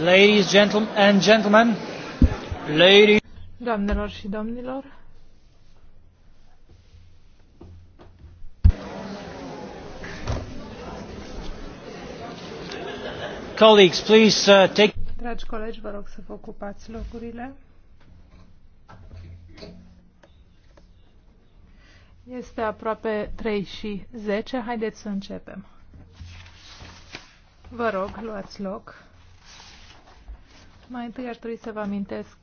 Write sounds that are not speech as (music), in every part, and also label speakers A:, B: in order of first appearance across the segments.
A: Ladies and gentlemen, ladies...
B: Doamnelor și domnilor,
C: Colleagues, please uh, take...
B: Dragi colegi, vă rog să vă ocupați locurile. Este aproape 3 și 10. Haideți să începem. Vă rog, luați loc. Mai întâi ar trebui să vă amintesc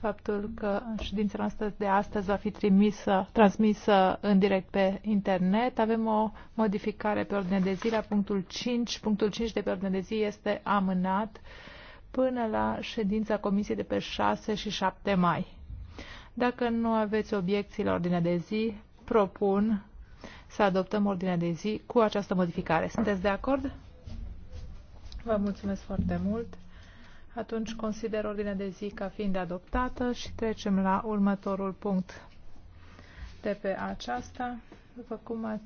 B: faptul că ședința noastră de astăzi va fi trimisă, transmisă în direct pe internet. Avem o modificare pe ordine de zi la punctul 5. Punctul 5 de pe ordine de zi este amânat până la ședința comisiei de pe 6 și 7 mai. Dacă nu aveți obiecții la ordinea de zi, propun să adoptăm ordinea de zi cu această modificare. Sunteți de acord? Vă mulțumesc foarte mult. Atunci consider ordinea de zi ca fiind adoptată și trecem la următorul punct de pe aceasta. După cum ați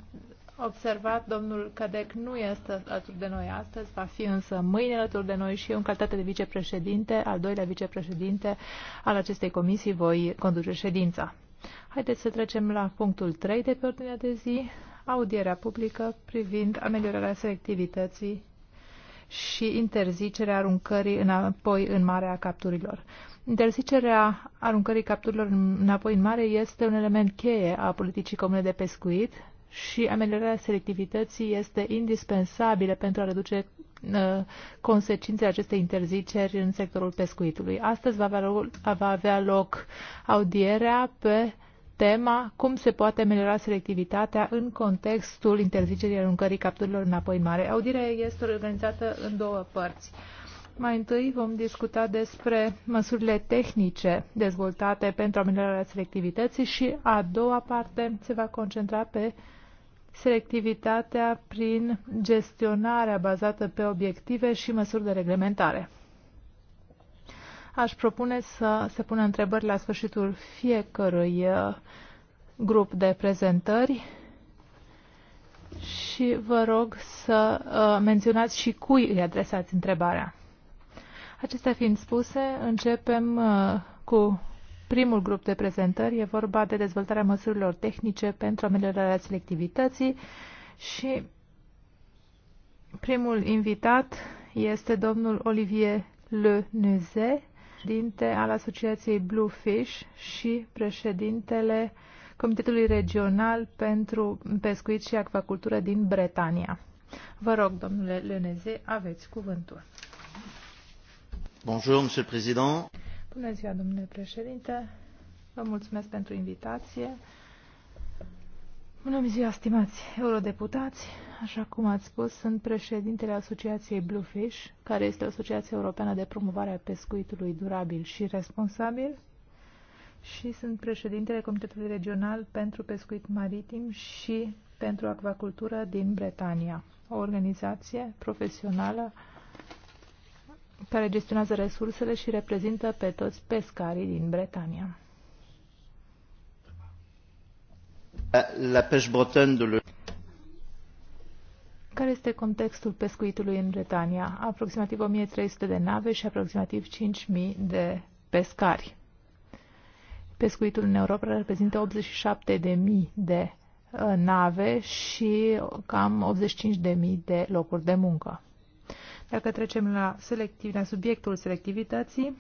B: observat, domnul Cadec nu este alături de noi astăzi, va fi însă mâine alături de noi și eu, în calitate de vicepreședinte, al doilea vicepreședinte al acestei comisii, voi conduce ședința. Haideți să trecem la punctul 3 de pe ordinea de zi, audierea publică privind ameliorarea selectivității și interzicerea aruncării înapoi în mare a capturilor. Interzicerea aruncării capturilor înapoi în mare este un element cheie a politicii comune de pescuit și ameliorarea selectivității este indispensabilă pentru a reduce uh, consecințele acestei interziceri în sectorul pescuitului. Astăzi va avea, loc, va avea loc audierea pe tema cum se poate ameliora selectivitatea în contextul interzicerii aruncării capturilor înapoi în mare. Audirea este organizată în două părți. Mai întâi vom discuta despre măsurile tehnice dezvoltate pentru ameliorarea selectivității și a doua parte se va concentra pe selectivitatea prin gestionarea bazată pe obiective și măsuri de reglementare. Aș propune să se pună întrebări la sfârșitul fiecărui uh, grup de prezentări și vă rog să uh, menționați și cui îi adresați întrebarea. Acestea fiind spuse, începem uh, cu primul grup de prezentări. E vorba de dezvoltarea măsurilor tehnice pentru ameliorarea selectivității și primul invitat este domnul Olivier Le Nuzet, președinte al Asociației Bluefish și președintele Comitetului Regional pentru Pescuit și Acvacultură din Bretania. Vă rog, domnule Leneze, aveți cuvântul. Bonjour, monsieur le président. Bună ziua, domnule președinte. Vă mulțumesc pentru invitație. Bună ziua, stimați eurodeputați. Așa cum ați spus, sunt președintele Asociației Bluefish, care este o asociație europeană de promovare a pescuitului durabil și responsabil și sunt președintele Comitetului Regional pentru Pescuit Maritim și pentru Acvacultură din Bretania, o organizație profesională care gestionează resursele și reprezintă pe toți pescarii din Bretania. Eh, la pêche bretonne de le... Care este contextul pescuitului în Bretania? Aproximativ 1300 de nave și aproximativ 5000 de pescari. Pescuitul în Europa reprezintă 87.000 de eh, nave și cam 85.000 de locuri de muncă. Dacă trecem la, selectiv, la subiectul selectivității,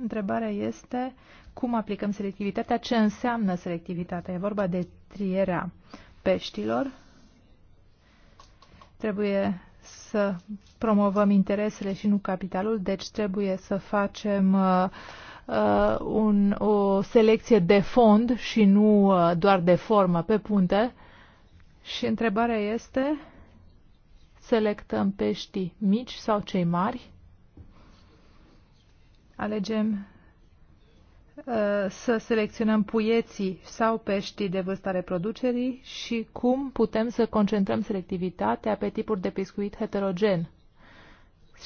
B: întrebarea este cum aplicăm selectivitatea, ce înseamnă selectivitatea. E vorba de trierea peștilor. Trebuie să promovăm interesele și nu capitalul, deci trebuie să facem uh, uh, un, o selecție de fond și nu uh, doar de formă pe punte. Și întrebarea este, selectăm peștii mici sau cei mari? Alegem Uh, să selecționăm puieții sau peștii de vârsta reproducerii și cum putem să concentrăm selectivitatea pe tipuri de pescuit heterogen.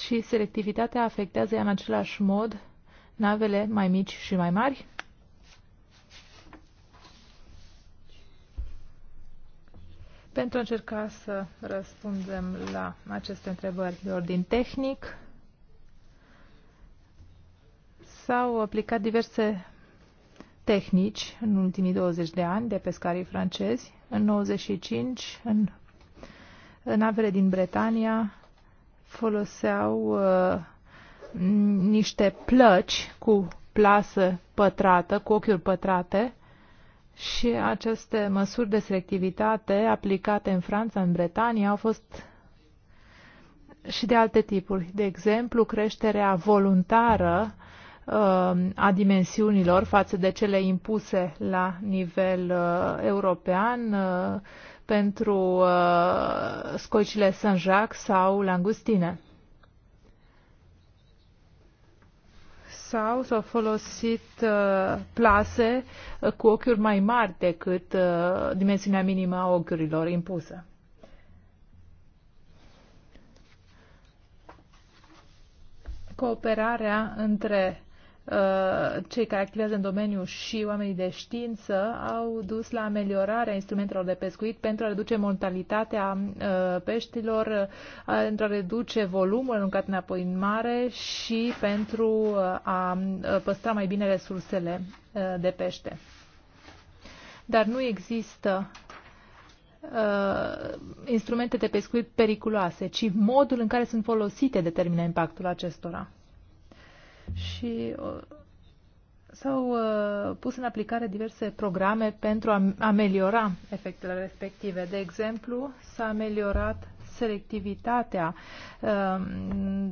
B: Și selectivitatea afectează în același mod navele mai mici și mai mari? Pentru a încerca să răspundem la aceste întrebări de ordin tehnic, S-au aplicat diverse tehnici în ultimii 20 de ani de pescarii francezi. În 95, în navele din Bretania foloseau uh, niște plăci cu plasă pătrată, cu ochiuri pătrate și aceste măsuri de selectivitate aplicate în Franța, în Bretania, au fost și de alte tipuri. De exemplu, creșterea voluntară Uh, a dimensiunilor față de cele impuse la nivel uh, european uh, pentru scocile Saint-Jacques sau langustine. sau s-au folosit plase cu ochiuri mai mari decât dimensiunea minimă a ochiurilor impusă. Cooperarea între Uh, cei care activează în domeniu și oamenii de știință au dus la ameliorarea instrumentelor de pescuit pentru a reduce mortalitatea uh, peștilor, uh, pentru a reduce volumul aruncat înapoi în mare și pentru a păstra mai bine resursele de pește. Dar nu există instrumente de pescuit periculoase, ci modul în care sunt folosite determină impactul acestora și uh, s-au uh, pus în aplicare diverse programe pentru a ameliora efectele respective. De exemplu, s-a ameliorat selectivitatea uh,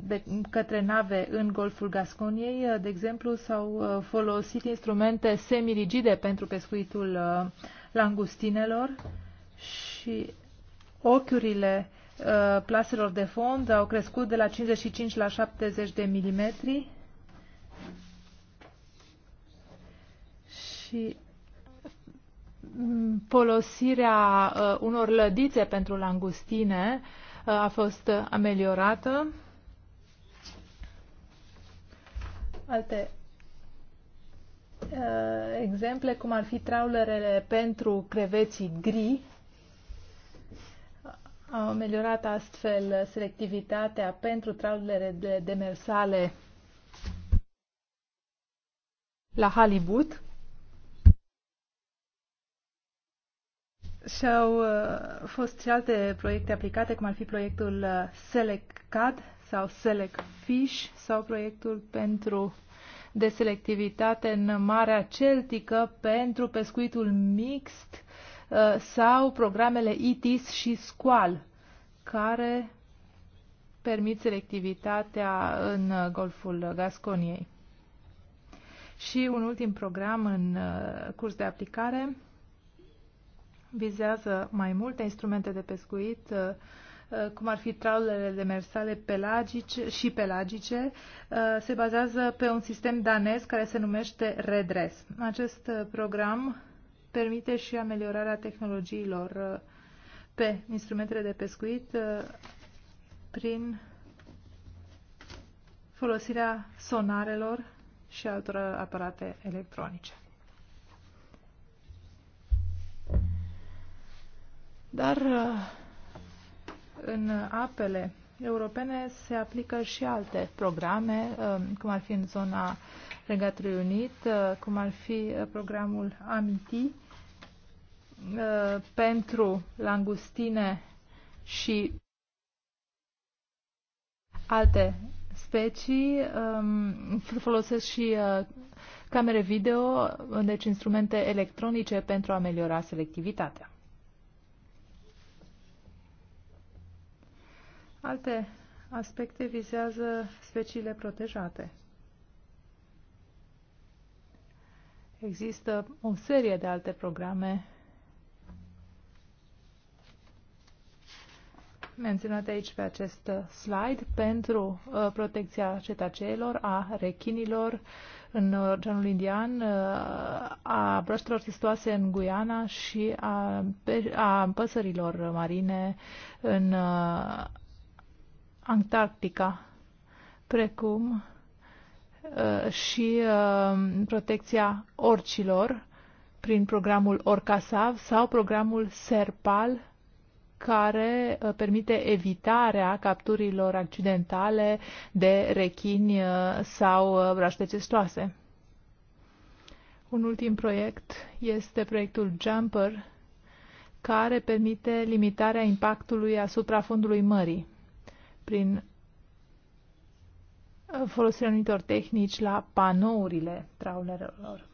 B: de, către nave în Golful Gasconiei. De exemplu, s-au folosit instrumente semirigide pentru pescuitul langustinelor și ochiurile plaselor de fond au crescut de la 55 la 70 de milimetri și mm, folosirea uh, unor lădițe pentru langustine uh, a fost ameliorată. Alte uh, exemple, cum ar fi traulerele pentru creveții gri, au ameliorat astfel selectivitatea pentru traulere de demersale la halibut. Și-au uh, fost și alte proiecte aplicate, cum ar fi proiectul uh, SELECAD sau Fish, sau proiectul pentru de selectivitate în Marea Celtică pentru pescuitul mixt uh, sau programele ITIS și SQUAL, care permit selectivitatea în Golful Gasconiei. Și un ultim program în curs de aplicare vizează mai multe instrumente de pescuit, uh, uh, cum ar fi traulele de mersale pelagice și pelagice, uh, se bazează pe un sistem danez care se numește Redress. Acest program permite și ameliorarea tehnologiilor pe instrumentele de pescuit prin folosirea sonarelor și altor aparate electronice. Dar uh, în apele europene se aplică și alte programe, um, cum ar fi în zona Regatului Unit, uh, cum ar fi uh, programul Amity pentru langustine și alte specii. Um, folosesc și camere video, deci instrumente electronice pentru a ameliora selectivitatea. Alte aspecte vizează speciile protejate. Există o serie de alte programe menționate aici pe acest slide pentru uh, protecția cetaceilor, a rechinilor în Oceanul Indian, uh, a broștelor testoase în Guiana și a, a păsărilor marine în uh, Antarctica, precum uh, și uh, protecția orcilor prin programul Orcasav sau programul Serpal, care uh, permite evitarea capturilor accidentale de rechini sau braște cestoase. Un ultim proiect este proiectul Jumper, care permite limitarea impactului asupra fundului mării prin uh, folosirea anumitor tehnici la panourile traulerelor.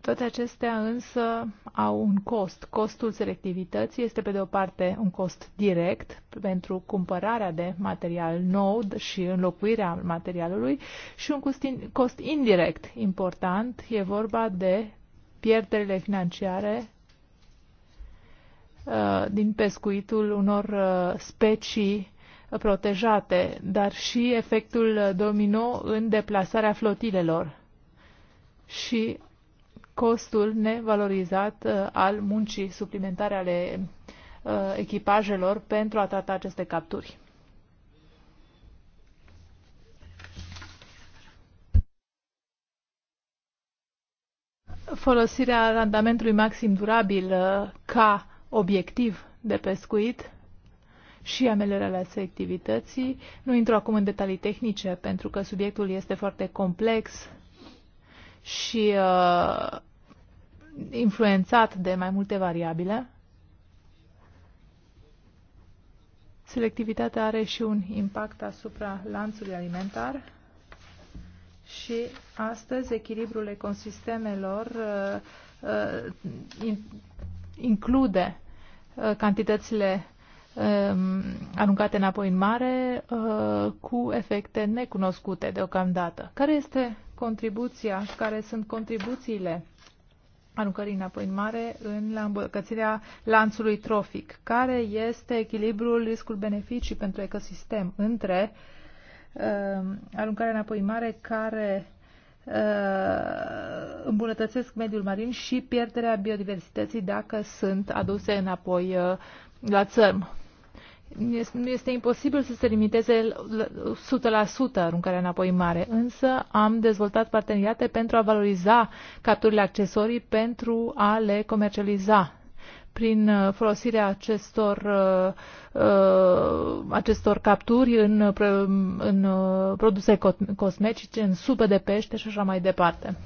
B: Toate acestea însă au un cost. Costul selectivității este pe de o parte un cost direct pentru cumpărarea de material nou și înlocuirea materialului și un cost indirect important. E vorba de pierderile financiare Uh, din pescuitul unor uh, specii protejate, dar și efectul domino în deplasarea flotilelor și costul nevalorizat uh, al muncii suplimentare ale echipajelor pentru a trata aceste capturi. Folosirea randamentului maxim durabil ca obiectiv de pescuit și ameliorarea selectivității. Nu intru acum în detalii tehnice, pentru că subiectul este foarte complex și uh, influențat de mai multe variabile. Selectivitatea are și un impact asupra lanțului alimentar și astăzi echilibrul ecosistemelor uh, uh, include uh, cantitățile um, aruncate înapoi în mare uh, cu efecte necunoscute deocamdată. Care este contribuția, care sunt contribuțiile aruncării înapoi în mare în la lanțului trofic? Care este echilibrul riscul-beneficii pentru ecosistem între um, aruncarea înapoi în mare care Uh, îmbunătățesc mediul marin și pierderea biodiversității dacă sunt aduse înapoi uh, la țărm. Nu este imposibil să se limiteze 100% aruncarea înapoi în mare, însă am dezvoltat parteneriate pentru a valoriza capturile accesorii pentru a le comercializa prin uh, folosirea acestor, uh, uh, acestor capturi în, în produse cosmetice, în supe de pește și așa mai departe.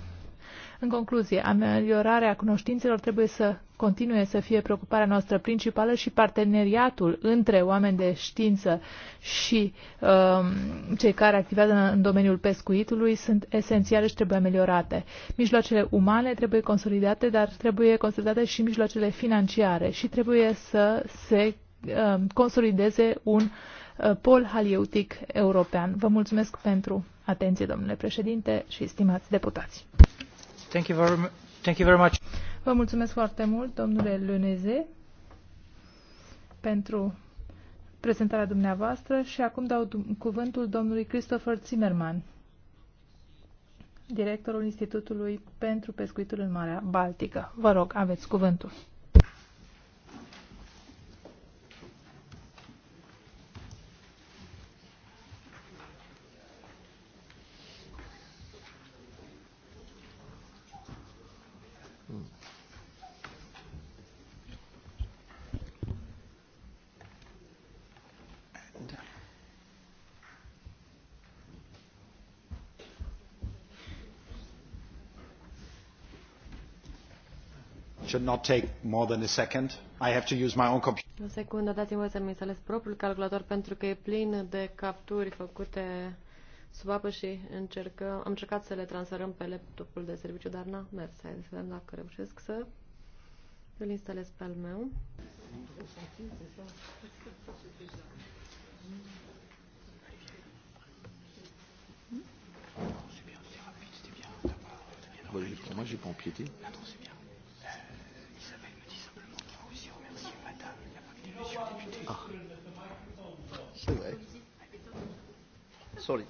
B: În concluzie, ameliorarea cunoștințelor trebuie să continue să fie preocuparea noastră principală și parteneriatul între oameni de știință și um, cei care activează în domeniul pescuitului sunt esențiale și trebuie ameliorate. Mijloacele umane trebuie consolidate, dar trebuie consolidate și mijloacele financiare și trebuie să se um, consolideze un uh, pol halieutic european. Vă mulțumesc pentru atenție, domnule președinte și stimați deputați.
A: Thank you very, thank you very much.
B: Vă mulțumesc foarte mult, domnule Luneze, pentru prezentarea dumneavoastră și acum dau cuvântul domnului Christopher Zimmerman, directorul Institutului pentru Pescuitul în Marea Baltică. Vă rog, aveți cuvântul.
A: not take more than a second. I have to use my own computer.
C: O secundă, dați-mi voie să-mi instalez propriul calculator pentru că e plin de capturi făcute sub apă și încercăm, am încercat să le transferăm pe laptopul de serviciu, dar n-a mers. Hai să vedem dacă reușesc să îl instalez pe al meu. Moi, j'ai pas empiété. Attends, c'est bien. Sorry.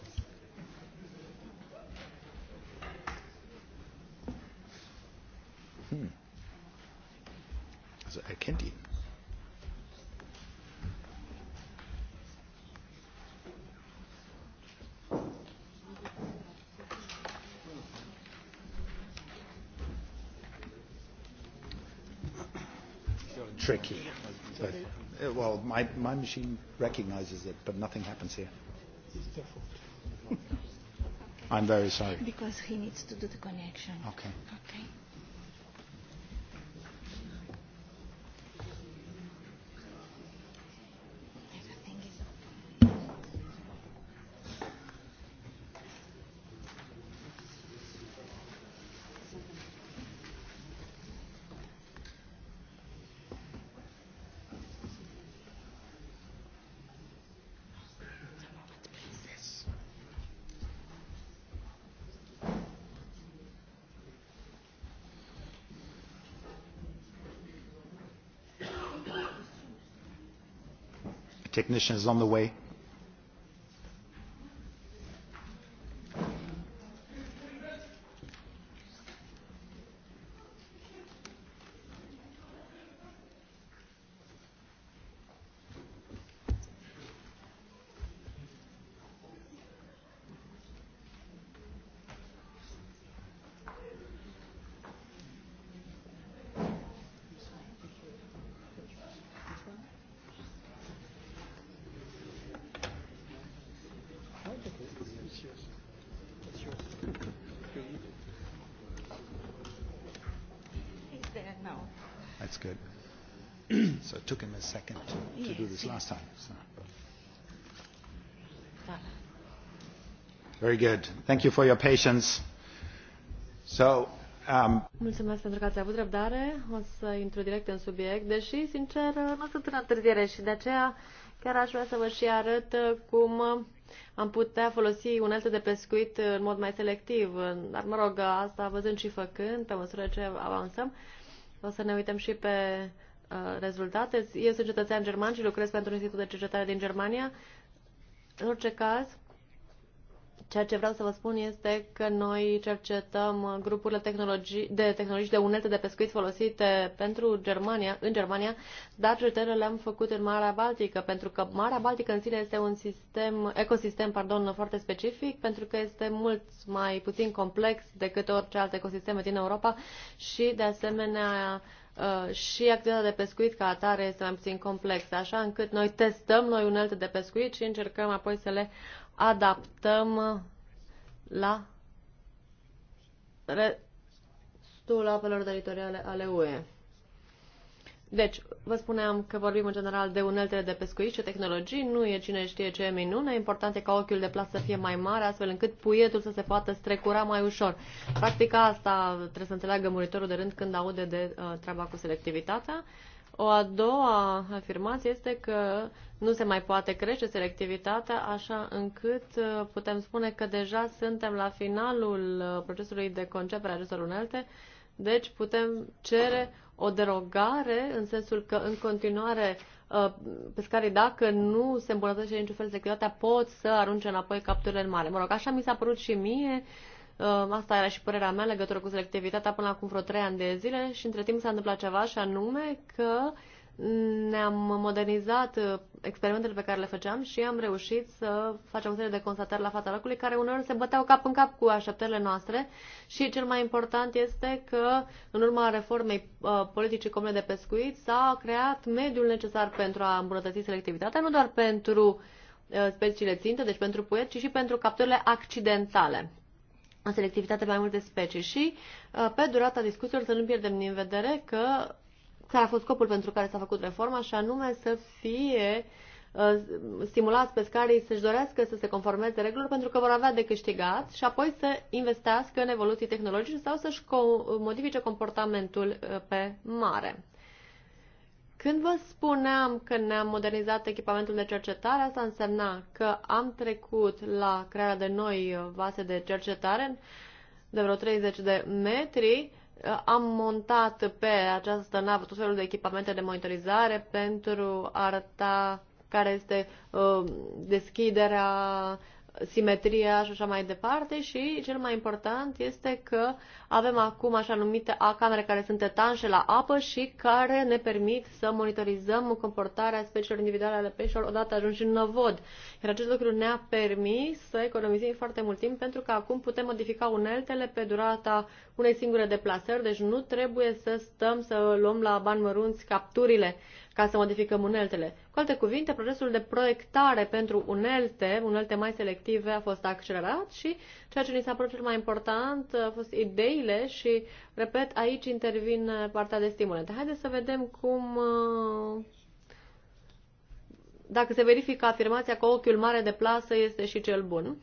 B: Hm. Also er kennt ihn.
C: tricky. But,
B: uh, well, my, my machine recognizes it, but nothing happens here
C: the food.
A: I'm very sorry.
B: Because he needs to do the connection. Okay. Okay. technicians on the way
A: That's good. (clears throat) so it took him a second to, to yes, do this last time. So. Very good. Thank you for your patience. So, um,
C: Mulțumesc pentru că ați avut răbdare. O să intru direct în subiect, deși, sincer, nu sunt în întârziere și de aceea chiar aș vrea să vă și arăt cum am putea folosi unelte de pescuit în mod mai selectiv. Dar, mă rog, asta văzând și făcând, pe măsură ce avansăm. Uh, o să ne uităm și pe uh, rezultate. Eu sunt cetățean german și lucrez pentru Institutul de Cercetare din Germania. În orice caz, Ceea ce vreau să vă spun este că noi cercetăm grupurile tehnologii, de tehnologii de unelte de pescuit folosite pentru Germania, în Germania, dar cercetările le-am făcut în Marea Baltică, pentru că Marea Baltică în sine este un sistem, ecosistem pardon, foarte specific, pentru că este mult mai puțin complex decât orice alte ecosisteme din Europa și, de asemenea, uh, și activitatea de pescuit ca atare este mai puțin complexă, așa încât noi testăm noi unelte de pescuit și încercăm apoi să le adaptăm la restul apelor teritoriale ale UE. Deci, vă spuneam că vorbim în general de uneltele de pescuit și tehnologii, nu e cine știe ce minune, important e ca ochiul de plas să fie mai mare, astfel încât puietul să se poată strecura mai ușor. Practica asta trebuie să înțeleagă muritorul de rând când aude de uh, treaba cu selectivitatea. Uh, o a doua afirmație este că nu se mai poate crește selectivitatea, așa încât uh, putem spune că deja suntem la finalul uh, procesului de concepere a acestor unelte, deci putem cere o derogare în sensul că în continuare uh, pescarii, dacă nu se îmbunătățește niciun fel selectivitatea pot să arunce înapoi capturile în mare. Mă rog, așa mi s-a părut și mie Ehm, asta era și părerea mea legătură cu selectivitatea până acum vreo trei ani de zile și între timp s-a întâmplat ceva și anume că ne-am modernizat uh, experimentele pe care le făceam și am reușit să facem o serie de constatări la fața locului care uneori se băteau cap în cap cu așteptările noastre și cel mai important este că în urma reformei uh, politicii comune de pescuit s-a creat mediul necesar pentru a îmbunătăți selectivitatea, nu doar pentru uh, speciile ținte, deci pentru puieri, ci și pentru capturile accidentale în selectivitate mai multe specii și uh, pe durata discuțiilor să nu pierdem din vedere că care a fost scopul pentru care s-a făcut reforma și anume să fie uh, stimulați pescarii să-și dorească să se conformeze regulilor pentru că vor avea de câștigat și apoi să investească în evoluții tehnologice sau să-și modifice comportamentul uh, pe mare. Când vă spuneam că ne-am modernizat echipamentul de cercetare, asta însemna că am trecut la crearea de noi vase de cercetare de vreo 30 de metri, am montat pe această navă tot felul de echipamente de monitorizare pentru a arăta care este uh, deschiderea, simetria și așa mai departe și cel mai important este că avem acum așa numite camere care sunt etanșe la apă și care ne permit să monitorizăm comportarea speciilor individuale ale peșilor odată ajunși în năvod. Iar acest lucru ne-a permis să economizăm foarte mult timp pentru că acum putem modifica uneltele pe durata unei singure deplasări, deci nu trebuie să stăm să luăm la bani mărunți capturile ca să modificăm uneltele. Cu alte cuvinte, procesul de proiectare pentru unelte, unelte mai selective, a fost accelerat și ceea ce ni s-a părut cel mai important a fost ideile și, repet, aici intervin partea de stimulente. Haideți să vedem cum uh, dacă se verifică afirmația că ochiul mare de plasă este și cel bun.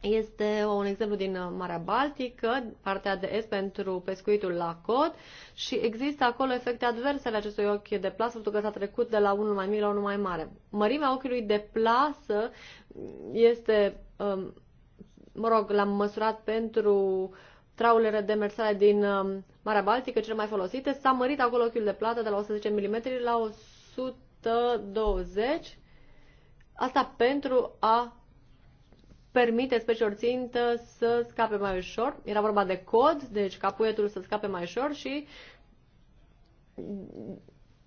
C: Este un exemplu din Marea Baltică, partea de est pentru pescuitul la cod și există acolo efecte adverse ale acestui ochi de plasă, pentru că s-a trecut de la unul mai mic la unul mai mare. Mărimea ochiului de plasă este, um, mă rog, l-am măsurat pentru traulere de mersale din um, Marea Baltică, cele mai folosite. S-a mărit acolo ochiul de plată de la 110 mm la 120 Asta pentru a permite speciilor țintă să scape mai ușor. Era vorba de cod, deci capuietul să scape mai ușor și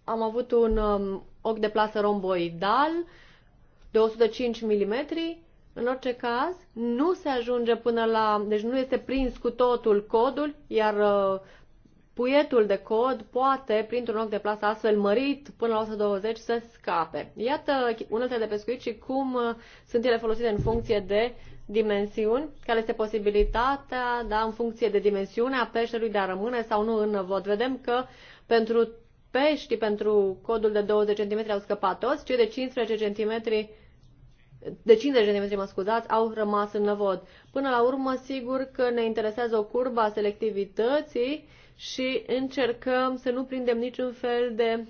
C: am avut un um, ochi de plasă romboidal de 105 mm. În orice caz, nu se ajunge până la... Deci nu este prins cu totul codul, iar uh, puietul de cod poate, printr-un loc de plasă astfel mărit până la 120, să scape. Iată unele de pescuit și cum uh, sunt ele folosite în funcție de dimensiuni, care este posibilitatea, da, în funcție de dimensiunea peșterului de a rămâne sau nu în vot. Vedem că pentru pești, pentru codul de 20 cm au scăpat toți, cei de 15 cm de 50 de metri, mă scuzați, au rămas în năvod. Până la urmă, sigur că ne interesează o curbă a selectivității, și încercăm să nu prindem niciun fel de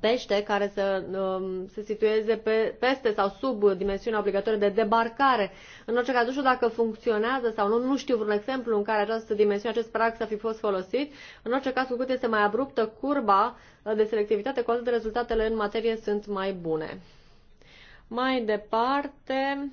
C: pește care să um, se situeze pe, peste sau sub dimensiunea obligatorie de debarcare. În orice caz, nu știu dacă funcționează sau nu, nu știu vreun exemplu în care această dimensiune, acest prag să fi fost folosit. În orice caz, cu cât este mai abruptă curba de selectivitate, cu atât rezultatele în materie sunt mai bune. Mai departe,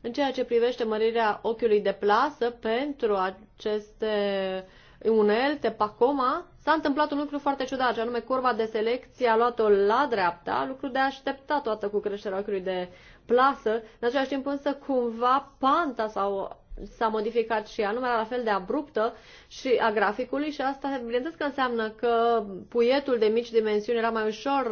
C: în ceea ce privește mărirea ochiului de plasă pentru aceste uh, unelte, Pacoma, s-a întâmplat un lucru foarte ciudat, și anume curba de selecție a luat-o la dreapta, lucru de așteptat toată cu creșterea ochiului de plasă, în același timp însă cumva panta sau s-a modificat și anume la fel de abruptă și a graficului și asta bineînțeles că înseamnă că puietul de mici dimensiuni era mai ușor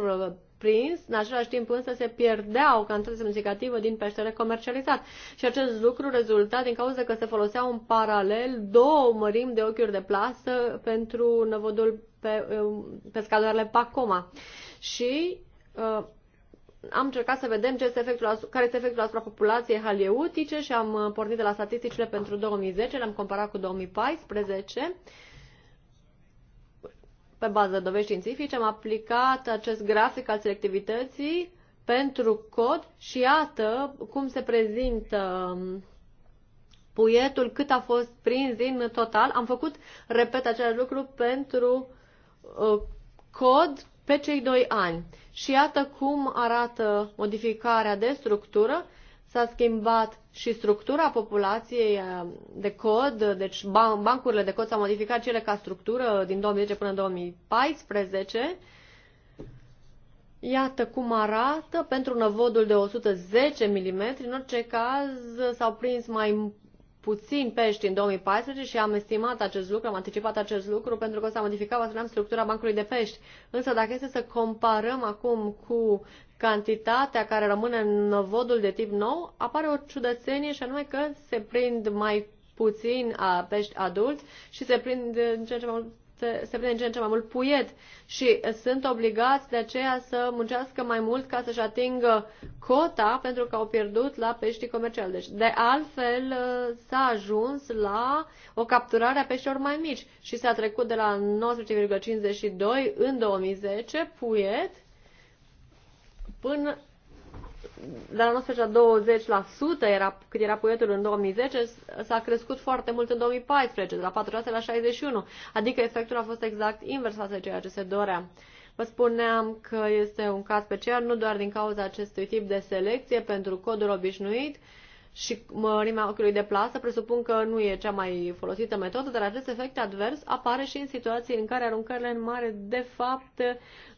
C: prins, în același timp însă se pierdea o cantitate semnificativă din peștele comercializat. Și acest lucru rezulta din cauza că se folosea un paralel două mărimi de ochiuri de plasă pentru năvodul pe, um, pescadoarele Pacoma. Și uh, am încercat să vedem ce este efectul, care este efectul asupra populației halieutice și am uh, pornit de la statisticile pentru 2010, le-am comparat cu 2014 pe bază de dovezi științifice, am aplicat acest grafic al selectivității pentru cod și iată cum se prezintă um, puietul, cât a fost prins din total. Am făcut, repet, același lucru pentru uh, cod pe cei doi ani. Și iată cum arată modificarea de structură S-a schimbat și structura populației uh, de cod, deci ban bancurile de cod s-au modificat cele ca structură din 2010 până în 2014. Iată cum arată pentru năvodul de 110 mm. În orice caz s-au prins mai puțin pești în 2014 și am estimat acest lucru, am anticipat acest lucru pentru că s-a modificat, vă spuneam, structura bancului de pești. Însă dacă este să comparăm acum cu cantitatea care rămâne în vodul de tip nou, apare o ciudățenie și anume că se prind mai puțin a pești adulți și se prind în ce în ce mai mult se vede în ce în ce mai mult puiet și sunt obligați de aceea să muncească mai mult ca să-și atingă cota pentru că au pierdut la peștii comerciali. Deci, de altfel, s-a ajuns la o capturare a peștilor mai mici și s-a trecut de la 19,52 în 2010 puiet până de la 19 la 20% era, cât era puietul în 2010, s-a crescut foarte mult în 2014, de la 46 la 61. Adică efectul a fost exact invers față de ceea ce se dorea. Vă spuneam că este un caz special, nu doar din cauza acestui tip de selecție pentru codul obișnuit, și mărimea ochiului de plasă, presupun că nu e cea mai folosită metodă, dar acest efect advers apare și în situații în care aruncările în mare, de fapt,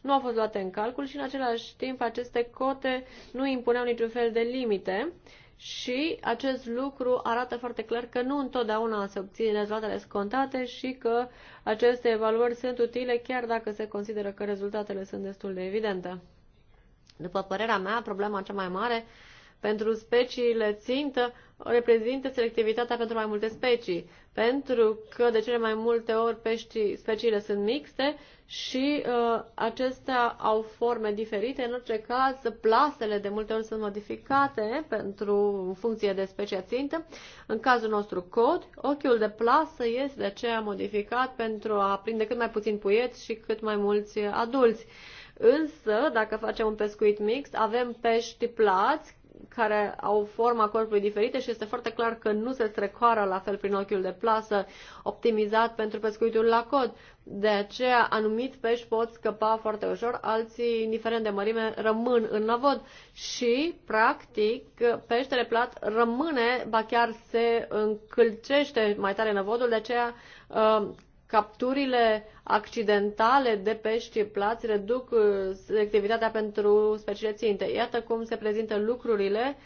C: nu au fost luate în calcul și, în același timp, aceste cote nu impuneau niciun fel de limite și acest lucru arată foarte clar că nu întotdeauna se obțin rezultatele scontate și că aceste evaluări sunt utile chiar dacă se consideră că rezultatele sunt destul de evidente. După părerea mea, problema cea mai mare pentru speciile țintă reprezintă selectivitatea pentru mai multe specii, pentru că de cele mai multe ori peștii, speciile sunt mixte și uh, acestea au forme diferite. În orice caz, plasele de multe ori sunt modificate pentru în funcție de specia țintă. În cazul nostru cod, ochiul de plasă este de aceea modificat pentru a prinde cât mai puțin puieți și cât mai mulți adulți. Însă, dacă facem un pescuit mix, avem pești plați care au forma corpului diferite și este foarte clar că nu se strecoară la fel prin ochiul de plasă, optimizat pentru pescuitul la cod. De aceea, anumit pești pot scăpa foarte ușor, alții, indiferent de mărime, rămân în navod și, practic, peștele plat rămâne, ba chiar se încălcește mai tare navodul de aceea uh, capturile accidentale de pești plați reduc uh, selectivitatea pentru speciile ținte. Iată cum se prezintă lucrurile.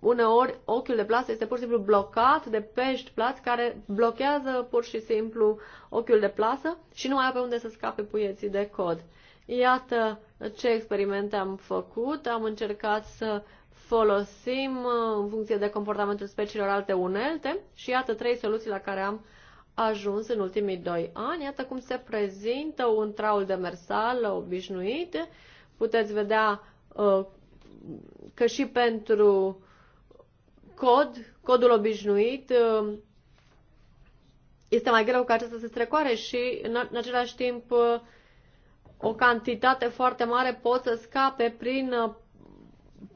C: Uneori ochiul de plasă este pur și simplu blocat de pești plați care blochează pur și simplu ochiul de plasă și nu mai avem unde să scape puieții de cod. Iată ce experimente am făcut. Am încercat să folosim uh, în funcție de comportamentul speciilor alte unelte și iată trei soluții la care am ajuns în ultimii doi ani. Iată cum se prezintă un traul demersal obișnuit. Puteți vedea uh, că și pentru cod, codul obișnuit, uh, este mai greu ca acesta să se strecoare și în, același timp uh, o cantitate foarte mare pot să scape prin,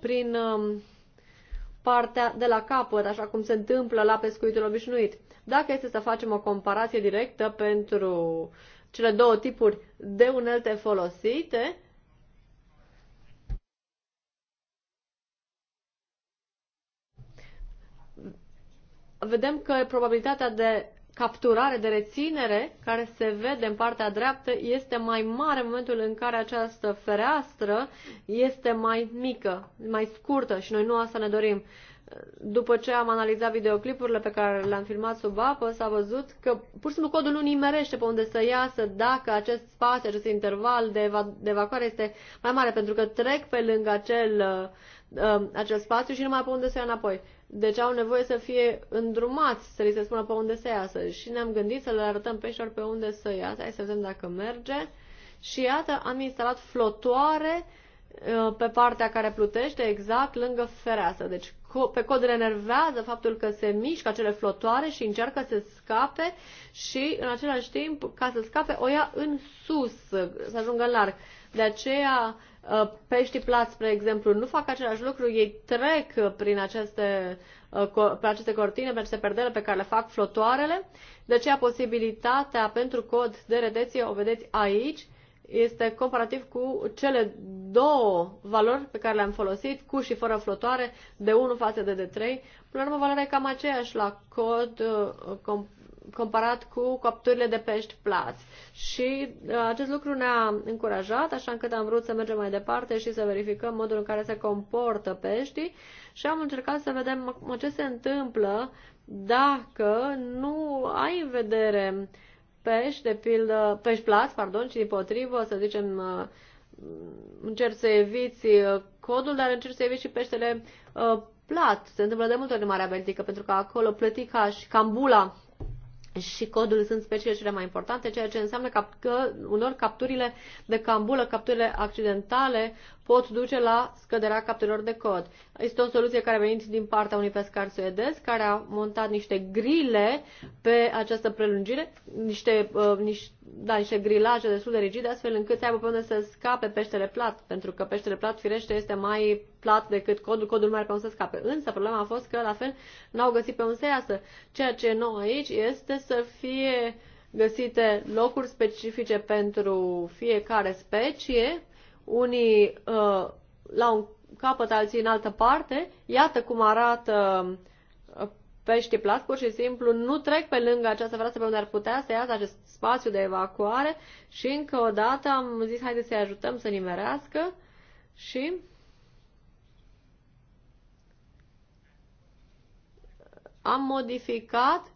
C: prin um, partea de la capăt, așa cum se întâmplă la pescuitul obișnuit. Dacă este să facem o comparație directă pentru cele două tipuri de unelte folosite, vedem că probabilitatea de capturare, de reținere, care se vede în partea dreaptă, este mai mare în momentul în care această fereastră este mai mică, mai scurtă și noi nu asta ne dorim. După ce am analizat videoclipurile pe care le-am filmat sub apă, s-a văzut că pur și simplu codul nu nimerește pe unde să iasă dacă acest spațiu, acest interval de, eva- de evacuare este mai mare, pentru că trec pe lângă acel, uh, acel spațiu și nu mai pe unde să ia înapoi. Deci au nevoie să fie îndrumați, să li se spună pe unde să iasă. Și ne-am gândit să le arătăm peșilor pe unde să iasă. Hai să vedem dacă merge. Și iată, am instalat flotoare uh, pe partea care plutește, exact lângă fereastră. Deci pe cod enervează faptul că se mișcă acele flotoare și încearcă să scape și în același timp, ca să scape, o ia în sus, să ajungă în larg. De aceea Uh, Peștii plați, spre exemplu, nu fac același lucru, ei trec prin aceste, uh, pe aceste cortine, pe aceste perdele pe care le fac flotoarele. De aceea posibilitatea pentru cod de redeție, o vedeți aici, este comparativ cu cele două valori pe care le-am folosit, cu și fără flotoare, de 1 față de D3. Până la urmă, valoarea e cam aceeași la cod uh, comparat cu capturile de pești plați. Și uh, acest lucru ne-a încurajat, așa încât am vrut să mergem mai departe și să verificăm modul în care se comportă peștii și am încercat să vedem ce se întâmplă dacă nu ai în vedere pești, de pildă, pești plați, pardon, ci din potrivă, să zicem, uh, încerci să eviți uh, codul, dar încerci să eviți și peștele plat. Se întâmplă de multe ori în Marea Baltică, pentru că acolo plătica și cambula și codul sunt speciile cele mai importante, ceea ce înseamnă că unor capturile de cambulă, capturile accidentale, pot duce la scăderea capturilor de cod. Este o soluție care a venit din partea unui pescar suedez care a montat niște grile pe această prelungire, niște, uh, niș, da, niște grilaje destul de rigide, astfel încât să aibă pe unde să scape peștele plat, pentru că peștele plat, firește, este mai plat decât codul, codul mai pe unde să scape. Însă problema a fost că, la fel, n-au găsit pe unde să iasă. Ceea ce e nou aici este să fie găsite locuri specifice pentru fiecare specie unii uh, la un capăt, alții în altă parte. Iată cum arată uh, pești plat, pur și simplu nu trec pe lângă această frață pe unde ar putea să iasă acest spațiu de evacuare și încă o dată am zis haideți să-i ajutăm să nimerească și am modificat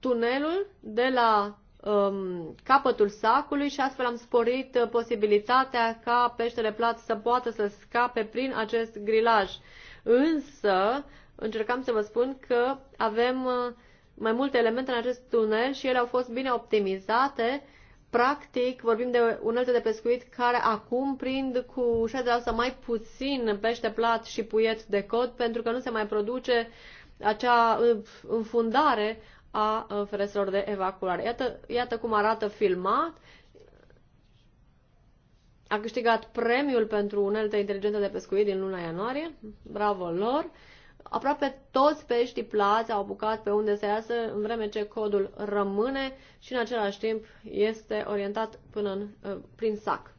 C: tunelul de la Um, capătul sacului și astfel am sporit uh, posibilitatea ca peștele plat să poată să scape prin acest grilaj. Însă, încercam să vă spun că avem uh, mai multe elemente în acest tunel și ele au fost bine optimizate. Practic, vorbim de unelte de pescuit care acum prind cu 60% mai puțin pește plat și puiet de cod pentru că nu se mai produce acea uh, înfundare a ferestrelor de evacuare. Iată, iată cum arată filmat. A câștigat premiul pentru unelte inteligente de pescuit din luna ianuarie. Bravo lor! Aproape toți peștii plați au bucat pe unde se iasă, în vreme ce codul rămâne și în același timp este orientat până în, ă, prin sac.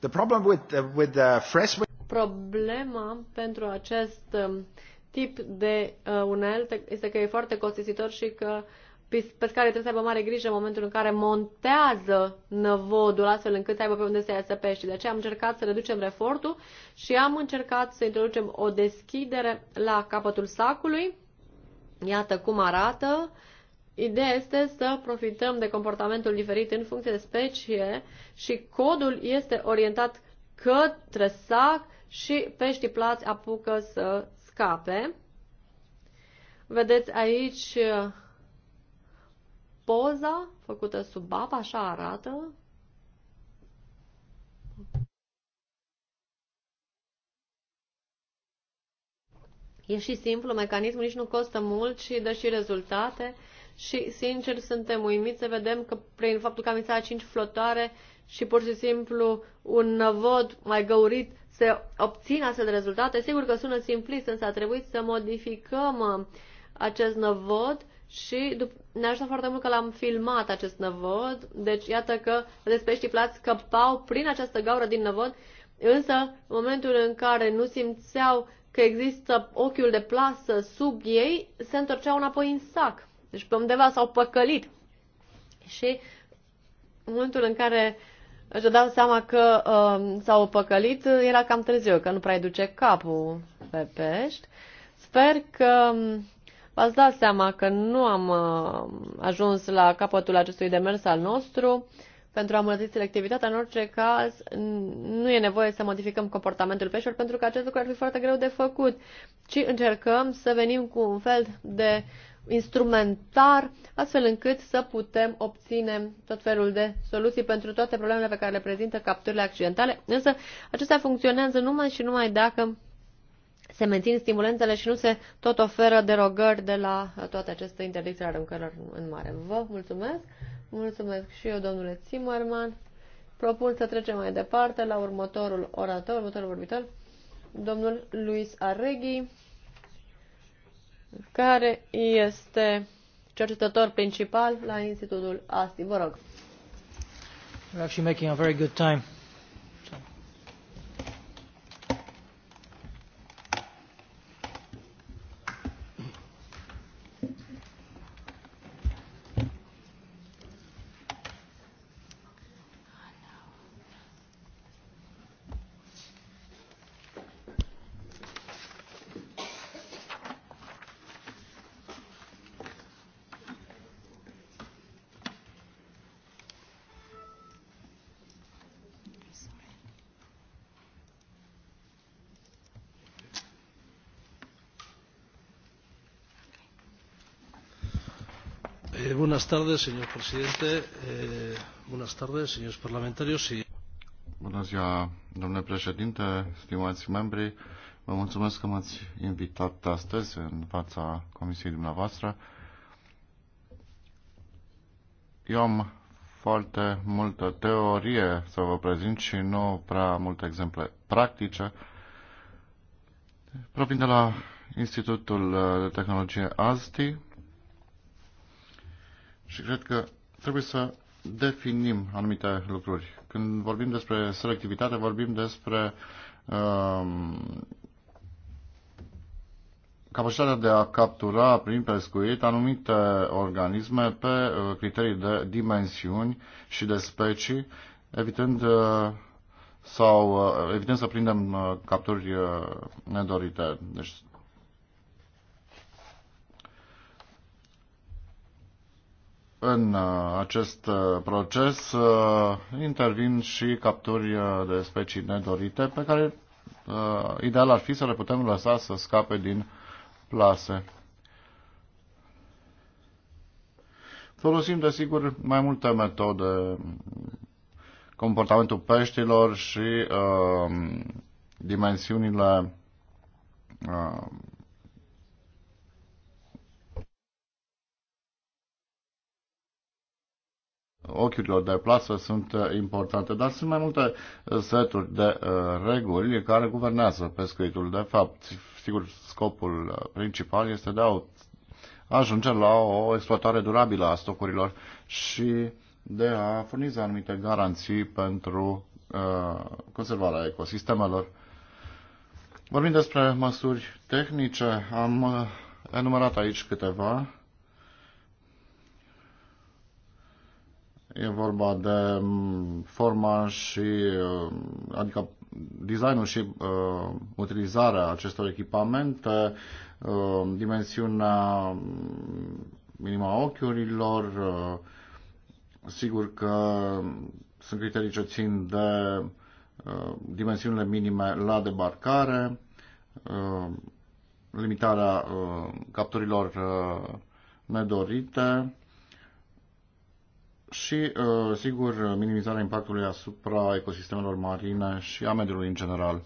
C: Uh, uh, Problema pentru acest um, tip de uh, unelte este că e foarte costisitor și că pescarii trebuie să aibă mare grijă în momentul în care montează năvodul astfel încât să aibă pe unde să iasă pești. De aceea am încercat să reducem refortul și am încercat să introducem o deschidere la capătul sacului. Iată cum arată. Uh, Ideea este să profităm de comportamentul diferit în funcție de specie și codul este orientat către sac și peștii plați apucă să scape. Vedeți aici uh, poza făcută sub apă, așa arată. E și simplu, mecanismul nici nu costă mult și dă și rezultate și, sincer, suntem uimiți să vedem că prin faptul că am invitat cinci flotoare și pur și simplu un năvod mai găurit se obțină astfel de rezultate. Sigur că sună simplist, însă a trebuit să modificăm uh, acest năvod și ne ajută foarte mult că l-am filmat acest năvod. Deci iată că despeștii plați scăpau prin această gaură din năvod, însă în momentul în care nu simțeau că există ochiul de plasă sub ei, se întorceau înapoi în sac. Deci pe undeva s-au păcălit. Și în momentul în care își dau seama că uh, s-au păcălit, era cam târziu, că nu prea duce capul pe pești. Sper că um, v-ați dat seama că nu am uh, ajuns la capătul acestui demers al nostru. Pentru a îmbunătăți selectivitatea, în orice caz, nu e nevoie să modificăm comportamentul peșilor, pentru că acest lucru ar fi foarte greu de făcut, ci încercăm să venim cu un fel de uh, instrumentar, astfel încât să putem obține tot felul de soluții pentru toate problemele pe care le prezintă capturile accidentale, însă acestea funcționează numai și numai dacă se mențin stimulentele și nu se tot oferă derogări de la toate aceste interdicții aruncărilor în mare. Vă mulțumesc! Mulțumesc și eu, domnule Zimmerman. Propun să trecem mai departe la următorul orator, următorul vorbitor, domnul Luis Arreghi care este cercetător principal la Institutul ASTI. Vă rog.
A: We're actually making a very good time. tardes, señor presidente. Eh, buenas tardes, señores parlamentarios. Y... Bună ziua, domnule președinte, stimați membri. Vă mulțumesc că m-ați invitat astăzi în fața comisiei dumneavoastră. Eu am foarte multă teorie să vă prezint și nu prea multe exemple practice. Provin de la Institutul de Tehnologie ASTI, și cred că trebuie să definim anumite lucruri. Când vorbim despre selectivitate, vorbim despre um, capacitatea de a captura prin pescuit anumite organisme pe uh, criterii de dimensiuni și de specii, evitând uh, sau uh, evident să prindem uh, capturi uh, nedorite. Deci în uh, acest uh, proces uh, intervin și capturi de specii nedorite pe care ideal ar fi să le putem lăsa să scape din plase. Folosim, desigur, mai multe metode, comportamentul peștilor și uh, dimensiunile uh, ochiurilor de plasă sunt uh, importante, dar sunt mai multe uh, seturi de uh, reguli care guvernează pescuitul. De fapt, sigur, scopul principal este de a ajunge la o exploatare durabilă a stocurilor și de a furniza anumite garanții pentru conservarea ecosistemelor. Vorbim despre măsuri tehnice, am enumerat aici câteva E vorba de mm, forma și, uh, adică designul și uh, utilizarea acestor echipamente, uh, dimensiunea mm, minima ochiurilor, uh, sigur că sunt criterii ce țin de uh, dimensiunile minime la debarcare, uh, limitarea uh, capturilor uh, nedorite, și, uh, sigur, minimizarea impactului asupra ecosistemelor marine și a mediului în general.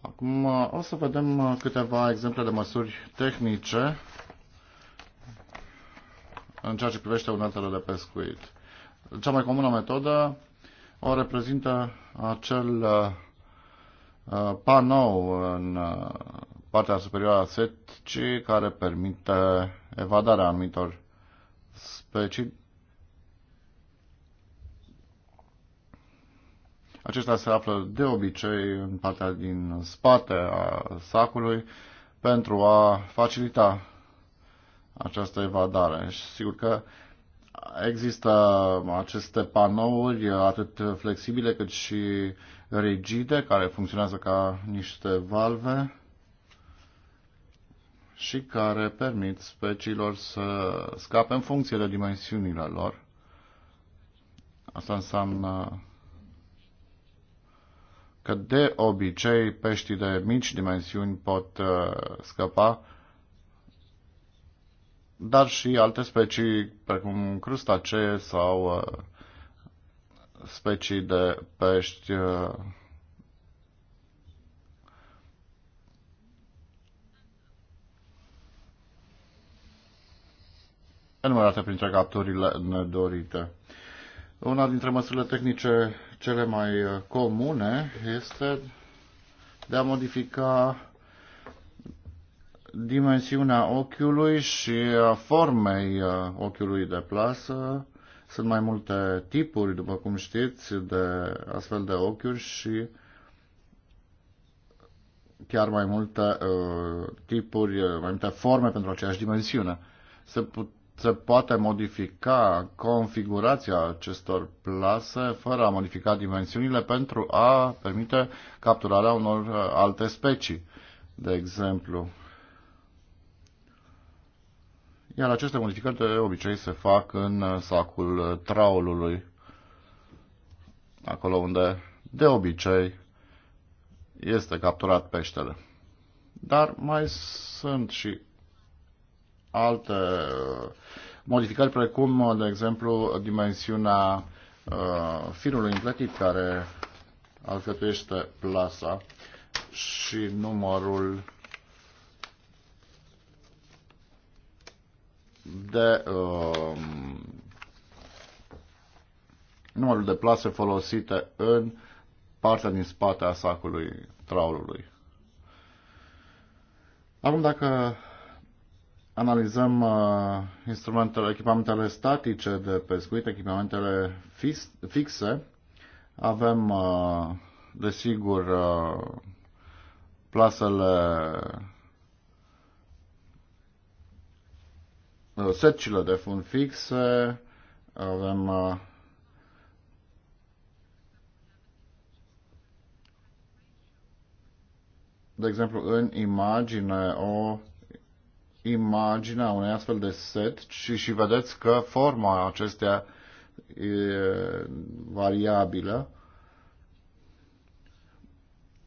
A: Acum uh, o să vedem uh, câteva exemple de măsuri tehnice în ceea ce privește uneltele de pescuit. Cea mai comună metodă o reprezintă acel panou în partea superioară a setcii care permite evadarea anumitor specii Acesta se află de obicei în partea din spate a sacului pentru a facilita această evadare. Și sigur că există aceste panouri atât flexibile cât și rigide care funcționează ca niște valve și care permit speciilor să scape în funcție de dimensiunile lor. Asta înseamnă că de obicei peștii de mici dimensiuni pot uh, scăpa, dar și alte specii precum crustacee sau uh, specii de pești uh, enumerate printre capturile nedorite. Una dintre măsurile tehnice cele mai uh, comune este de a modifica dimensiunea ochiului și a formei uh, ochiului de plasă. Sunt mai multe tipuri, după cum știți, de astfel de ochiuri și chiar mai multe uh, tipuri, uh, mai multe forme pentru aceeași dimensiune. Se put, se poate modifica configurația acestor plase fără a modifica dimensiunile pentru a permite capturarea unor uh, alte specii, de exemplu. Iar aceste modificări de obicei se fac în uh, sacul uh, traulului, acolo unde de obicei este capturat peștele. Dar mai sunt și alte uh, modificări, precum, uh, de exemplu, dimensiunea uh, firului împletit care alcătuiește plasa și numărul de uh, numărul de plase folosite în partea din spate a sacului traulului. Acum dacă analizăm uh, instrumentele, echipamentele statice de pescuit, echipamentele fix, fixe. Avem, uh, desigur, uh, plasele, uh, secile de fund fixe, avem uh, de exemplu, în imagine o imaginea unei astfel de set și, și vedeți că forma acestea e variabilă,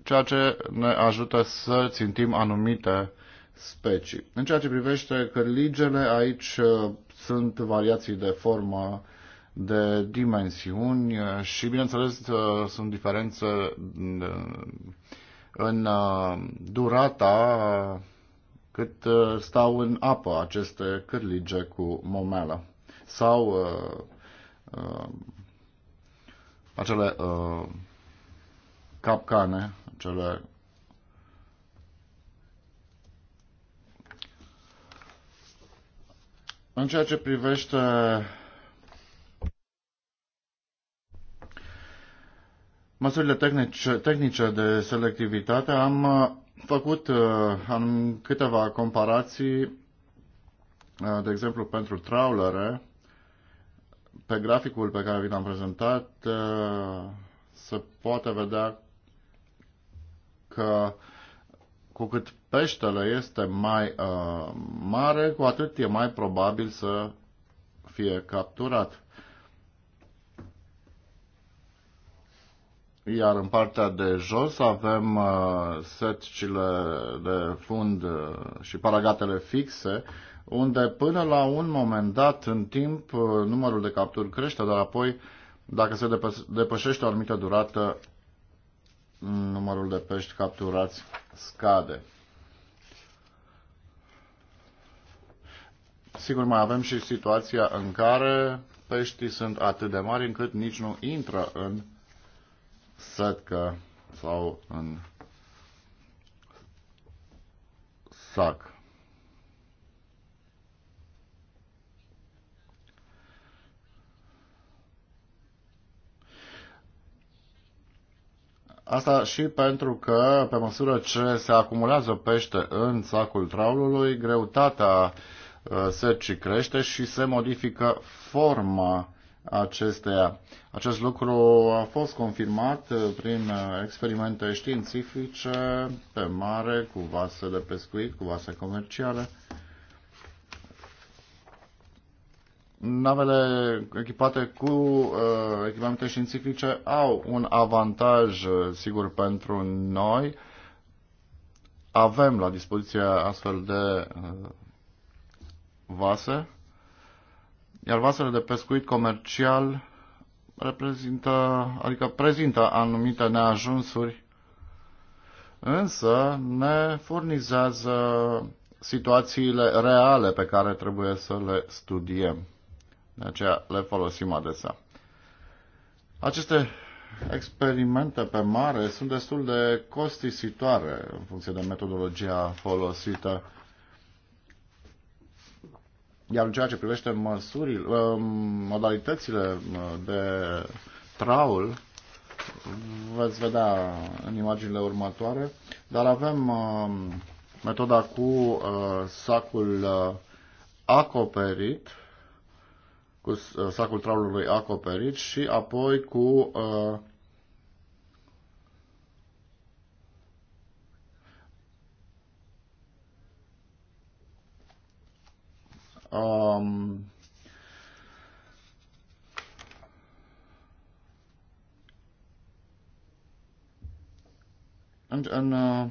A: ceea ce ne ajută să țintim anumite specii. În ceea ce privește cărligele, aici uh, sunt variații de formă, de dimensiuni uh, și, bineînțeles, uh, sunt diferențe în durata cât uh, stau în apă aceste cârlige cu momelă sau uh, uh, acele uh, capcane, acele În ceea ce privește măsurile tehnice, tehnice de selectivitate, am uh, făcut uh, am câteva comparații, uh, de exemplu pentru traulere, pe graficul pe care vi l-am prezentat uh, se poate vedea că cu cât peștele este mai mare, cu atât e mai probabil să fie capturat. iar în partea de jos avem uh, setcile de fund uh, și paragatele fixe, unde până la un moment dat în timp uh, numărul de capturi crește, dar apoi dacă se depășește o anumită durată, mm, numărul de pești capturați scade. Sigur, mai avem și situația în care peștii sunt atât de mari încât nici nu intră în setcă sau în sac. Asta și pentru că, pe măsură ce se acumulează pește în sacul traulului, greutatea uh, secii crește și se modifică forma acesteia. Acest lucru a fost confirmat uh, prin uh, experimente științifice pe mare, cu vase de pescuit, cu vase comerciale. Navele echipate cu uh, echipamente științifice au un avantaj, uh, sigur, pentru noi. Avem la dispoziție astfel de uh, vase iar vasele de pescuit comercial reprezintă, adică prezintă anumite neajunsuri, însă ne furnizează situațiile reale pe care trebuie să le studiem. De aceea le folosim adesea. Aceste experimente pe mare sunt destul de costisitoare în funcție de metodologia folosită. Iar în ceea ce privește măsurile, ă, modalitățile ă, de traul, veți vedea în imaginile următoare, dar avem ă, metoda cu sacul acoperit, cu sacul traulului acoperit și apoi cu uh, um, în, în, uh,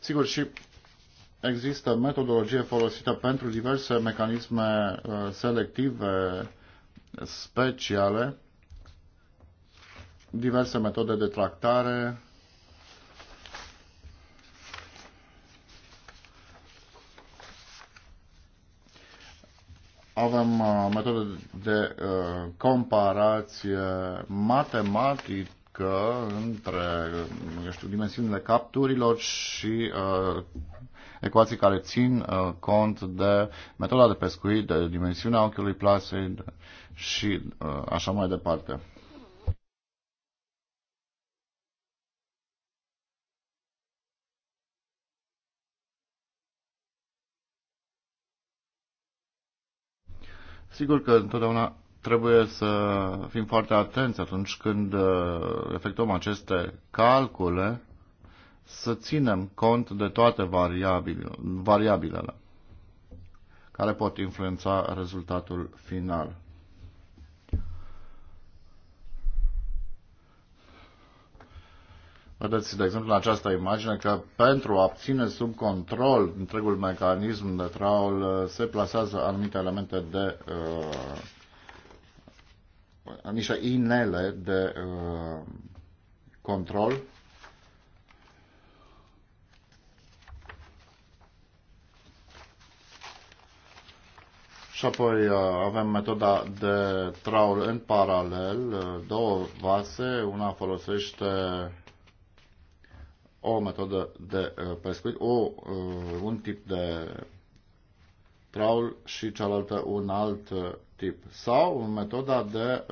A: sigur, și există metodologie folosită pentru diverse mecanisme uh, selective speciale, diverse metode de tractare, avem o uh, metodă de uh, comparație matematică între uh, eu știu, dimensiunile capturilor și ecuații care țin cont de metoda de pescuit, de dimensiunea ochiului plasei și așa mai departe. Sigur că întotdeauna trebuie să fim foarte atenți atunci când uh, efectuăm aceste calcule, să ținem cont de toate variabilele care pot influența rezultatul final. Vedeți, de exemplu, în această imagine că pentru a ține sub control întregul mecanism de traul uh, se plasează anumite elemente de uh, niște inele de uh, control Și apoi uh, avem metoda de traul în paralel, uh, două vase, una folosește o metodă de uh, pescuit, o, uh, un tip de traul și cealaltă un alt uh, tip. Sau metoda de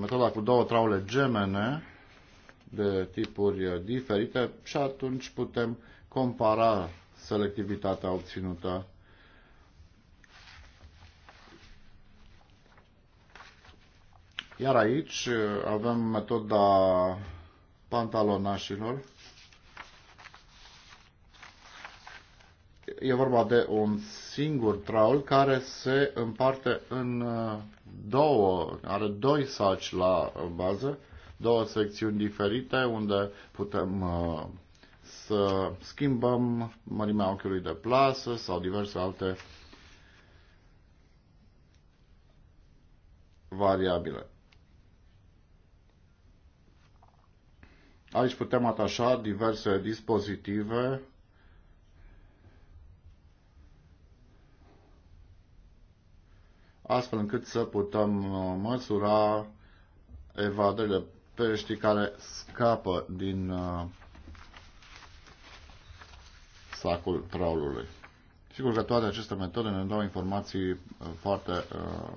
A: metoda cu două traule gemene de tipuri diferite și atunci putem compara selectivitatea obținută Iar aici avem metoda pantalonașilor. E vorba de un singur traul care se împarte în uh, două, are doi saci la bază, două secțiuni diferite unde putem uh, să schimbăm mărimea ochiului de plasă sau diverse alte variabile. Aici putem atașa diverse dispozitive astfel încât să putem uh, măsura evadările peștii care scapă din uh, sacul traulului. Sigur că toate aceste metode ne dau informații uh, foarte uh,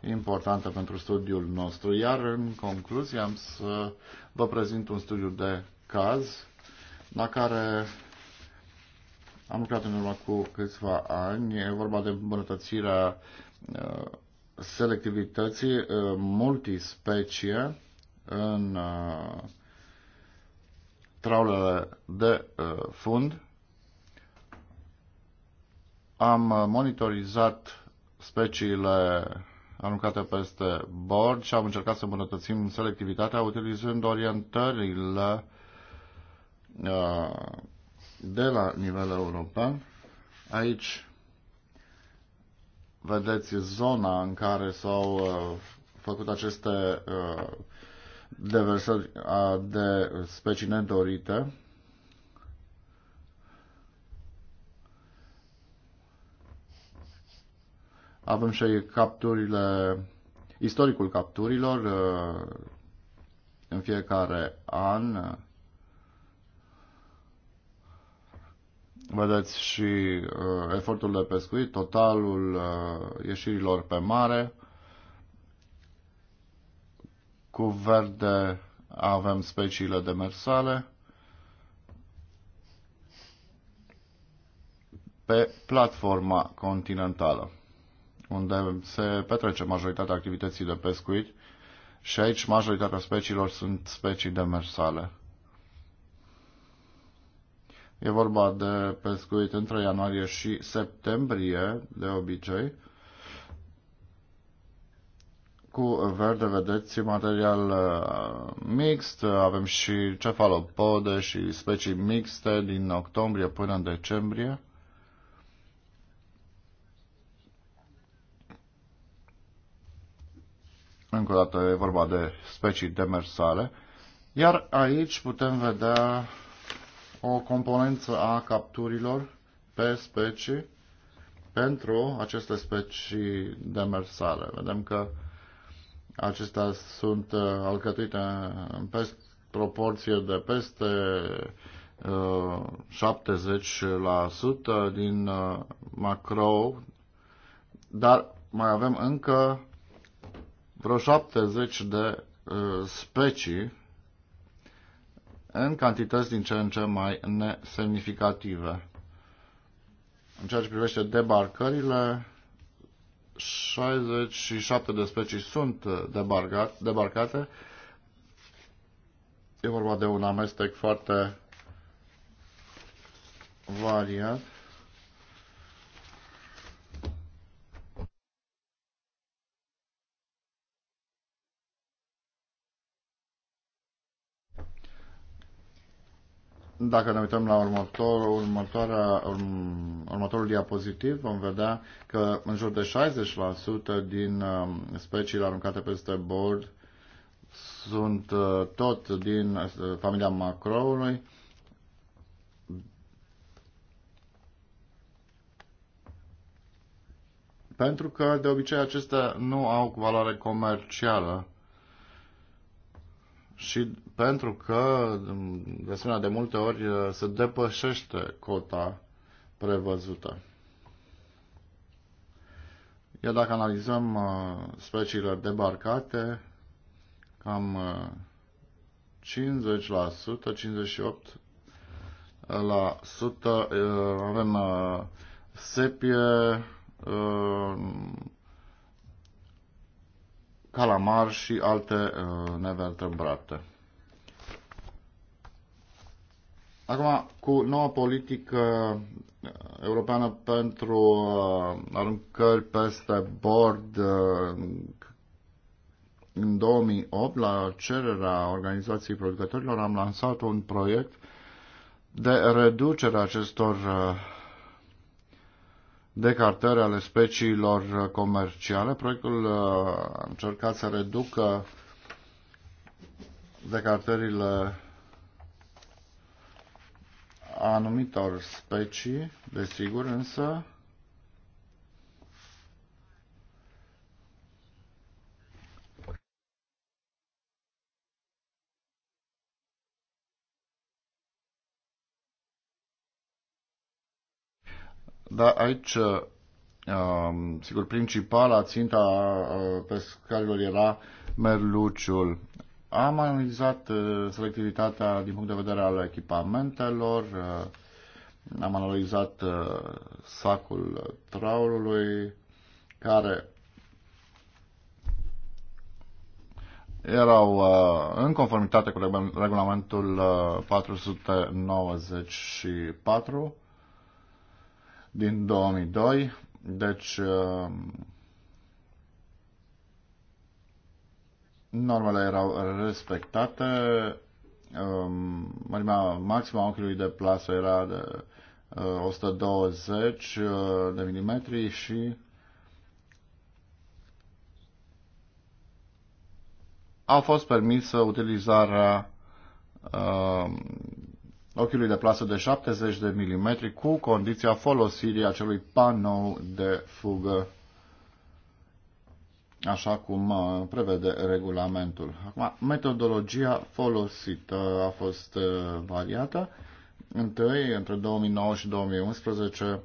A: importantă pentru studiul nostru. Iar în concluzie am să vă prezint un studiu de caz la care am lucrat în urmă cu câțiva ani. E vorba de îmbunătățirea uh, selectivității uh, multispecie în uh, traulele de fund. Am monitorizat speciile aruncate peste bord și am încercat să îmbunătățim selectivitatea utilizând orientările uh, de la nivel european. Aici vedeți zona în care s-au uh, făcut aceste uh, deversări de specii nedorite. Avem și capturile, istoricul capturilor uh, în fiecare an. Vedeți și uh, efortul de pescuit, totalul uh, ieșirilor pe mare. Cu verde avem speciile demersale. pe platforma continentală unde se petrece majoritatea activității de pescuit și aici majoritatea speciilor sunt specii demersale. E vorba de pescuit între ianuarie și septembrie, de obicei. Cu verde vedeți material uh, mixt, avem și cefalopode și specii mixte din octombrie până în decembrie. Încă o dată e vorba de specii demersale. Iar aici putem vedea o componență a capturilor pe specii pentru aceste specii demersale. Vedem că acestea sunt uh, alcătuite în peste, proporție de peste 70% uh, din uh, macro, dar mai avem încă vreo 70 de uh, specii în cantități din ce în ce mai nesemnificative. În ceea ce privește debarcările, 67 de specii sunt uh, debarcate. E vorba de un amestec foarte variat. Dacă ne uităm la următor, următoarea, următorul diapozitiv, vom vedea că în jur de 60% din um, speciile aruncate peste bord sunt uh, tot din uh, familia macroului. Pentru că, de obicei, acestea nu au valoare comercială și pentru că, de asemenea, de multe ori se depășește cota prevăzută. Iar dacă analizăm uh, speciile debarcate, cam 50%, uh, 58% la 100, uh, avem sepie, calamar și alte uh, nevertebrate. Acum, cu noua politică uh, europeană pentru uh, aruncări peste bord în 2008, la cererea organizației producătorilor, am lansat un proiect de reducere a acestor de cartări ale speciilor comerciale. Proiectul uh, a încercat să reducă decartările anumitor specii, desigur, însă Da, aici, um, sigur, principala ținta uh, pescarilor era merluciul. Am analizat uh, selectivitatea din punct de vedere al echipamentelor, uh, am analizat sacul traulului, care erau în conformitate cu regulamentul 494 din 2002. Deci, uh, normele erau respectate, um, mărimea maximă a ochiului de plasă era de 120 uh, uh, de milimetri și a fost permisă utilizarea ochiului de plasă de 70 de mm cu condiția folosirii acelui panou de fugă așa cum uh, prevede regulamentul. Acum, metodologia folosită a fost uh, variată. Întâi, între 2009 și 2011,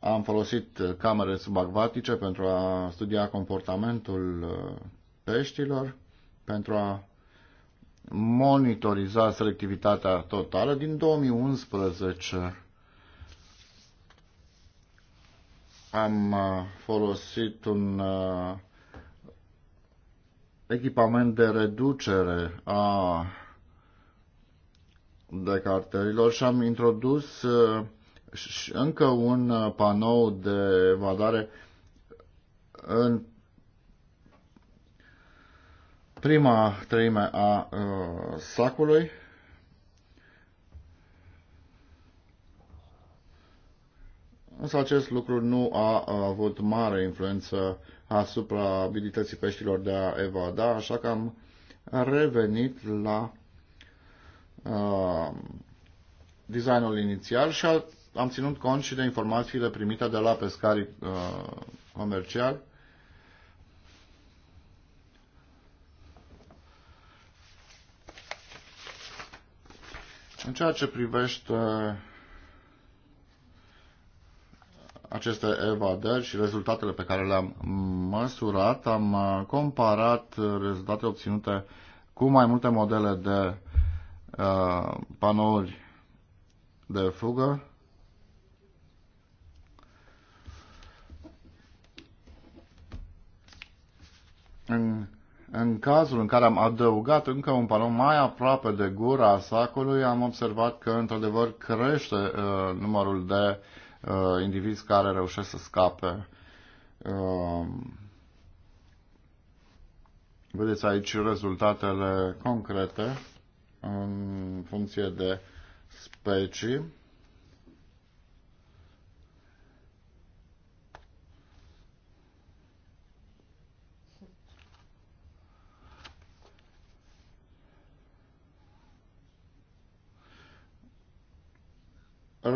A: am folosit camere subacvatice pentru a studia comportamentul uh, peștilor, pentru a monitoriza selectivitatea totală din 2011 am uh, folosit un uh, echipament de reducere a decarterilor și am introdus uh, încă un panou de evadare în prima treime a uh, sacului. Însă acest lucru nu a, avut mare influență asupra abilității peștilor de a evada, așa că am revenit la uh, designul inițial și a, am ținut cont și de informațiile primite de la pescarii uh, comerciali În ceea ce privește aceste evadări și rezultatele pe care le-am măsurat, am comparat rezultate obținute cu mai multe modele de uh, panouri de fugă. În în cazul în care am adăugat încă un palon mai aproape de gura sacului, am observat că, într-adevăr, crește uh, numărul de uh, indivizi care reușesc să scape. Uh, vedeți aici rezultatele concrete în funcție de specii.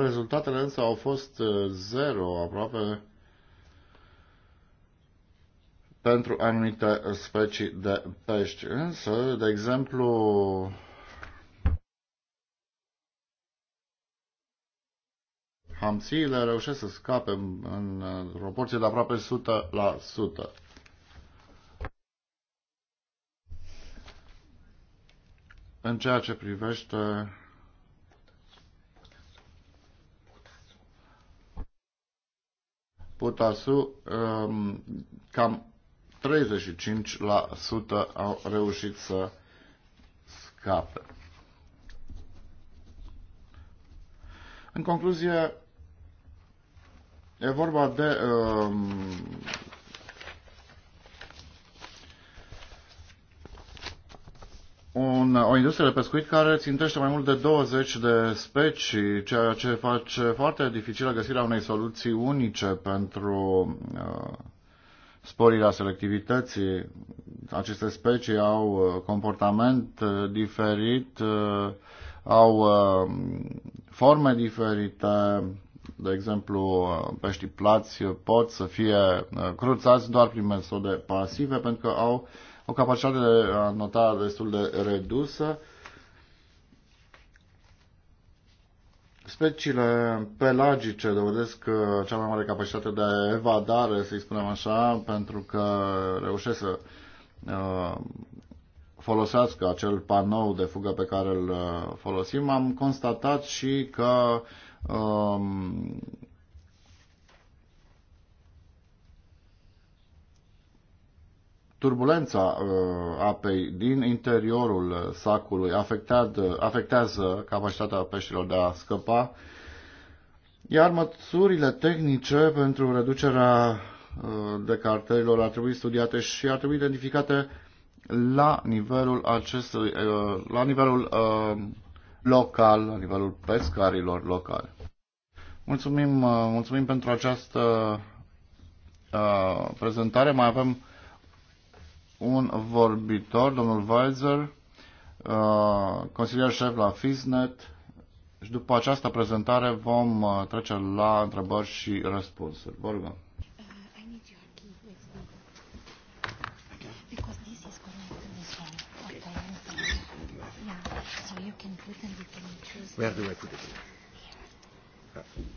A: Rezultatele însă au fost uh, zero aproape pentru anumite specii de pești. Însă, de exemplu, hamțiile reușesc să scape în proporție de aproape 100%. În ceea ce privește Putasu, um, cam 35% au reușit să scape. În concluzie, e vorba de um, un, o industrie de pescuit care țintește mai mult de 20 de specii, ceea ce face foarte dificilă găsirea unei soluții unice pentru uh, sporirea selectivității. Aceste specii au uh, comportament uh, diferit, uh, au uh, forme diferite, de exemplu, uh, peștii plați pot să fie cruțați doar prin metode pasive pentru că au uh, o capacitate de a nota destul de redusă. Speciile pelagice dovedesc uh, cea mai mare capacitate de evadare, să-i spunem așa, pentru că reușesc să uh, folosească acel panou de fugă pe care îl uh, folosim. Am constatat și că um, Turbulența uh, apei din interiorul uh, sacului afectează capacitatea peștilor de a scăpa, iar măsurile tehnice pentru reducerea uh, decartărilor ar trebui studiate și ar trebui identificate la nivelul acestui, la nivelul local, la nivelul pescarilor locale. Mulțumim, mulțumim pentru această prezentare. Mai avem un vorbitor, domnul Weiser, uh, consilier șef la FISNET și după această prezentare vom uh, trece la întrebări și răspunsuri. Vă rugăm.
B: Where uh, do I put it? Here. Yeah. Uh,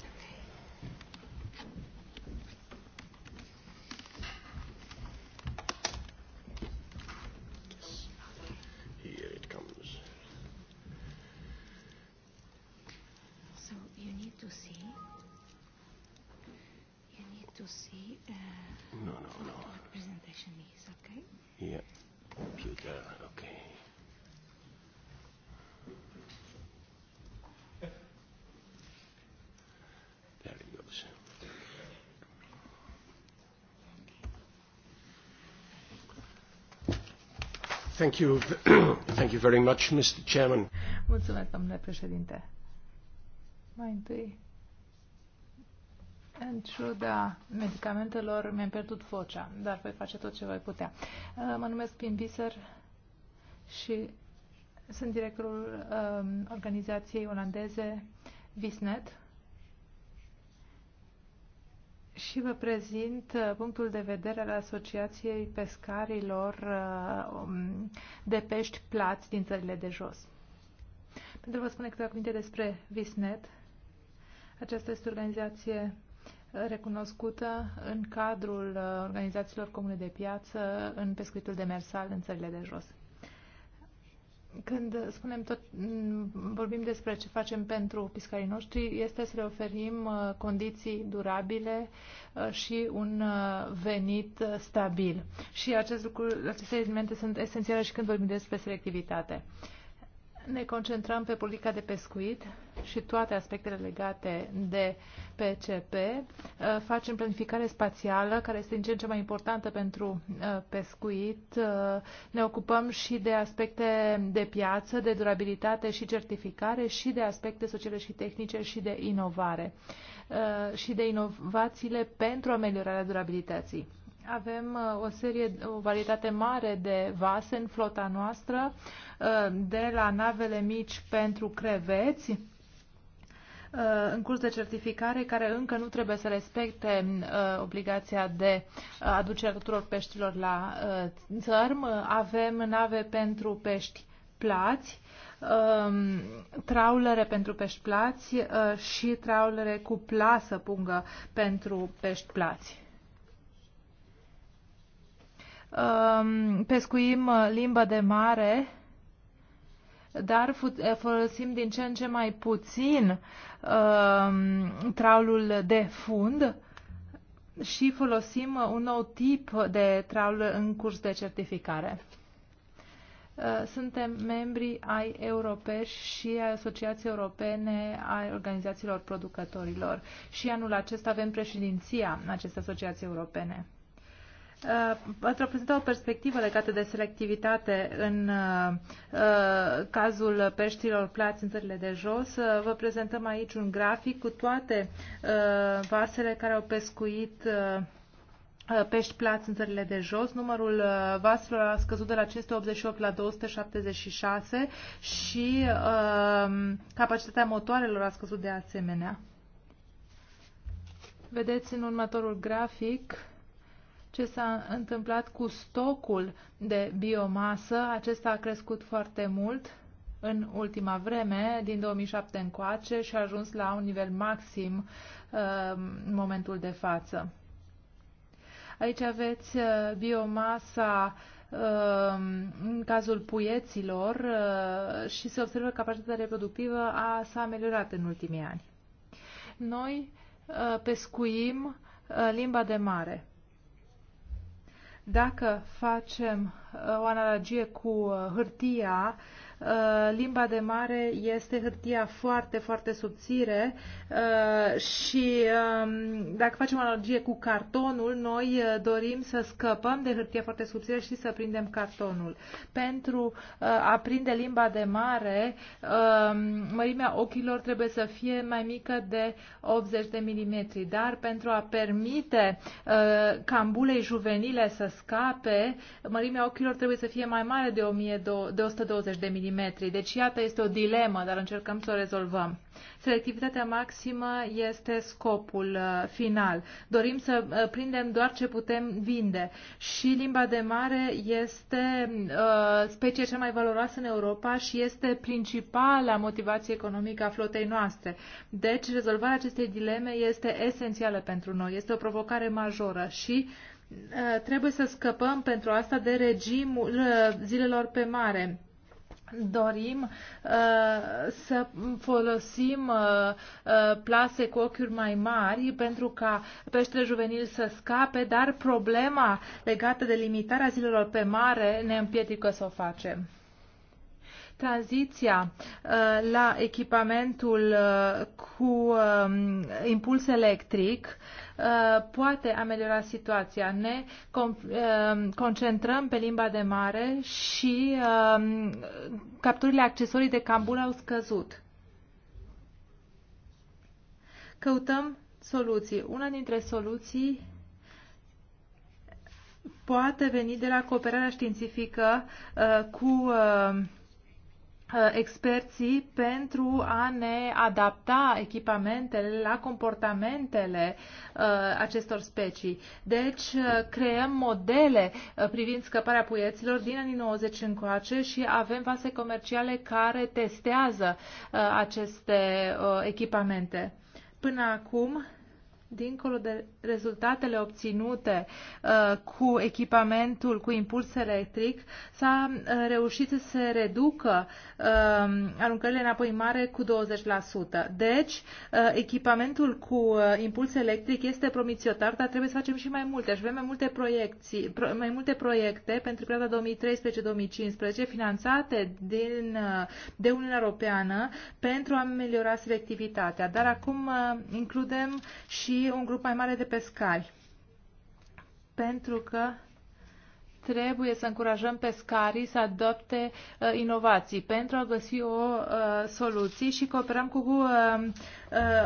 B: no, no. the presentation is, okay?
C: Yeah. Computer, okay.
B: There it goes. Thank you.
C: (coughs) Thank you very much, Mr. Chairman.
B: Mulțumesc, domnule președinte. Mai întâi, în ciuda medicamentelor mi-am pierdut vocea, dar voi face tot ce voi putea. Uh, mă numesc Pim Visser și sunt directorul um, organizației olandeze Visnet și vă prezint uh, punctul de vedere al Asociației Pescarilor uh, um, de Pești Plați din țările de jos. Pentru a vă spune câteva cuvinte despre Visnet, aceasta este o organizație recunoscută în cadrul uh, organizațiilor comune de piață în pescuitul demersal în țările de jos. Când spunem tot, mm, vorbim despre ce facem pentru piscarii noștri, este să le oferim uh, condiții durabile uh, și un venit stabil. Și acest lucru, aceste elemente sunt esențiale și când vorbim despre selectivitate. Uh, ne concentrăm pe politica de pescuit și toate aspectele legate de PCP. Uh, facem planificare spațială, care este din ce în ce mai importantă pentru uh, pescuit. Uh, ne ocupăm și de aspecte de piață, de durabilitate și certificare și de aspecte sociale și tehnice și de inovare și de inovațiile pentru ameliorarea durabilității. Avem uh, o serie, o varietate mare de vase în flota noastră, uh, de la navele mici pentru creveți, uh, în curs de certificare care încă nu trebuie să respecte obligația de aducerea tuturor peștilor la țărm. Avem nave pentru pești plați, um, traulere pentru pești plați și traulere cu plasă pungă pentru pești plați pescuim uh, limba de mare, dar eh, folosim din ce în ce mai puțin um, traulul de fund și folosim uh, un nou tip de traul în curs de certificare. Uh, suntem membri ai europeni și ai Asociației Europene a Organizațiilor Producătorilor și anul acesta avem președinția acestei asociații europene. Uh, ați reprezentat o perspectivă legată de selectivitate în uh, uh, cazul peștilor plați în țările de jos. Vă prezentăm aici un grafic cu toate vasele care au pescuit pești plați în țările de jos. Numărul vaselor a scăzut de la 588 la 276 și capacitatea motoarelor a scăzut de asemenea. Vedeți în următorul grafic ce s-a întâmplat cu stocul de biomasă. Acesta a crescut foarte mult în ultima vreme, din 2007 încoace, și a ajuns la un nivel maxim uh, în momentul de față. Aici aveți uh, biomasa uh, în cazul puieților și se observă că capacitatea reproductivă a, s-a ameliorat în ultimii ani. Noi pescuim limba de mare. Dacă facem uh, o analogie cu uh, hârtia, Uh, limba de mare este hârtia foarte, foarte subțire uh, și um, dacă facem analogie cu cartonul, noi uh, dorim să scăpăm de hârtia foarte subțire și să prindem cartonul. Pentru a prinde limba de mare, um, mărimea ochilor trebuie să fie mai mică de 80 de milimetri, dar pentru a permite cambulei juvenile să scape, mărimea ochilor trebuie să fie mai mare de, 120 de milimetri mm. Deci, iată, este o dilemă, dar încercăm să o rezolvăm. Selectivitatea maximă este scopul uh, final. Dorim să uh, prindem doar ce putem vinde. Și limba de mare este uh, specia cea mai valoroasă în Europa și este principala motivație economică a flotei noastre. Deci, rezolvarea acestei dileme este esențială pentru noi. Este o provocare majoră și uh, trebuie să scăpăm pentru asta de regimul zilelor pe mare dorim uh, să folosim uh, uh, plase cu ochiuri mai mari pentru ca peștele juvenil să scape, dar problema legată de limitarea zilelor pe mare ne împiedică să o facem. Tranziția uh, la echipamentul uh, cu um, impuls electric uh, poate ameliora situația. Ne um, concentrăm pe limba de mare și um, capturile accesorii de cambul au scăzut. Căutăm soluții. Una dintre soluții poate veni de la cooperarea științifică uh, cu uh, Uh, experții pentru a ne adapta echipamentele la comportamentele uh, acestor specii. Deci uh, creăm modele privind scăparea puieților din anii 90 încoace și avem vase comerciale care testează aceste echipamente. Până acum dincolo de rezultatele obținute uh, cu echipamentul cu impuls electric, s-a uh, reușit să se reducă uh, aruncările înapoi mare cu 20%. Deci, uh, echipamentul cu uh, impuls electric este promițiotar, dar trebuie să facem și mai multe. Aș vrea mai multe, proiecții, pro, mai multe proiecte pentru perioada 2013-2015 finanțate din, uh, de Uniunea Europeană pentru a ameliora selectivitatea. Dar acum uh, includem și și un grup mai mare de pescari. Pentru că trebuie să încurajăm pescarii să adopte uh, inovații pentru a găsi o uh, soluție și cooperăm cu uh, uh,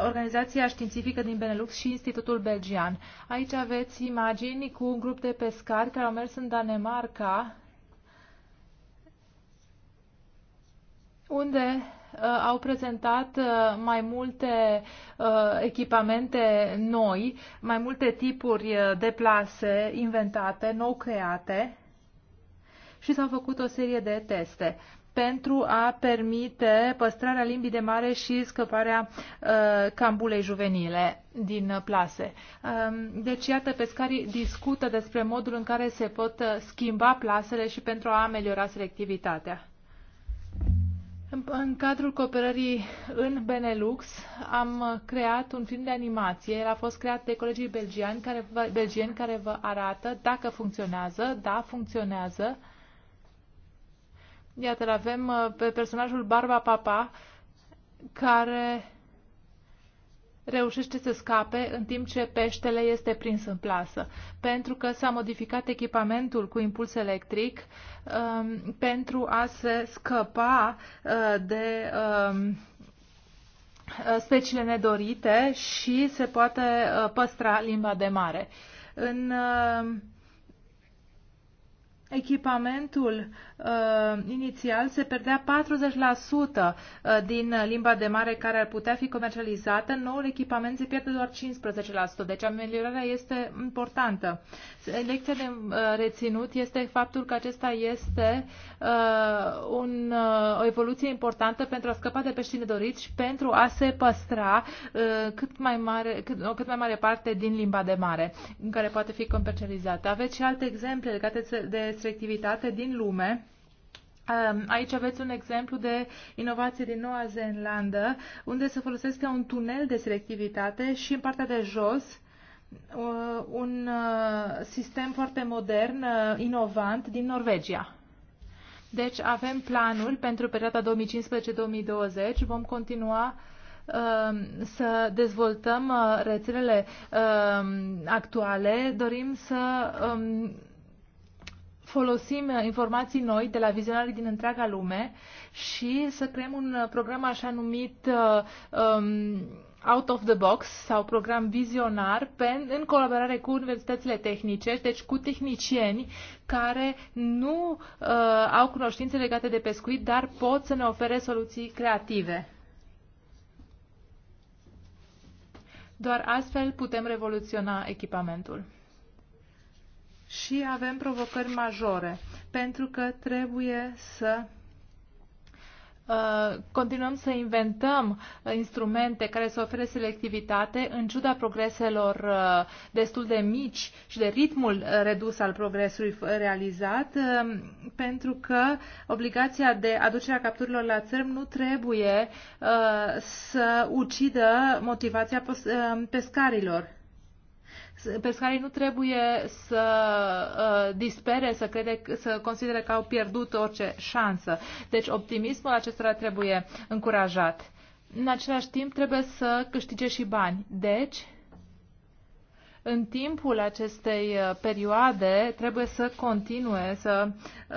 B: Organizația Științifică din Benelux și Institutul Belgian. Aici aveți imagini cu un grup de pescari care au mers în Danemarca unde Uh, au prezentat uh, mai multe uh, echipamente noi, mai multe tipuri de plase inventate, nou create și s-au făcut o serie de teste pentru a permite păstrarea limbii de mare și scăparea uh, cambulei juvenile din plase. Um, deci, iată, pescarii discută despre modul în care se pot schimba plasele și pentru a ameliora selectivitatea. În, cadrul cooperării în Benelux am creat un film de animație. El a fost creat de colegii belgiani care vă, belgieni care vă arată dacă funcționează. Da, funcționează. Iată, avem uh, pe personajul Barba Papa care reușește să scape în timp ce peștele este prins în plasă, pentru că s-a modificat echipamentul cu impuls electric um, pentru a se scăpa uh, de um, uh, speciile nedorite și se poate uh, păstra limba de mare. În uh, echipamentul uh, inițial se pierdea 40% uh, din limba de mare care ar putea fi comercializată, noul echipament se pierde doar 15%, deci ameliorarea este importantă. Lecția de uh, reținut este faptul că acesta este uh, un, uh, o evoluție importantă pentru a scăpa de pești nedoriți și pentru a se păstra uh, cât mai mare, cât, o cât mai mare parte din limba de mare în care poate fi comercializată. Aveți și alte exemple legate de selectivitate din lume Aici aveți un exemplu de inovație din Noua Zeelandă, unde se folosește un tunel de selectivitate și în partea de jos uh, un uh, sistem foarte modern, uh, inovant din Norvegia. Deci avem planul pentru perioada 2015-2020. Vom continua um, să dezvoltăm rețelele um, actuale. Dorim să um, folosim uh, informații noi de la vizionarii din întreaga lume și să creăm un uh, program așa numit uh, um, out of the box sau program vizionar pen, în colaborare cu universitățile tehnice, deci cu tehnicieni care nu uh, au cunoștințe legate de pescuit, dar pot să ne ofere soluții creative. Doar astfel putem revoluționa echipamentul și avem provocări majore, pentru că trebuie să uh, continuăm să inventăm instrumente care să ofere selectivitate în ciuda progreselor uh, destul de mici și de ritmul uh, redus al progresului realizat, pentru că obligația de aducere a capturilor la țărm nu trebuie să ucidă motivația pescarilor pescarii nu trebuie să uh, dispere, să, crede, să considere că au pierdut orice șansă. Deci optimismul acestora trebuie încurajat. În același timp trebuie să câștige și bani. Deci, în timpul acestei uh, perioade trebuie să continue să, uh,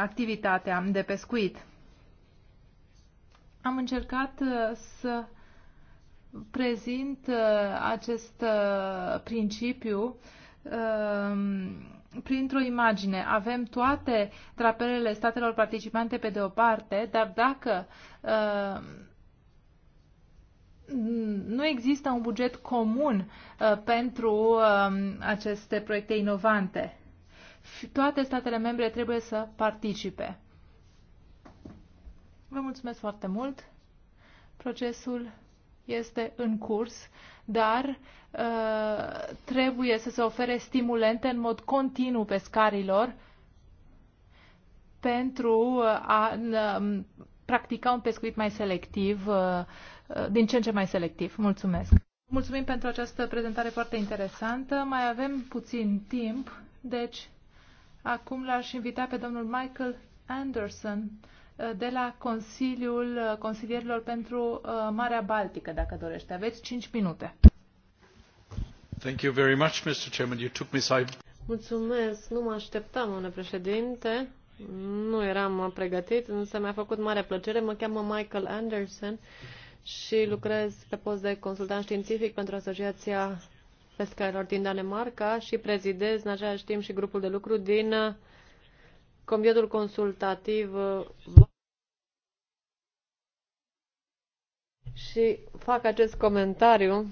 B: activitatea de pescuit. Am încercat uh, să prezint uh, acest uh, principiu um, printr-o imagine. Avem toate drapelele statelor participante pe de o parte, dar dacă uh, nu există un buget comun pentru um, aceste proiecte inovante, toate statele membre trebuie să participe. Vă mulțumesc foarte mult. Procesul este în curs, dar uh, trebuie să se ofere stimulente în mod continuu pescarilor pentru uh, a uh, practica un pescuit mai selectiv, uh, uh, din ce în ce mai selectiv. Mulțumesc! Mulțumim pentru această prezentare foarte interesantă. Mai avem puțin timp, deci acum l-aș invita pe domnul Michael Anderson Eh, de la Consiliul eh, Consilierilor pentru eh, Marea Baltică, dacă dorește.
C: Aveți 5 minute.
A: Thank you very much, Mr. Chairman. You took me side.
C: Mulțumesc. Nu mă așteptam, domnule președinte. Nu eram pregătit, însă mi-a făcut mare plăcere. Mă cheamă Michael Anderson și lucrez pe post de consultant științific pentru Asociația Pescarilor din Danemarca și prezidez în același timp și grupul de lucru din Comitetul consultativ uh, și fac acest comentariu.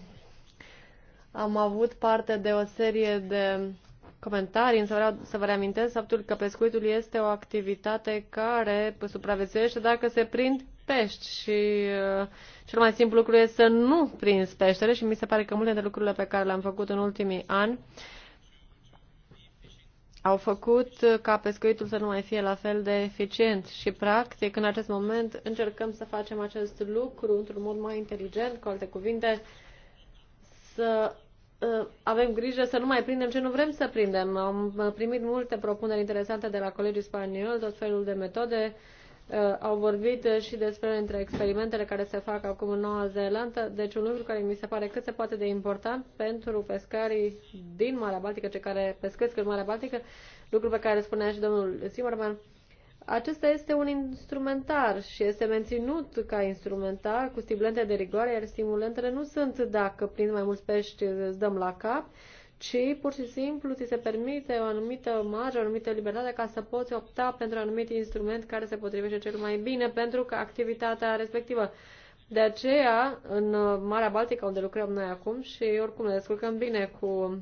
C: Am avut parte de o serie de comentarii, însă vreau să vă reamintesc faptul că pescuitul este o activitate care supraviețuiește dacă se prind pești și uh, cel mai simplu lucru este să nu prinzi peștele și mi se pare că multe dintre lucrurile pe care le-am făcut în ultimii ani uh, au făcut ca pescuitul să nu mai fie la fel de eficient și, practic, în acest moment încercăm să facem acest lucru într-un mod mai inteligent, cu alte cuvinte, să ă, avem grijă să nu mai prindem ce nu vrem să prindem. Am primit multe propuneri interesante de la colegii spanioli, tot felul de metode uh, Uh, au vorbit uh, și despre între experimentele care se fac acum în Noua Zeelandă, deci un lucru care mi se pare cât se poate de important pentru pescarii din Marea Baltică, cei care pescuiesc în Marea Baltică, lucru pe care spunea și domnul Zimmerman, acesta este un instrumentar și este menținut ca instrumentar cu stimulente de rigoare, iar stimulentele nu sunt dacă prind mai mulți pești îți dăm la cap, ci pur și simplu ți se permite o anumită marjă, o anumită libertate ca să poți opta pentru un anumit instrument care se potrivește cel mai bine pentru că activitatea respectivă. De aceea, în Marea Baltică, unde lucrăm noi acum și oricum ne descurcăm bine cu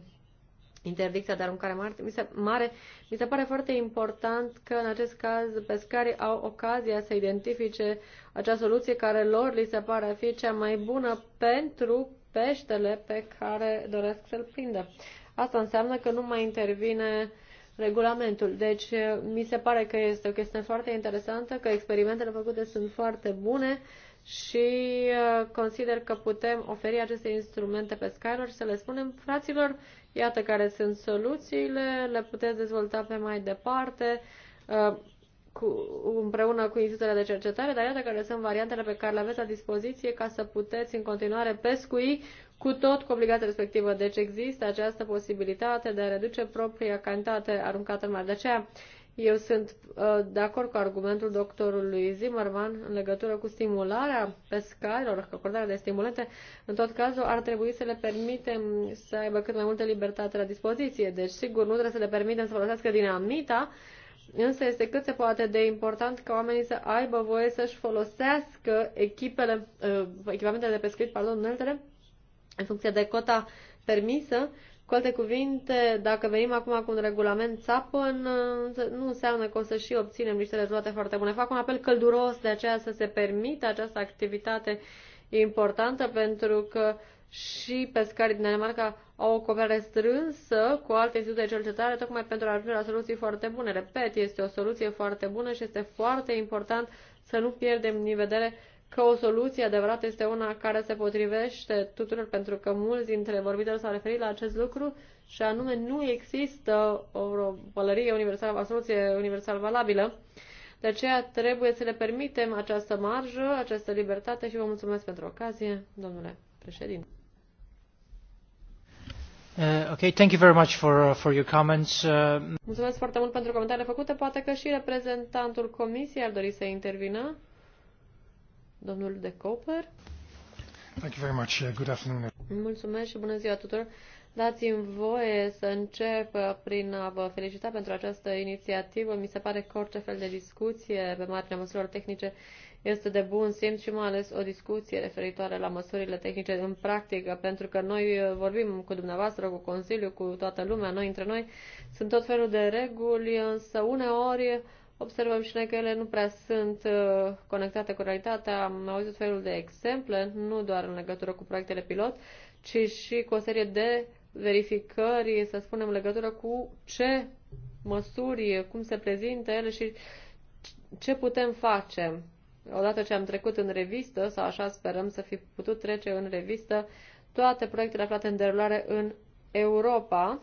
C: interdicția de aruncare mare, mi se, mare, mi se pare foarte important că în acest caz pescarii au ocazia să identifice acea soluție care lor li se pare a fi cea mai bună pentru peștele pe care doresc să-l prindă. Asta înseamnă că nu mai intervine regulamentul. Deci, mi se pare că este o chestie foarte interesantă, că experimentele făcute sunt foarte bune și uh, consider că putem oferi aceste instrumente pescarilor și să le spunem, fraților, iată care sunt soluțiile, le puteți dezvolta pe mai departe, uh, cu, împreună cu institutele de cercetare, dar iată care sunt variantele pe care le aveți la dispoziție ca să puteți în continuare pescui cu tot cu obligația respectivă. Deci există această posibilitate de a reduce propria cantitate aruncată în mare. De aceea eu sunt uh, de acord cu argumentul doctorului Zimmerman în legătură cu stimularea pescarilor, acordarea de stimulente. În tot cazul, ar trebui să le permitem să aibă cât mai multă libertate la dispoziție. Deci, sigur, nu trebuie să le permitem să folosească dinamita, Însă este cât se poate de important ca oamenii să aibă voie să-și folosească echipele, uh, echipamentele de pescuit, pardon, uneltele, în funcție de cota permisă. Cu alte cuvinte, dacă venim acum cu un regulament țapăn, uh, nu înseamnă că o să și obținem niște rezultate foarte bune. Fac un apel călduros de aceea să se permită această activitate importantă, pentru că și pescarii din Danemarca o cooperare strânsă cu alte institute de cercetare, tocmai pentru a ajunge la soluții foarte bune. Repet, este o soluție foarte bună și este foarte important să nu pierdem din vedere că o soluție adevărată este una care se potrivește tuturor, pentru că mulți dintre vorbitori s-au referit la acest lucru și anume nu există o pălărie universală, o soluție universal valabilă. De aceea trebuie să le permitem această marjă, această libertate și vă mulțumesc pentru ocazie, domnule președinte.
A: Uh, okay, thank you very much for, uh, for your comments. Uh...
C: Mulțumesc foarte mult pentru comentariile făcute. Poate că și reprezentantul comisiei ar dori să intervină. Domnul De Cooper.
A: Thank you very much. Good afternoon.
C: Mulțumesc și bună ziua tuturor. Dați-mi voie să încep uh, prin a vă felicita pentru această inițiativă. Mi se pare că orice fel de discuție pe marginea măsurilor tehnice este de bun simț și mai ales o discuție referitoare la măsurile tehnice în practică, pentru că noi uh, vorbim cu dumneavoastră, cu Consiliu, cu toată lumea, noi între noi, sunt tot felul de reguli, însă uneori observăm și noi că ele nu prea sunt uh, conectate cu realitatea. Am auzit tot felul de exemple, nu doar în legătură cu proiectele pilot, ci și cu o serie de verificări, să spunem, în legătură cu ce măsuri, cum se prezintă ele și ce putem face odată ce am trecut în revistă, sau așa sperăm să fi putut trece în revistă, toate proiectele aflate în derulare în Europa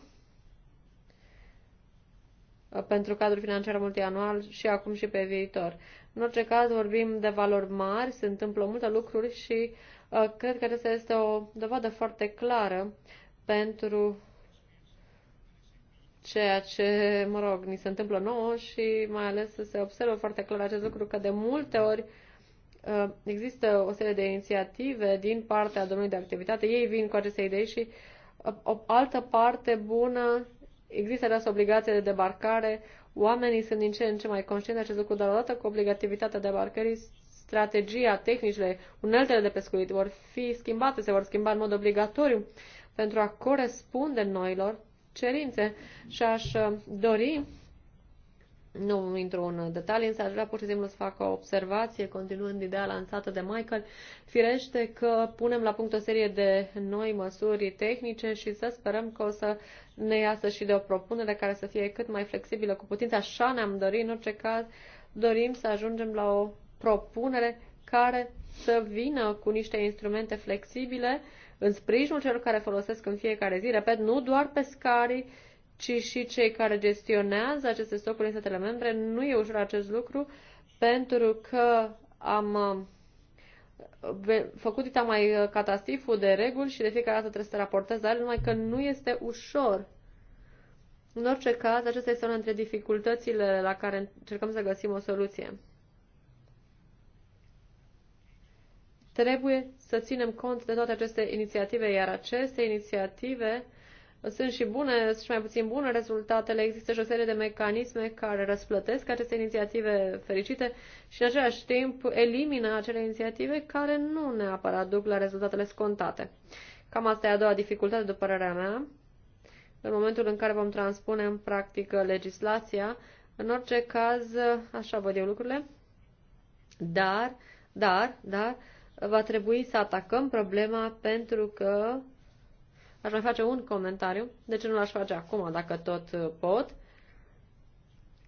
C: uh, pentru cadrul financiar multianual și acum și pe viitor. În orice caz, vorbim de valori mari, se întâmplă multe lucruri și uh, cred că acesta este o dovadă foarte clară pentru ceea ce, mă rog, ni se întâmplă nouă și mai ales să se observă foarte clar acest lucru că de multe ori uh, există o serie de inițiative din partea domnului de activitate, ei vin cu aceste idei și uh, o altă parte bună există această obligație de debarcare, oamenii sunt din ce în ce mai conștienți de acest lucru, dar odată cu obligativitatea debarcării, strategia, tehnicile, uneltele de pescuit vor fi schimbate, se vor schimba în mod obligatoriu pentru a corespunde noilor cerințe și aș uh, dori, nu intru în detalii, însă aș vrea pur și simplu să fac o observație, continuând ideea lansată de Michael, firește că punem la punct o serie de noi măsuri tehnice și să sperăm că o să ne iasă și de o propunere care să fie cât mai flexibilă cu putință. Așa ne-am dorit, în orice caz, dorim să ajungem la o propunere care să vină cu niște instrumente flexibile în sprijinul celor care folosesc în fiecare zi, repet, nu doar pescarii, ci și cei care gestionează aceste stocuri în statele membre. Nu e ușor acest lucru pentru că am uh, făcut ita mai uh, catastiful de reguli și de fiecare dată trebuie să raportez dar numai că nu este ușor. În orice caz, acesta este una dintre dificultățile la care încercăm să găsim o soluție. Trebuie să ținem cont de toate aceste inițiative, iar aceste inițiative sunt și bune, sunt și mai puțin bune rezultatele. Există și o serie de mecanisme care răsplătesc aceste inițiative fericite și în același timp elimină acele inițiative care nu neapărat duc la rezultatele scontate. Cam asta e a doua dificultate, după părerea mea. În momentul în care vom transpune în practică legislația, în orice caz, așa văd eu lucrurile, dar, dar, dar, va trebui să atacăm problema pentru că aș mai face un comentariu. De ce nu l-aș face acum, dacă tot uh, pot?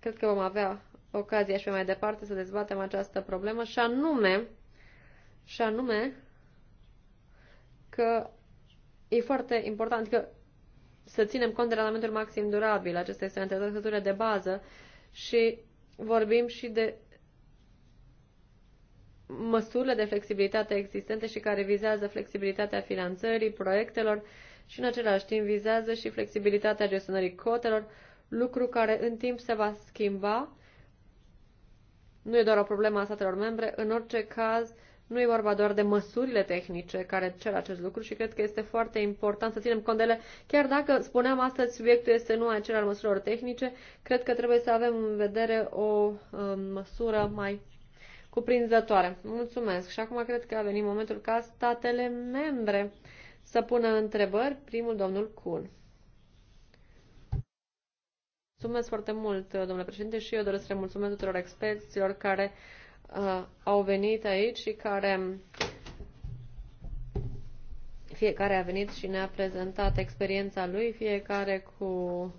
C: Cred că vom avea ocazia și pe mai departe să dezbatem această problemă și anume, și anume că e foarte important că să ținem cont de randamentul maxim durabil. Acesta este o de bază și vorbim și de măsurile de flexibilitate existente și care vizează flexibilitatea finanțării proiectelor și în același timp vizează și flexibilitatea gestionării cotelor, lucru care în timp se va schimba. Nu e doar o problemă a statelor membre, în orice caz nu e vorba doar de măsurile tehnice care cer acest lucru și cred că este foarte important să ținem cont de ele. Chiar dacă spuneam astăzi subiectul este nu acela al măsurilor tehnice, cred că trebuie să avem în vedere o uh, măsură mai cuprinzătoare. Mulțumesc. Și acum cred că a venit momentul ca statele membre să pună întrebări. Primul, domnul Kuhn. Mulțumesc foarte mult, domnule președinte, și eu doresc să mulțumesc tuturor experților care uh, au venit aici și care fiecare a venit și ne-a prezentat experiența lui, fiecare cu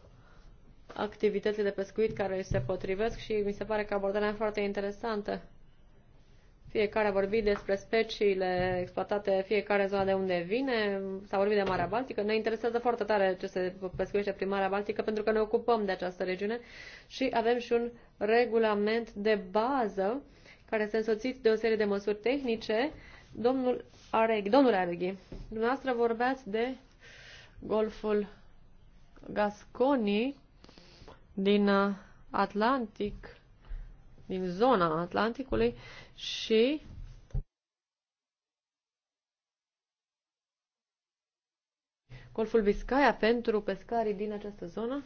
C: activitățile de pescuit care se potrivesc și mi se pare că abordarea e foarte interesantă. Fiecare a vorbit despre speciile exploatate, fiecare zona de unde vine. S-a vorbit de Marea Baltică. Ne interesează foarte tare ce se pescuiește prin Marea Baltică pentru că ne ocupăm de această regiune și avem și un regulament de bază care se însoțit de o serie de măsuri tehnice. Domnul Areghi, domnul Areghi, dumneavoastră vorbeați de golful Gasconii din Atlantic, din zona Atlanticului și Golful Biscaya pentru pescarii din această zonă.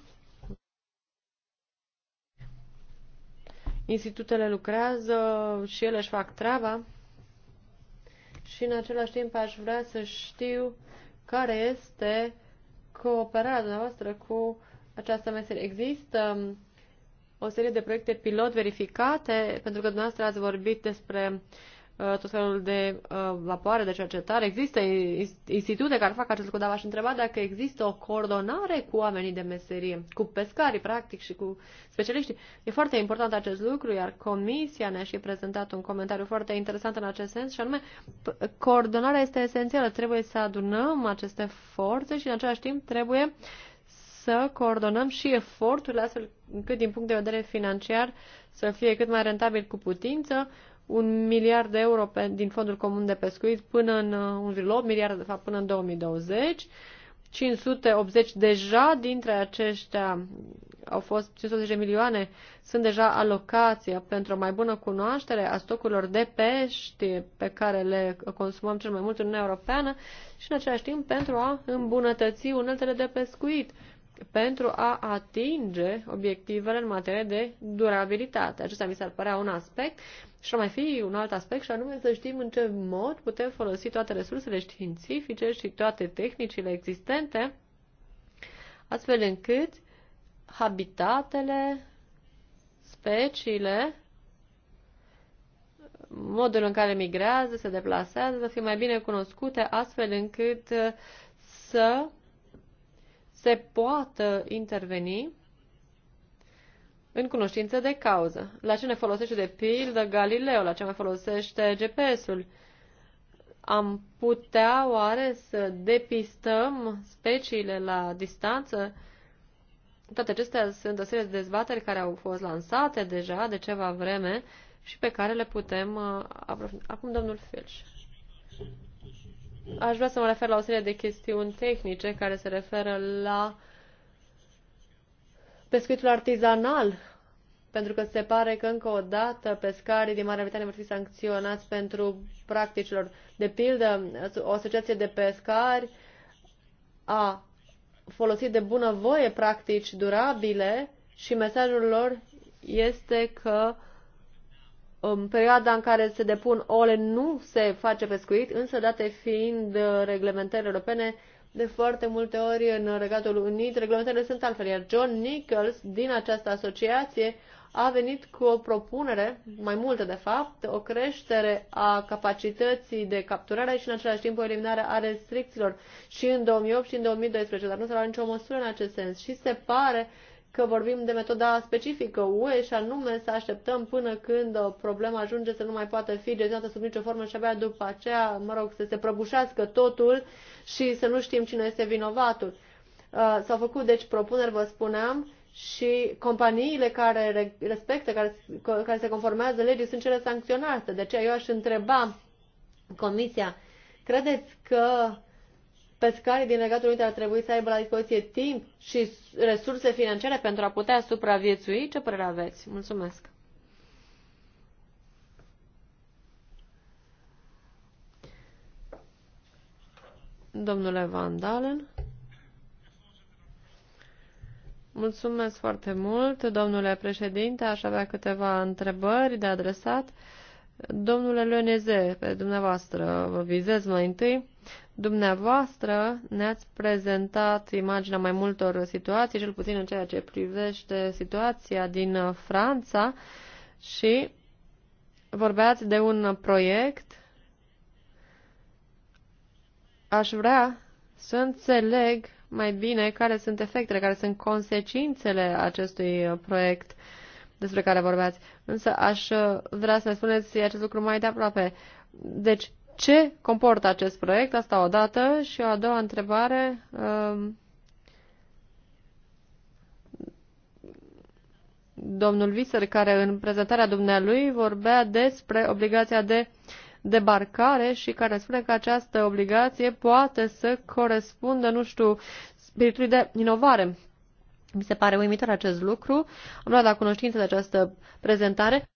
C: Institutele lucrează și ele își fac treaba și în același timp aș vrea să știu care este cooperarea dumneavoastră cu această meserie. Există o serie de proiecte pilot verificate, pentru că dumneavoastră ați vorbit despre uh, tot felul de uh, vapoare de cercetare. Există institute care fac acest lucru, dar v-aș întreba dacă există o coordonare cu oamenii de meserie, cu pescarii, practic, și cu specialiștii. E foarte important acest lucru, iar Comisia ne-a și prezentat un comentariu foarte interesant în acest sens, și anume, coordonarea este esențială. Trebuie să adunăm aceste forțe și, în același timp, trebuie să coordonăm și efortul astfel încât din punct de vedere financiar să fie cât mai rentabil cu putință, un miliard de euro pe, din fondul comun de pescuit până în 1,8 uh, miliarde de fapt până în 2020. 580 deja dintre aceștia au fost 510 milioane sunt deja alocația pentru o mai bună cunoaștere a stocurilor de pești pe care le consumăm cel mai mult în Uniunea Europeană și în același timp pentru a îmbunătăți uneltele de pescuit pentru a atinge obiectivele în materie de durabilitate. Acesta mi s-ar părea un aspect și ar mai fi un alt aspect și anume să știm în ce mod putem folosi toate resursele științifice și toate tehnicile existente astfel încât habitatele, speciile, modul în care migrează, se deplasează, să fie mai bine cunoscute, astfel încât să se poată interveni în cunoștință de cauză. La ce ne folosește de pildă Galileo, la ce mai folosește GPS-ul? Am putea oare să depistăm speciile la distanță? Toate acestea sunt o serie de dezbateri care au fost lansate deja de ceva vreme și pe care le putem uh, aprofunda. Acum, domnul Filch. Aș vrea să mă refer la o serie de chestiuni tehnice care se referă la pescuitul artizanal, pentru că se pare că încă o dată pescarii din Marea Britanie vor fi sancționați pentru practicilor. De pildă, o asociație de pescari a folosit de bunăvoie practici durabile și mesajul lor este că în um, perioada în care se depun ole nu se face pescuit, însă date fiind uh, reglementările europene, de foarte multe ori în Regatul Unit, reglementările sunt altfel, iar John Nichols din această asociație a venit cu o propunere, mai multă de fapt, o creștere a capacității de capturare și în același timp o eliminare a restricțiilor și în 2008 și în 2012, dar nu s-a luat nicio măsură în acest sens și se pare că vorbim de metoda specifică UE și anume să așteptăm până când o problemă ajunge să nu mai poată fi gestionată sub nicio formă și abia după aceea, mă rog, să se prăbușească totul și să nu știm cine este vinovatul. Uh, s-au făcut, deci, propuneri, vă spuneam, și companiile care respectă, care, care se conformează legii, sunt cele sancționate. De aceea eu aș întreba Comisia, credeți că pescarii din Regatul Unit ar trebui să aibă la dispoziție timp și resurse financiare pentru a putea supraviețui? Ce părere aveți? Mulțumesc! Domnule Van Dalen. Mulțumesc foarte mult, domnule președinte. Aș avea câteva întrebări de adresat. Uh, Domnule Leoneze, pe dumneavoastră vă vizez mai întâi. Dumneavoastră ne-ați prezentat imaginea mai multor situații, cel puțin în ceea ce privește situația din Franța și vorbeați de un proiect. Aș vrea să înțeleg mai bine care sunt efectele, care sunt consecințele acestui proiect. Uh, despre care vorbeați. Însă aș uh, vrea să ne spuneți acest lucru mai de aproape. Deci, ce comportă acest proiect? Asta o dată. Și o a doua întrebare. Um, domnul Viser, care în prezentarea dumnealui vorbea despre obligația de debarcare și care spune că această obligație poate să corespundă, nu știu, spiritului de inovare mi se pare uimitor acest lucru. Am luat la cunoștință de această prezentare.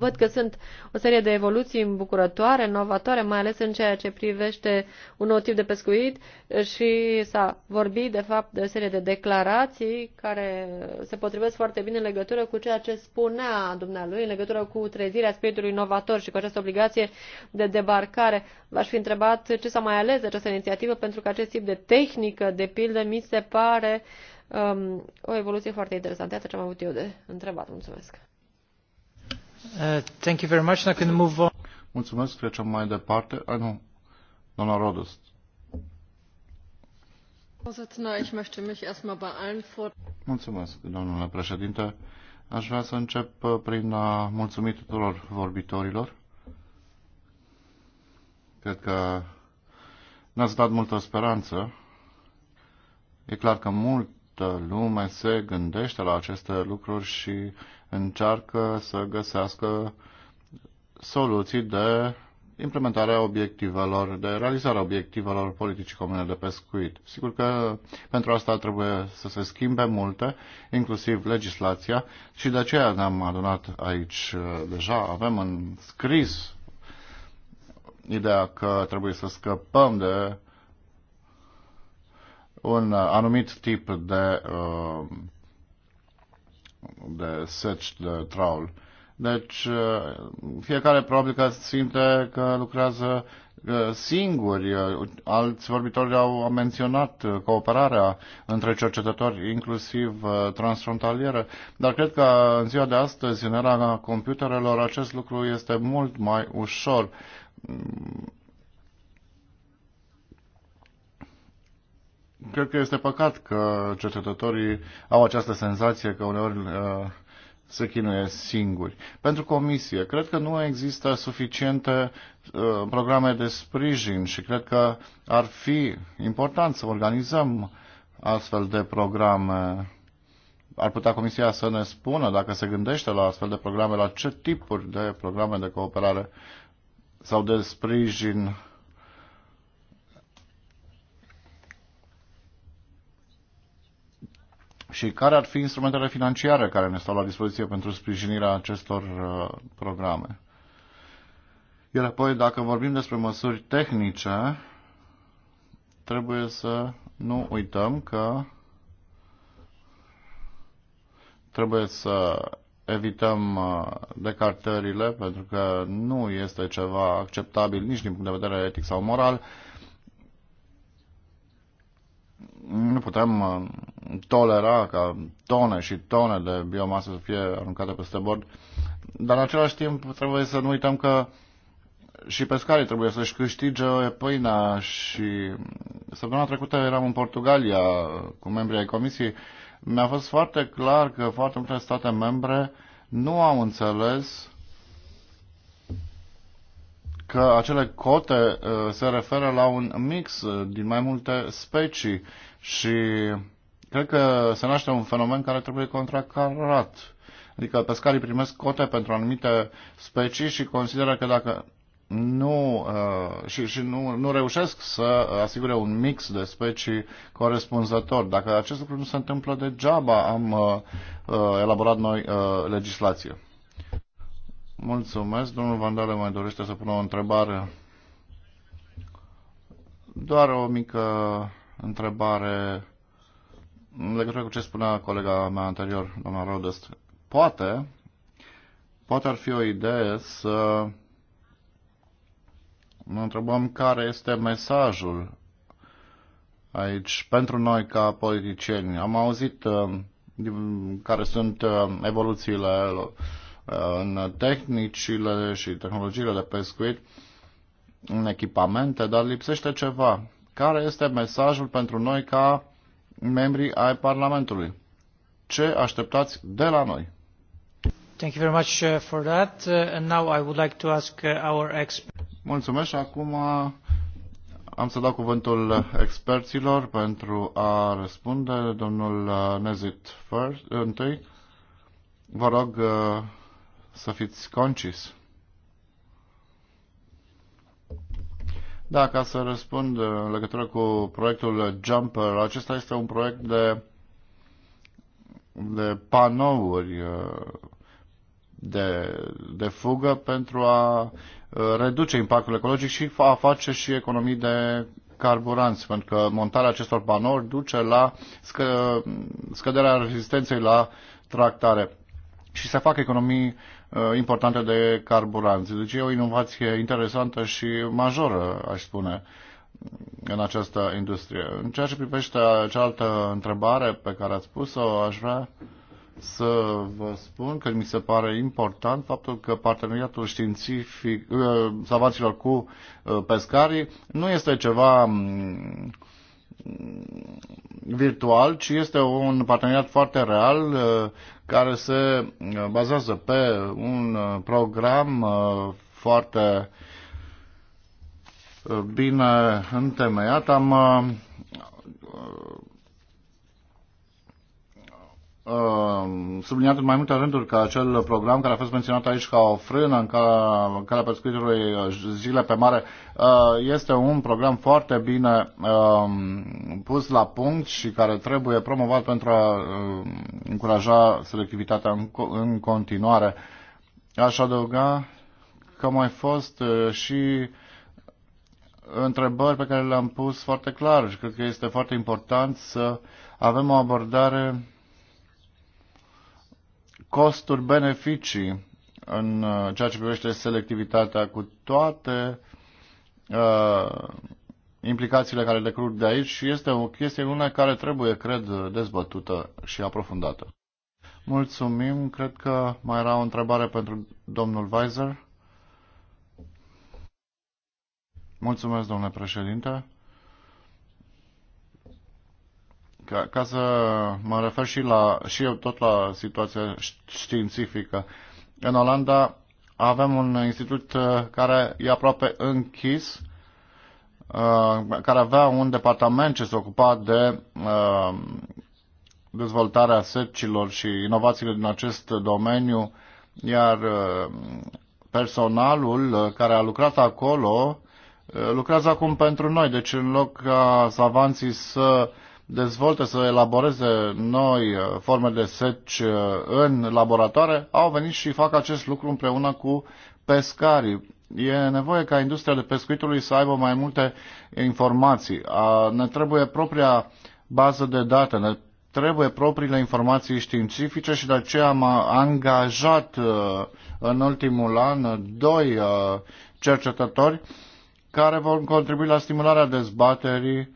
C: Văd că sunt o serie de evoluții îmbucurătoare, inovatoare, mai ales în ceea ce privește un nou tip de pescuit și s-a vorbit, de fapt, de o serie de declarații care se potrivesc foarte bine în legătură cu ceea ce spunea dumnealui, în legătură cu trezirea spiritului inovator și cu această obligație de debarcare. V-aș fi întrebat ce s-a mai ales de această inițiativă, pentru că acest tip de tehnică, de pildă, mi se pare uh, um, o evoluție foarte interesantă. Iată ce am avut eu de întrebat. Mulțumesc.
A: Uh, thank you very much. Now can move on. Mulțumesc. Trecem mai departe. Ah, nu. Doamna Rodos. Mulțumesc, domnule președinte. Aș vrea să încep uh, prin a mulțumi tuturor vorbitorilor. Cred că ne-ați dat multă speranță. E clar că mult multă lume se gândește la aceste lucruri și încearcă să găsească soluții de implementarea obiectivelor, de realizarea obiectivelor politicii comune de pescuit. Sigur că pentru asta trebuie să se schimbe multe, inclusiv legislația, și de aceea ne-am adunat aici uh, deja. Avem în scris ideea că trebuie să scăpăm de un uh, anumit tip de, uh, de seci, de traul. Deci uh, fiecare probabil că simte că lucrează singuri. Alți vorbitori au menționat cooperarea între cercetători, inclusiv transfrontalieră, dar cred că în ziua de astăzi, în era computerelor, acest lucru este mult mai ușor mm, Cred că este păcat că cercetătorii au această senzație că uneori uh, se chinuie singuri. Pentru comisie, cred că nu există suficiente uh, programe de sprijin și cred că ar fi important să organizăm astfel de programe. Ar putea comisia să ne spună, dacă se gândește la astfel de programe, la ce tipuri de programe de cooperare sau de sprijin și care ar fi instrumentele financiare care ne stau la dispoziție pentru sprijinirea acestor uh, programe. Iar apoi, dacă vorbim despre măsuri tehnice, trebuie să nu uităm că trebuie să evităm uh, decartările, pentru că nu este ceva acceptabil nici din punct de vedere etic sau moral, nu putem uh, tolera ca tone și tone de biomasă să fie aruncate peste bord, dar în același timp trebuie să nu uităm că și pescarii trebuie să-și câștige pâinea și săptămâna trecută eram în Portugalia cu membrii ai comisiei. Mi-a fost foarte clar că foarte multe state membre nu au înțeles că acele cote uh, se referă la un mix uh, din mai multe specii și cred că se naște un fenomen care trebuie contracarat. Adică pescarii primesc cote pentru anumite specii și consideră că dacă nu, uh, și, și nu, nu reușesc să asigure un mix de specii corespunzător. Dacă acest lucru nu se întâmplă degeaba, am uh, uh elaborat noi uh, legislație. Mulțumesc. Domnul Vandale mai dorește să pună o întrebare. Doar o mică întrebare în legătură cu ce spunea colega mea anterior, doamna Rodest. Poate, poate ar fi o idee să ne întrebăm care este mesajul aici pentru noi ca politicieni. Am auzit uh, care sunt uh, evoluțiile uh, în tehnicile și tehnologiile de pescuit, în echipamente, dar lipsește ceva. Care este mesajul pentru noi ca membrii ai Parlamentului? Ce așteptați de la noi? Thank you very much uh, for that. Uh, and now I would like to ask uh, our expert. Mulțumesc. Acum am să dau cuvântul experților pentru a răspunde. Domnul Nezit first, întâi. Vă rog să fiți concis. Da, ca să răspund în legătură cu proiectul Jumper, acesta este un proiect de, de panouri uh, de, de fugă pentru a uh, reduce impactul ecologic și a face și economii de carburanți, pentru că montarea acestor panouri duce la scă, scăderea rezistenței la tractare și se fac economii Uh, importante de carburanți. Deci e o inovație interesantă și majoră, aș spune, în această industrie. În ceea ce privește cealaltă întrebare pe care ați pus-o, aș vrea să vă spun că mi se pare important faptul că parteneriatul științific uh, salvaților cu uh, pescarii nu este ceva mm, virtual, ci este un parteneriat foarte real care se uh, bazează pe un uh, program uh, foarte bine întemeiat. Am Uh, subliniat în mai multe rânduri că acel program care a fost menționat aici ca o frână în calea, în calea pescuitului uh, zile pe mare uh, este un program foarte bine um, pus la punct și care trebuie promovat pentru a încuraja selectivitatea în continuare. Aș adăuga că mai fost și întrebări pe care le-am pus foarte clar și cred că este foarte important să avem o abordare costuri-beneficii în uh, ceea ce privește selectivitatea cu toate uh, implicațiile care decurg de aici și este o chestie una care trebuie, cred, dezbătută și aprofundată. Mulțumim. Cred că mai era o întrebare pentru domnul Weiser. Mulțumesc, domnule președinte. ca, ca să mă refer și, la, și eu tot la situația științifică. În Olanda avem un institut uh, care e aproape închis, uh, care avea un departament ce se ocupa de uh, dezvoltarea secilor și inovațiile din acest domeniu, iar personalul care a lucrat acolo lucrează acum pentru noi. Deci în loc ca savanții să uh, dezvoltă să elaboreze noi uh, forme de seci uh, în laboratoare, au venit și fac acest lucru împreună cu pescarii. E nevoie ca industria de pescuitului să aibă mai multe informații. Ne trebuie propria bază de date, ne trebuie propriile informații științifice și de aceea am angajat uh, în ultimul an doi cercetători care vor contribui la stimularea dezbaterii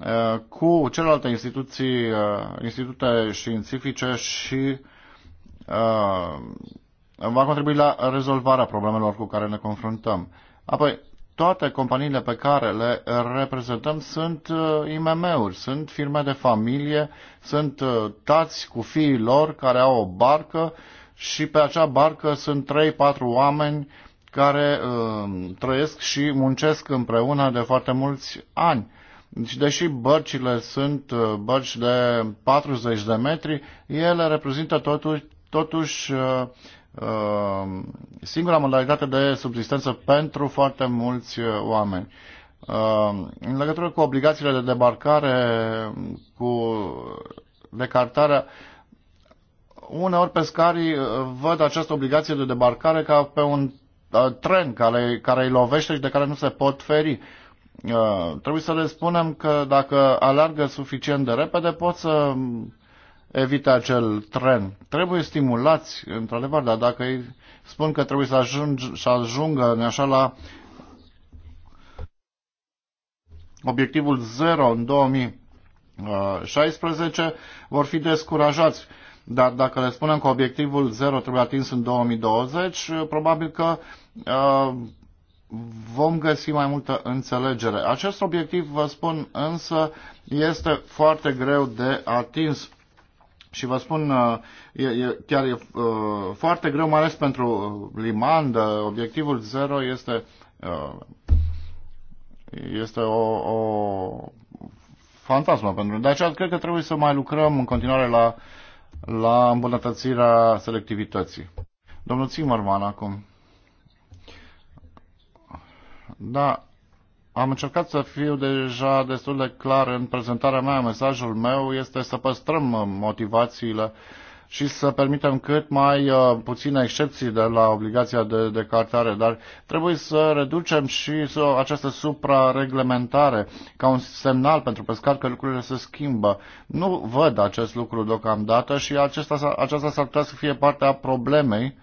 A: Uh, cu celelalte instituții, uh, institute științifice și uh, va contribui la rezolvarea problemelor cu care ne confruntăm. Apoi, toate companiile pe care le reprezentăm sunt IMM-uri, sunt firme de familie, sunt tați cu fiii lor care au o barcă și pe acea barcă sunt 3-4 oameni care uh, trăiesc și muncesc împreună de foarte mulți ani. Deci, deși bărcile sunt uh, bărci de 40 de metri, ele reprezintă totuși, totuși uh, uh, singura modalitate de subsistență pentru foarte mulți oameni. În legătură cu obligațiile de debarcare, cu decartarea, uneori pescarii văd această obligație de debarcare ca pe un tren care, care îi lovește și de care nu se pot feri. Uh, trebuie să le spunem că dacă alargă suficient de repede pot să evite acel tren. Trebuie stimulați, într-adevăr, dar dacă îi spun că trebuie să, ajung, să ajungă în așa la obiectivul 0 în 2016, vor fi descurajați. Dar dacă le spunem că obiectivul 0 trebuie atins în 2020, probabil că uh, vom găsi mai multă înțelegere. Acest obiectiv, vă spun, însă este foarte greu de atins. Și vă spun, uh, e, e, chiar e uh, foarte greu, mai ales pentru limandă, obiectivul zero este, uh, este o, o fantasmă pentru De aceea cred că trebuie să mai lucrăm în continuare la, la îmbunătățirea selectivității. Domnul Zimmerman acum. Da, am încercat să fiu deja destul de clar în prezentarea mea. Mesajul meu este să păstrăm motivațiile și să permitem cât mai uh, puține excepții de la obligația de decartare, dar trebuie să reducem și această suprareglementare ca un semnal pentru pescar că lucrurile se schimbă. Nu văd acest lucru deocamdată și acesta, aceasta s-ar putea să fie partea problemei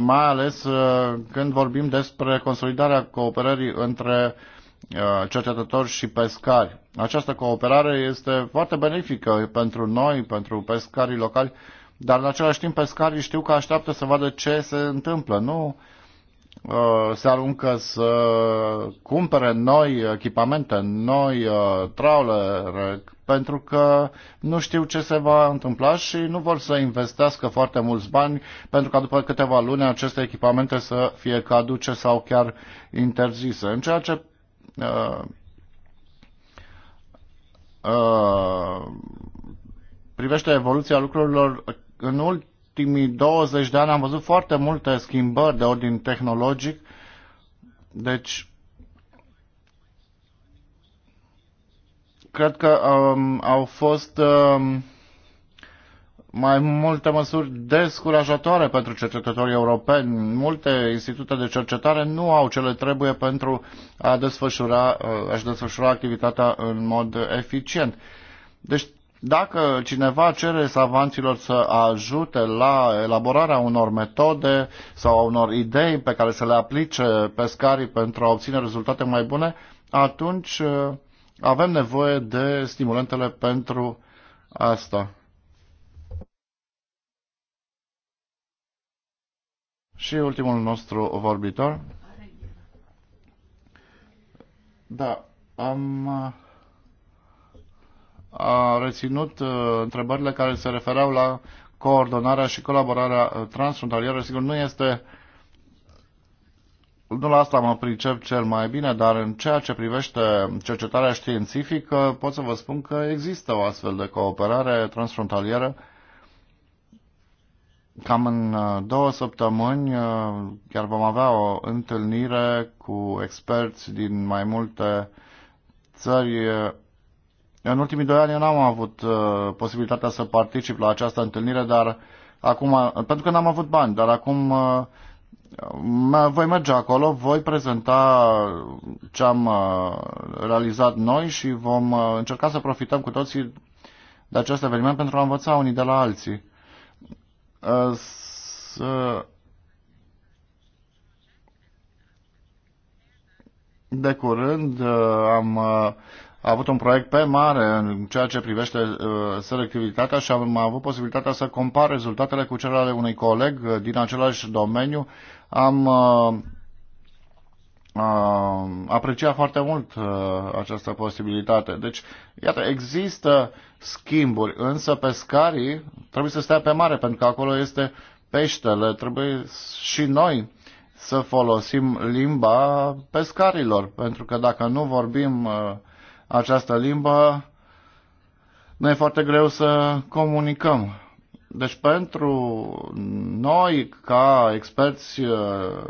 A: mai ales uh, când vorbim despre consolidarea cooperării între uh, cercetători și pescari. Această cooperare este foarte benefică pentru noi, pentru pescarii locali, dar în același timp pescarii știu că așteaptă să vadă ce se întâmplă. Nu Uh, se aruncă să cumpere noi echipamente, noi uh, trawlere, pentru că nu știu ce se va întâmpla și nu vor să investească foarte mulți bani pentru ca după câteva luni aceste echipamente să fie caduce sau chiar interzise. În ceea ce uh, uh, privește evoluția lucrurilor în ultimul ultimii 20 de ani am văzut foarte multe schimbări de ordin tehnologic, deci cred că um, au fost um, mai multe măsuri descurajatoare pentru cercetătorii europeni. Multe institute de cercetare nu au ce le trebuie pentru a desfășura, uh, a desfășura activitatea în mod eficient. Deci dacă cineva cere savanților să ajute la elaborarea unor metode sau a unor idei pe care să le aplice pescarii pentru a obține rezultate mai bune, atunci uh, avem nevoie de stimulentele pentru asta. Și ultimul nostru vorbitor. Da, am uh, a reținut uh, întrebările care se refereau la coordonarea și colaborarea uh, transfrontalieră. Sigur, nu este nu la asta mă pricep cel mai bine, dar în ceea ce privește cercetarea științifică pot să vă spun că există o astfel de cooperare transfrontalieră. Cam în uh, două săptămâni chiar vom avea o întâlnire cu experți din mai multe țări în ultimii doi ani eu n-am avut uh, posibilitatea să particip la această întâlnire, dar acum, pentru că n-am avut bani, dar acum uh, voi merge acolo, voi prezenta ce am uh, realizat noi și vom uh, încerca să profităm cu toții de acest eveniment pentru a învăța unii de la alții. Uh, să uh, de curând uh, am uh, a avut un proiect pe mare în ceea ce privește uh, selectivitatea și am avut posibilitatea să compar rezultatele cu cele ale unui coleg uh, din același domeniu. Am uh, apreciat foarte mult această posibilitate. Deci, iată, există schimburi, însă pescarii trebuie să stea pe mare, pentru că acolo este peștele. Trebuie și noi să folosim limba pescarilor, pentru că dacă nu vorbim uh, această limbă, nu e foarte greu să comunicăm. Deci pentru noi, ca experți uh,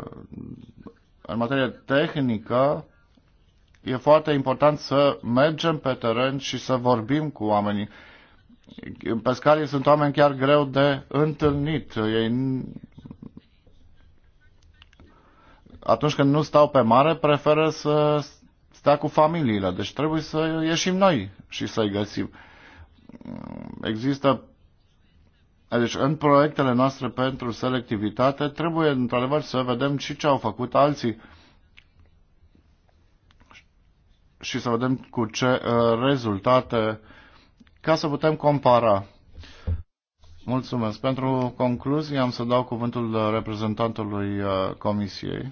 A: în materie tehnică, e foarte important să mergem pe teren și să vorbim cu oamenii. Pescarii sunt oameni chiar greu de întâlnit. Ei, atunci când nu stau pe mare, preferă să sta cu familiile. Deci trebuie să ieșim noi și să-i găsim. Există deci în proiectele noastre pentru selectivitate trebuie într-adevăr să vedem și ce au făcut alții și să vedem cu ce uh, rezultate ca să putem compara. Mulțumesc. Pentru concluzie am să dau cuvântul reprezentantului uh, Comisiei.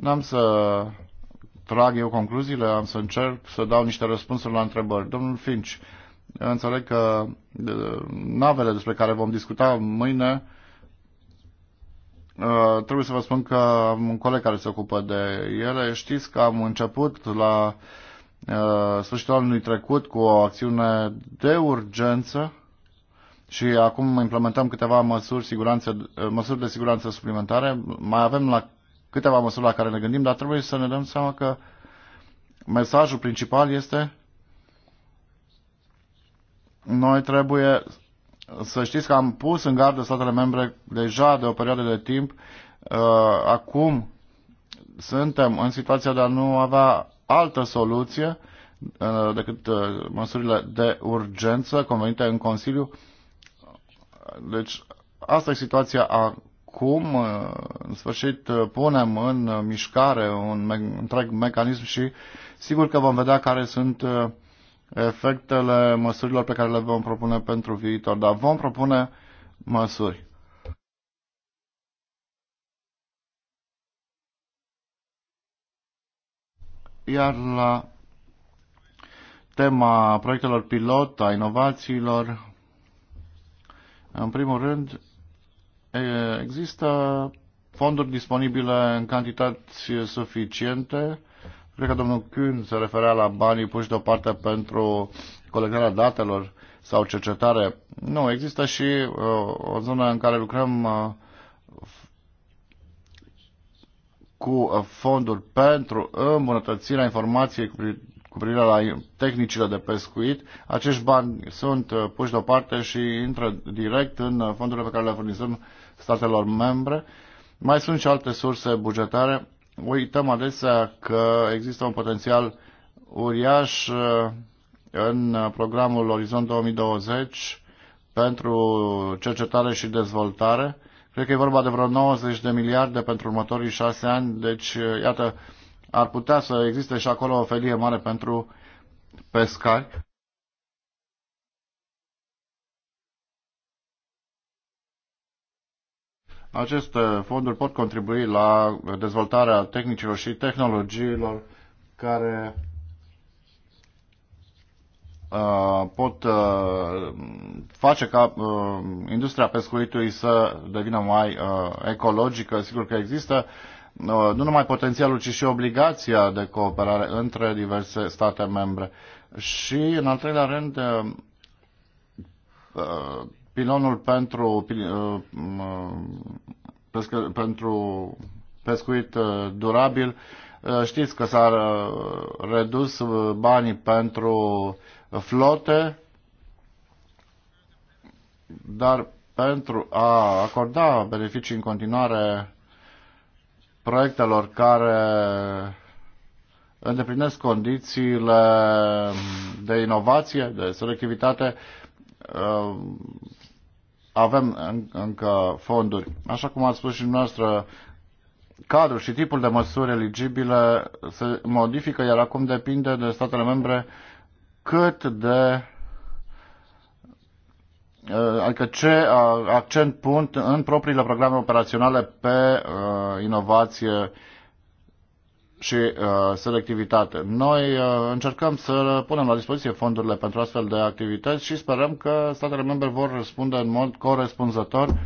A: N-am să trag eu concluziile, am să încerc să dau niște răspunsuri la întrebări. Domnul Finch, înțeleg că navele despre care vom discuta mâine, uh, trebuie să vă spun că am un coleg care se ocupă de ele. Știți că am început la uh, sfârșitul anului trecut cu o acțiune de urgență și acum implementăm câteva măsuri, siguranță, măsuri de siguranță suplimentare. Mai avem la câteva măsuri la care ne gândim, dar trebuie să ne dăm seama că mesajul principal este noi trebuie să știți că am pus în gardă statele membre deja de o perioadă de timp. Uh, acum suntem în situația de a nu avea altă soluție uh, decât uh, măsurile de urgență convenite în Consiliu. Deci asta e situația cum, uh, în sfârșit, uh, punem în uh, mișcare un me- întreg mecanism și sigur că vom vedea care sunt efectele măsurilor pe care le vom propune pentru viitor, dar vom propune măsuri. Iar la tema proiectelor pilot, a inovațiilor, în primul rând, Există fonduri disponibile în cantități suficiente. Cred că domnul Kuhn se referea la banii puși deoparte pentru colectarea datelor sau cercetare. Nu, există și uh, o zonă în care lucrăm uh, cu fonduri pentru îmbunătățirea informației cu, cu privire la tehnicile de pescuit. Acești bani sunt puși deoparte și intră direct în fondurile pe care le furnizăm uh, statelor membre. Mai sunt și alte surse bugetare. Uităm adesea că există un potențial uriaș uh, în programul Orizont 2020 pentru cercetare și dezvoltare. Cred că e vorba de vreo 90 de miliarde pentru următorii șase ani, deci, uh, iată, ar putea să existe și acolo o felie mare pentru pescari. Aceste fonduri pot contribui la dezvoltarea tehnicilor și tehnologiilor care uh, pot uh, face ca uh, industria pescuitului să devină mai ecologică. Sigur că există nu numai potențialul, ci și obligația de cooperare între diverse state membre. Și, în al treilea rând, pilonul pentru, uh, uh, pescă, pentru pescuit uh, durabil, știți că s-a redus banii pentru flote, dar pentru a acorda beneficii în continuare proiectelor care îndeplinesc condițiile de inovație, de selectivitate, avem încă fonduri. Așa cum ați spus și noastră, cadrul și tipul de măsuri eligibile se modifică, iar acum depinde de statele membre cât de uh, adică ce uh, accent pun în propriile programe operaționale pe uh, inovație și uh, selectivitate. Noi uh, încercăm să punem la dispoziție fondurile pentru astfel de activități și sperăm că statele membre vor răspunde în mod corespunzător.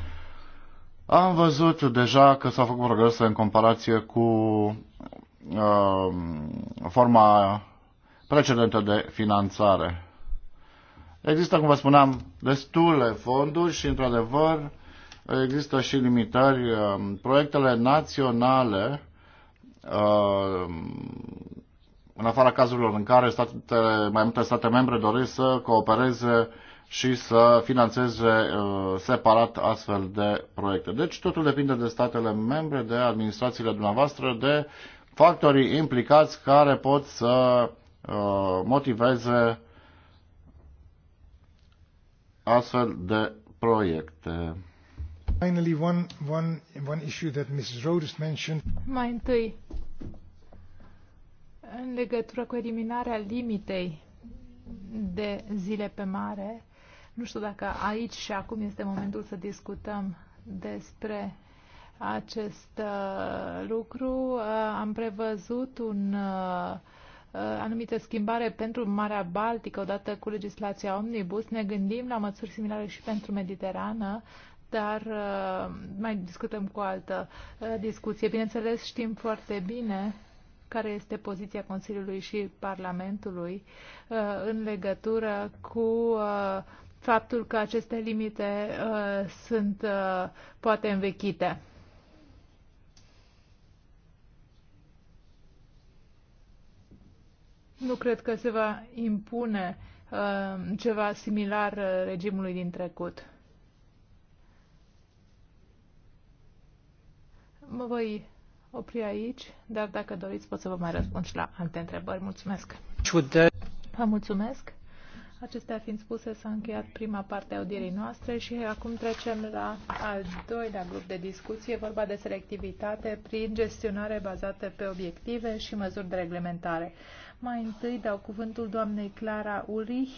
A: Am văzut deja că s-au făcut progrese în comparație cu uh, forma precedentă de finanțare. Există, cum vă spuneam, destule fonduri și, într-adevăr, există și limitări. Um, proiectele naționale Uh, în afara cazurilor în care statele, mai multe state membre doresc să coopereze și să financeze uh, separat astfel de proiecte. Deci totul depinde de statele membre, de administrațiile dumneavoastră, de factorii implicați care pot să uh, motiveze astfel de proiecte. Finally, one, one, one issue that Mrs. Rhodes mentioned.
B: Mai întâi, în legătură cu eliminarea limitei de zile pe mare, nu știu dacă aici și acum este momentul să discutăm despre acest uh, lucru. Uh, am prevăzut un uh, uh anumite schimbare pentru Marea Baltică, odată cu legislația Omnibus, ne gândim la măsuri similare și pentru Mediterană, dar uh, mai discutăm cu o altă uh, discuție. Bineînțeles, știm foarte bine care este poziția Consiliului și Parlamentului uh, în legătură cu faptul că aceste limite sunt poate învechite. Nu cred că se va impune ceva similar regimului din trecut. Mă voi opri aici, dar dacă doriți pot să vă mai răspund și la alte întrebări. Mulțumesc! Vă mulțumesc! Acestea fiind spuse, s-a încheiat prima parte a audierii noastre și acum trecem la al doilea grup de discuție, vorba de selectivitate prin gestionare bazată pe obiective și măsuri de reglementare. Mai întâi dau cuvântul doamnei Clara Ulrich,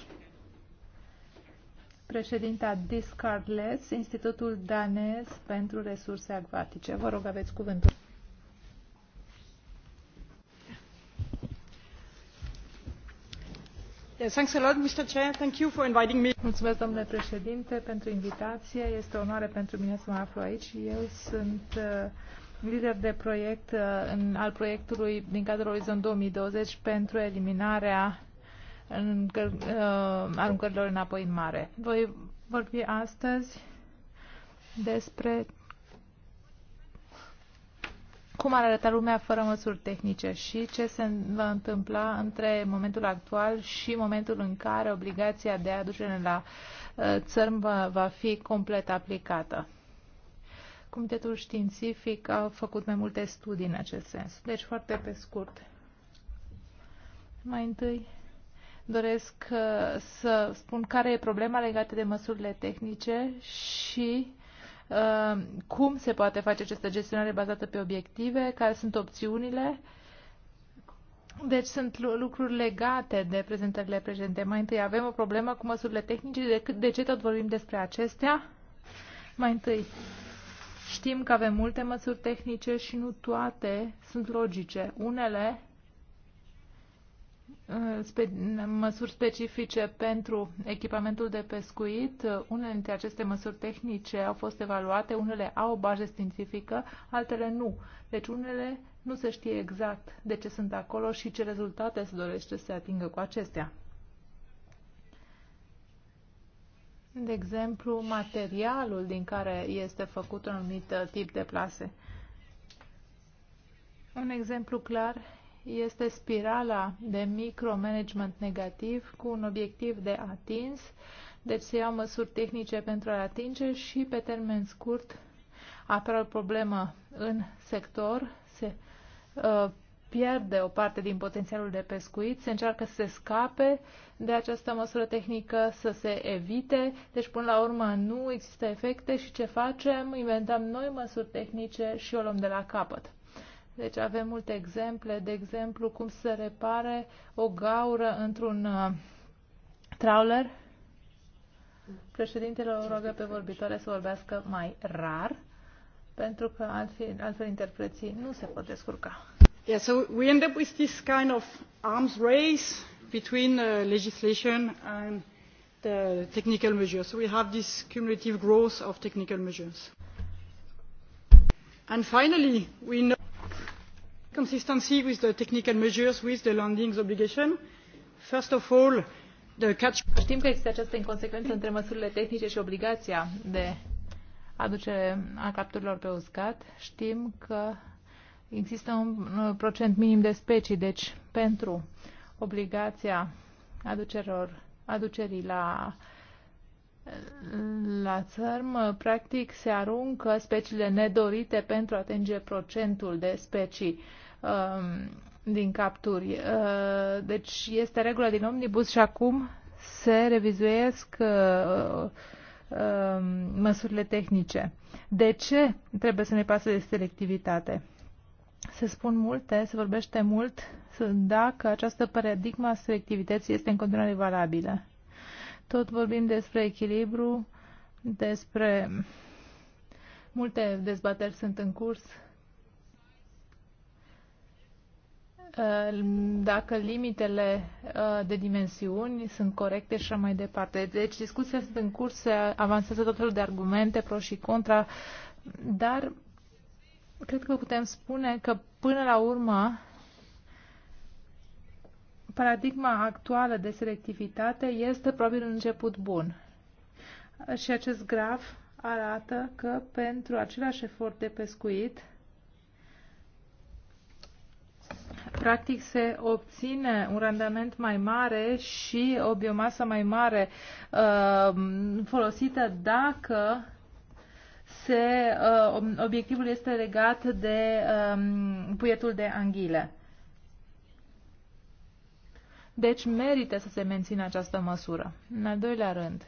B: președinta Discardless, Institutul Danez pentru Resurse Acvatice. Vă rog, aveți cuvântul. Mulțumesc, domnule președinte, pentru invitație. Este o onoare pentru mine să mă aflu aici. Eu sunt uh, lider de proiect uh, al proiectului din cadrul Orizont 2020 pentru eliminarea în, uh, aruncărilor înapoi în mare. Voi vorbi astăzi despre cum ar arăta lumea fără măsuri tehnice și ce se va întâmpla între momentul actual și momentul în care obligația de a aducere la uh, țărm va fi complet aplicată. Comitetul științific a făcut mai multe studii în acest sens. Deci, foarte pe scurt. Mai întâi, doresc uh, să spun care e problema legată de măsurile tehnice și uh, cum se poate face această gestionare bazată pe obiective, care sunt opțiunile. Deci sunt lucruri legate de prezentările prezente. Mai întâi avem o problemă cu măsurile tehnice, de, ce tot vorbim despre acestea? Mai întâi, știm că avem multe măsuri tehnice și nu toate sunt logice. Unele Uh, spe, măsuri specifice pentru echipamentul de pescuit. Uh, unele dintre aceste măsuri tehnice au fost evaluate, unele au o bază științifică, altele nu. Deci unele nu se știe exact de ce sunt acolo și ce rezultate se dorește să se atingă cu acestea. De exemplu, materialul din care este făcut un anumit uh, tip de plase. Un exemplu clar este spirala de micromanagement negativ cu un obiectiv de atins, deci se iau măsuri tehnice pentru a atinge și pe termen scurt apare o problemă în sector, se uh, pierde o parte din potențialul de pescuit, se încearcă să se scape de această măsură tehnică, să se evite, deci până la urmă nu există efecte și ce facem? Inventăm noi măsuri tehnice și o luăm de la capăt. Deci avem multe exemple, de exemplu cum se repare o gaură într-un uh, trawler. Președintele o rogă pe vorbitoare să vorbească mai rar, pentru că altfel, altfel interpreții nu se pot descurca. Yeah, so we end up with this kind of arms race between uh, legislation and the technical measures. So we have this cumulative growth of technical measures. And finally, we know consistency with the technical measures with the landing obligation. first of all the catch. știm că există această inconsecvență între măsurile tehnice și obligația de aducere a capturilor pe uscat. Știm că există un uh, procent minim de specii, deci pentru obligația aducerilor, aducerii la uh, la țărm, uh, practic, se aruncă speciile nedorite pentru a atinge procentul de specii Um, din capturi. Uh, deci este regulă din omnibus și acum se revizuiesc uh, uh, um, măsurile tehnice. De ce trebuie să ne pasă de selectivitate? Se spun multe, se vorbește mult dacă această paradigma selectivității este în continuare valabilă. Tot vorbim despre echilibru, despre multe dezbateri sunt în curs Ă, dacă limitele ă, de dimensiuni sunt corecte și așa mai departe. Deci discuția sunt în curs, se avansează tot felul de argumente, pro și contra, dar cred că putem spune că până la urmă paradigma actuală de selectivitate este probabil un început bun. Și acest graf arată că pentru același efort de pescuit, practic se obține un randament mai mare și o biomasă mai mare uh, folosită dacă se, uh, obiectivul este legat de uh, puietul de anghile. Deci merită să se mențină această măsură. În al doilea rând,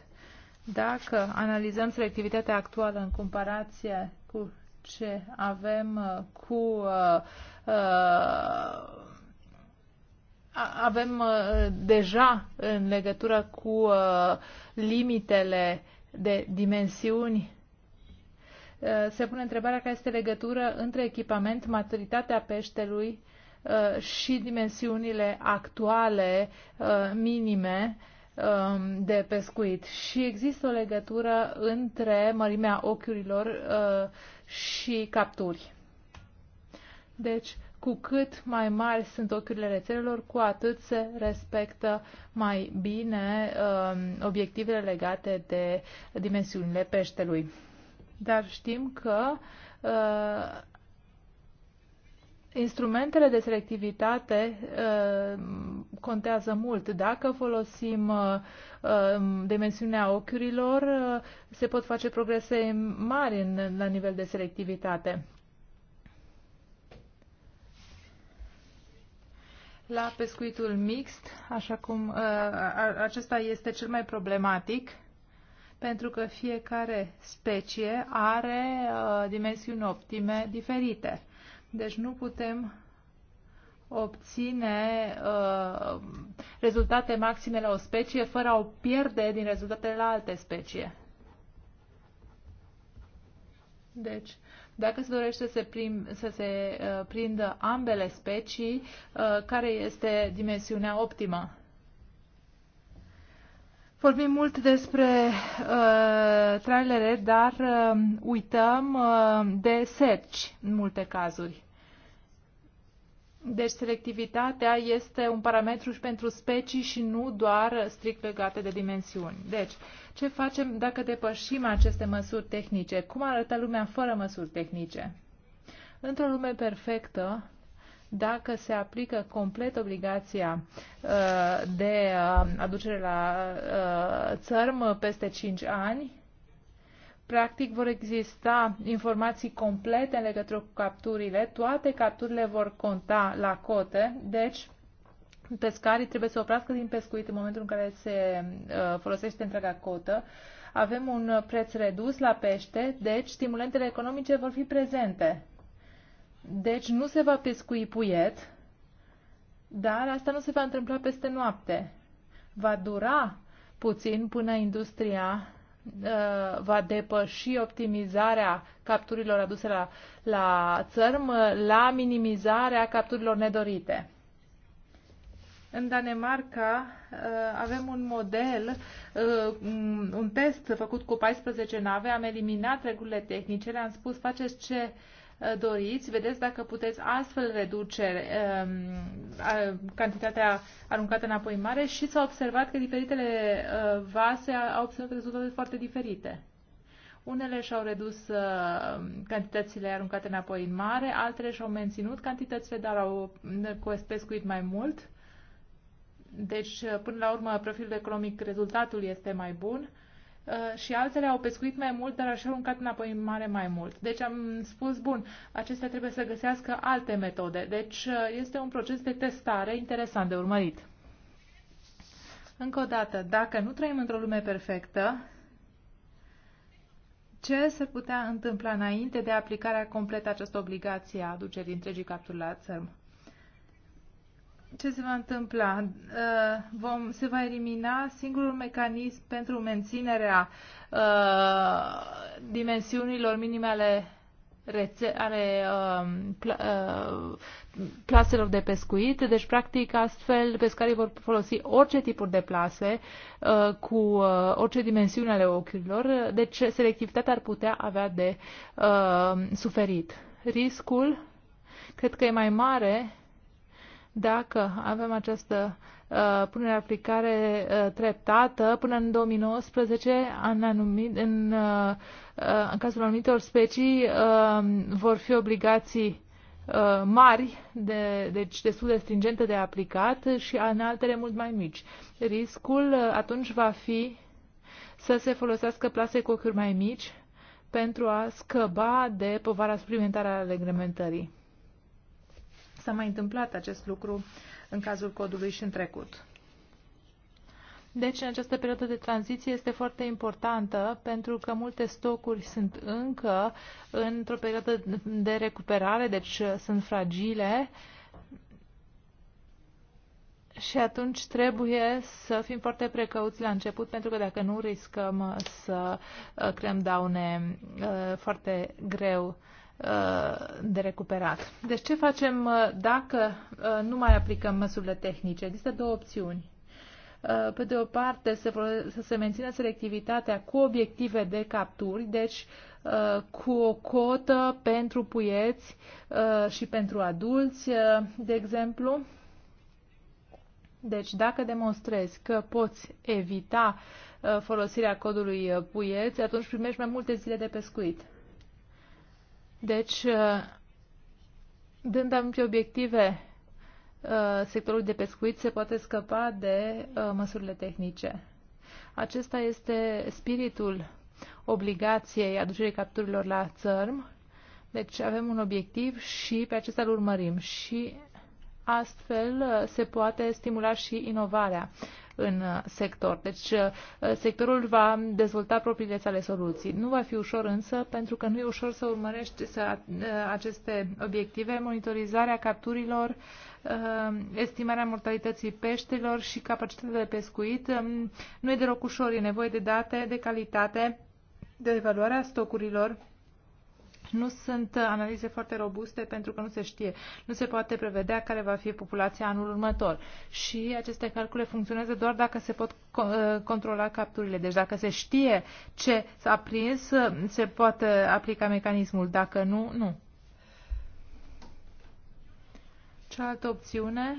B: dacă analizăm selectivitatea actuală în comparație cu ce avem uh, cu uh, Uh, avem uh, deja în legătură cu uh, limitele de dimensiuni se pune întrebarea care este legătură între echipament, maturitatea peștelui și dimensiunile actuale minime um, de pescuit. Și există o legătură între mărimea ochiurilor și capturi. Deci, cu cât mai mari sunt ochiurile rețelelor, cu atât se respectă mai bine um, obiectivele legate de dimensiunile peștelui. Dar știm că uh, instrumentele de selectivitate uh, contează mult. Dacă folosim uh, um, dimensiunea ochiurilor, uh, se pot face progrese mari în, la nivel de selectivitate. la pescuitul mixt, așa cum uh, acesta este cel mai problematic, pentru că fiecare specie are uh, dimensiuni optime diferite. Deci nu putem obține uh, rezultate maxime la o specie fără a o pierde din rezultatele la alte specie. Deci, dacă se dorește să se, prim, să se uh, prindă ambele specii, uh, care este dimensiunea optimă? Vorbim mult despre uh, trailere, dar uh, uităm uh, de serci în multe cazuri. Deci selectivitatea este un parametru și pentru specii și nu doar strict legate de dimensiuni. Deci, ce facem dacă depășim aceste măsuri tehnice? Cum arată lumea fără măsuri tehnice? Într-o lume perfectă, dacă se aplică complet obligația uh, de uh, aducere la uh, țărm peste 5 ani, Practic vor exista informații complete în legătură cu capturile, toate capturile vor conta la cote, deci pescarii trebuie să oprească din pescuit în momentul în care se uh, folosește întreaga cotă. Avem un preț redus la pește, deci stimulentele economice vor fi prezente. Deci nu se va pescui puiet, dar asta nu se va întâmpla peste noapte. Va dura puțin până industria Uh, va depăși optimizarea capturilor aduse la, la țărm la minimizarea capturilor nedorite. În Danemarca uh, avem un model, uh, un test făcut cu 14 nave, am eliminat regulile tehnice, le-am spus faceți ce Uh, doriți, vedeți dacă puteți astfel reduce um, cantitatea aruncată înapoi mare și s-a observat că diferitele uh, vase au observat rezultate foarte diferite. Unele și-au redus uh, cantitățile aruncate înapoi în mare, altele și-au menținut cantitățile, dar au pescuit mai mult. Deci, până la urmă, profilul economic, rezultatul este mai bun Uh, și altele au pescuit mai mult, dar așa aruncat înapoi în mare mai mult. Deci am spus, bun, acestea trebuie să găsească alte metode. Deci uh, este un proces de testare interesant de urmărit. Încă o dată, dacă nu trăim într-o lume perfectă, ce se putea întâmpla înainte de aplicarea completă această obligație a aducerii întregii capturi la țărm? ce se va întâmpla? Uh, vom, se va elimina singurul mecanism pentru menținerea uh, dimensiunilor minime ale, rețe- ale uh, um, pl uh, plaselor de pescuit. Deci, practic, astfel pescarii vor folosi orice tipuri de plase uh, cu uh, orice dimensiune ale ochiurilor. Deci, selectivitatea ar putea avea de uh, suferit. Riscul cred că e mai mare dacă avem această uh, punere aplicare uh, treptată până în 2019, în, anumit, în, uh, uh, în cazul anumitor specii uh, vor fi obligații uh, mari, de, deci destul de stringente de aplicat și în altele mult mai mici. Riscul uh, atunci va fi să se folosească plase cu ochiuri mai mici pentru a scăba de povara suplimentară a reglementării. S-a mai întâmplat acest lucru în cazul codului și în trecut. Deci, în această perioadă de tranziție este foarte importantă pentru că multe stocuri sunt încă într-o perioadă de recuperare, deci uh, sunt fragile și atunci trebuie să fim foarte precauți la început, pentru că dacă nu riscăm să uh, creăm daune uh, foarte greu Uh, de recuperat. Deci ce facem uh, dacă uh, nu mai aplicăm măsurile tehnice? Există două opțiuni. Pe de o parte, să, se mențină selectivitatea cu obiective de capturi, deci cu o cotă pentru puieți și pentru adulți, de exemplu. Deci, dacă demonstrezi că poți evita folosirea codului puieți, atunci primești mai multe zile de pescuit. Deci, dând anumite obiective uh, sectorul de pescuit se poate scăpa de uh, măsurile tehnice. Acesta este spiritul obligației aducerii capturilor la țărm. Deci avem un obiectiv și pe acesta îl urmărim și astfel uh, se poate stimula și inovarea în uh, sector. Deci uh, sectorul va dezvolta propriile sale soluții. Nu va fi ușor însă, pentru că nu e ușor să urmărești să, uh, aceste obiective, monitorizarea capturilor, estimarea mortalității peștelor și capacitatea de pescuit. Um, nu e deloc ușor, e nevoie de date de calitate, de evaluarea stocurilor nu sunt analize foarte robuste pentru că nu se știe, nu se poate prevedea care va fi populația anul următor. Și aceste calcule funcționează doar dacă se pot controla capturile. Deci dacă se știe ce s-a prins, se poate aplica mecanismul. Dacă nu, nu. Cealaltă opțiune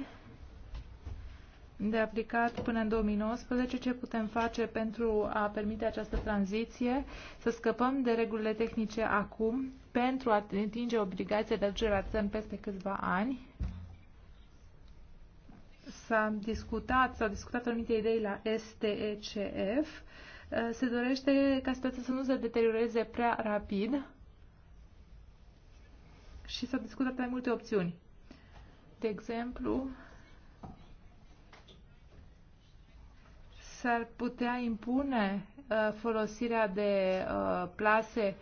B: de aplicat până în 2019, ce putem face pentru a permite această tranziție, să scăpăm de regulile tehnice acum pentru a atinge obligația de aducere la țări peste câțiva ani. S-a discutat, s-au discutat anumite idei la STECF. Eh, se dorește ca situația să nu se deterioreze prea rapid și s-au discutat mai multe opțiuni. De exemplu, s-ar putea impune eh, folosirea de eh, plase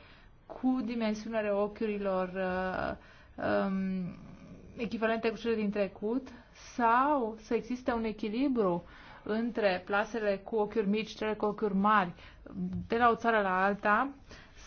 B: cu dimensiunile ochiurilor uh, um, echivalente cu cele din trecut sau să existe un echilibru între plasele cu ochiuri mici, cele cu ochiuri mari, de la o țară la alta,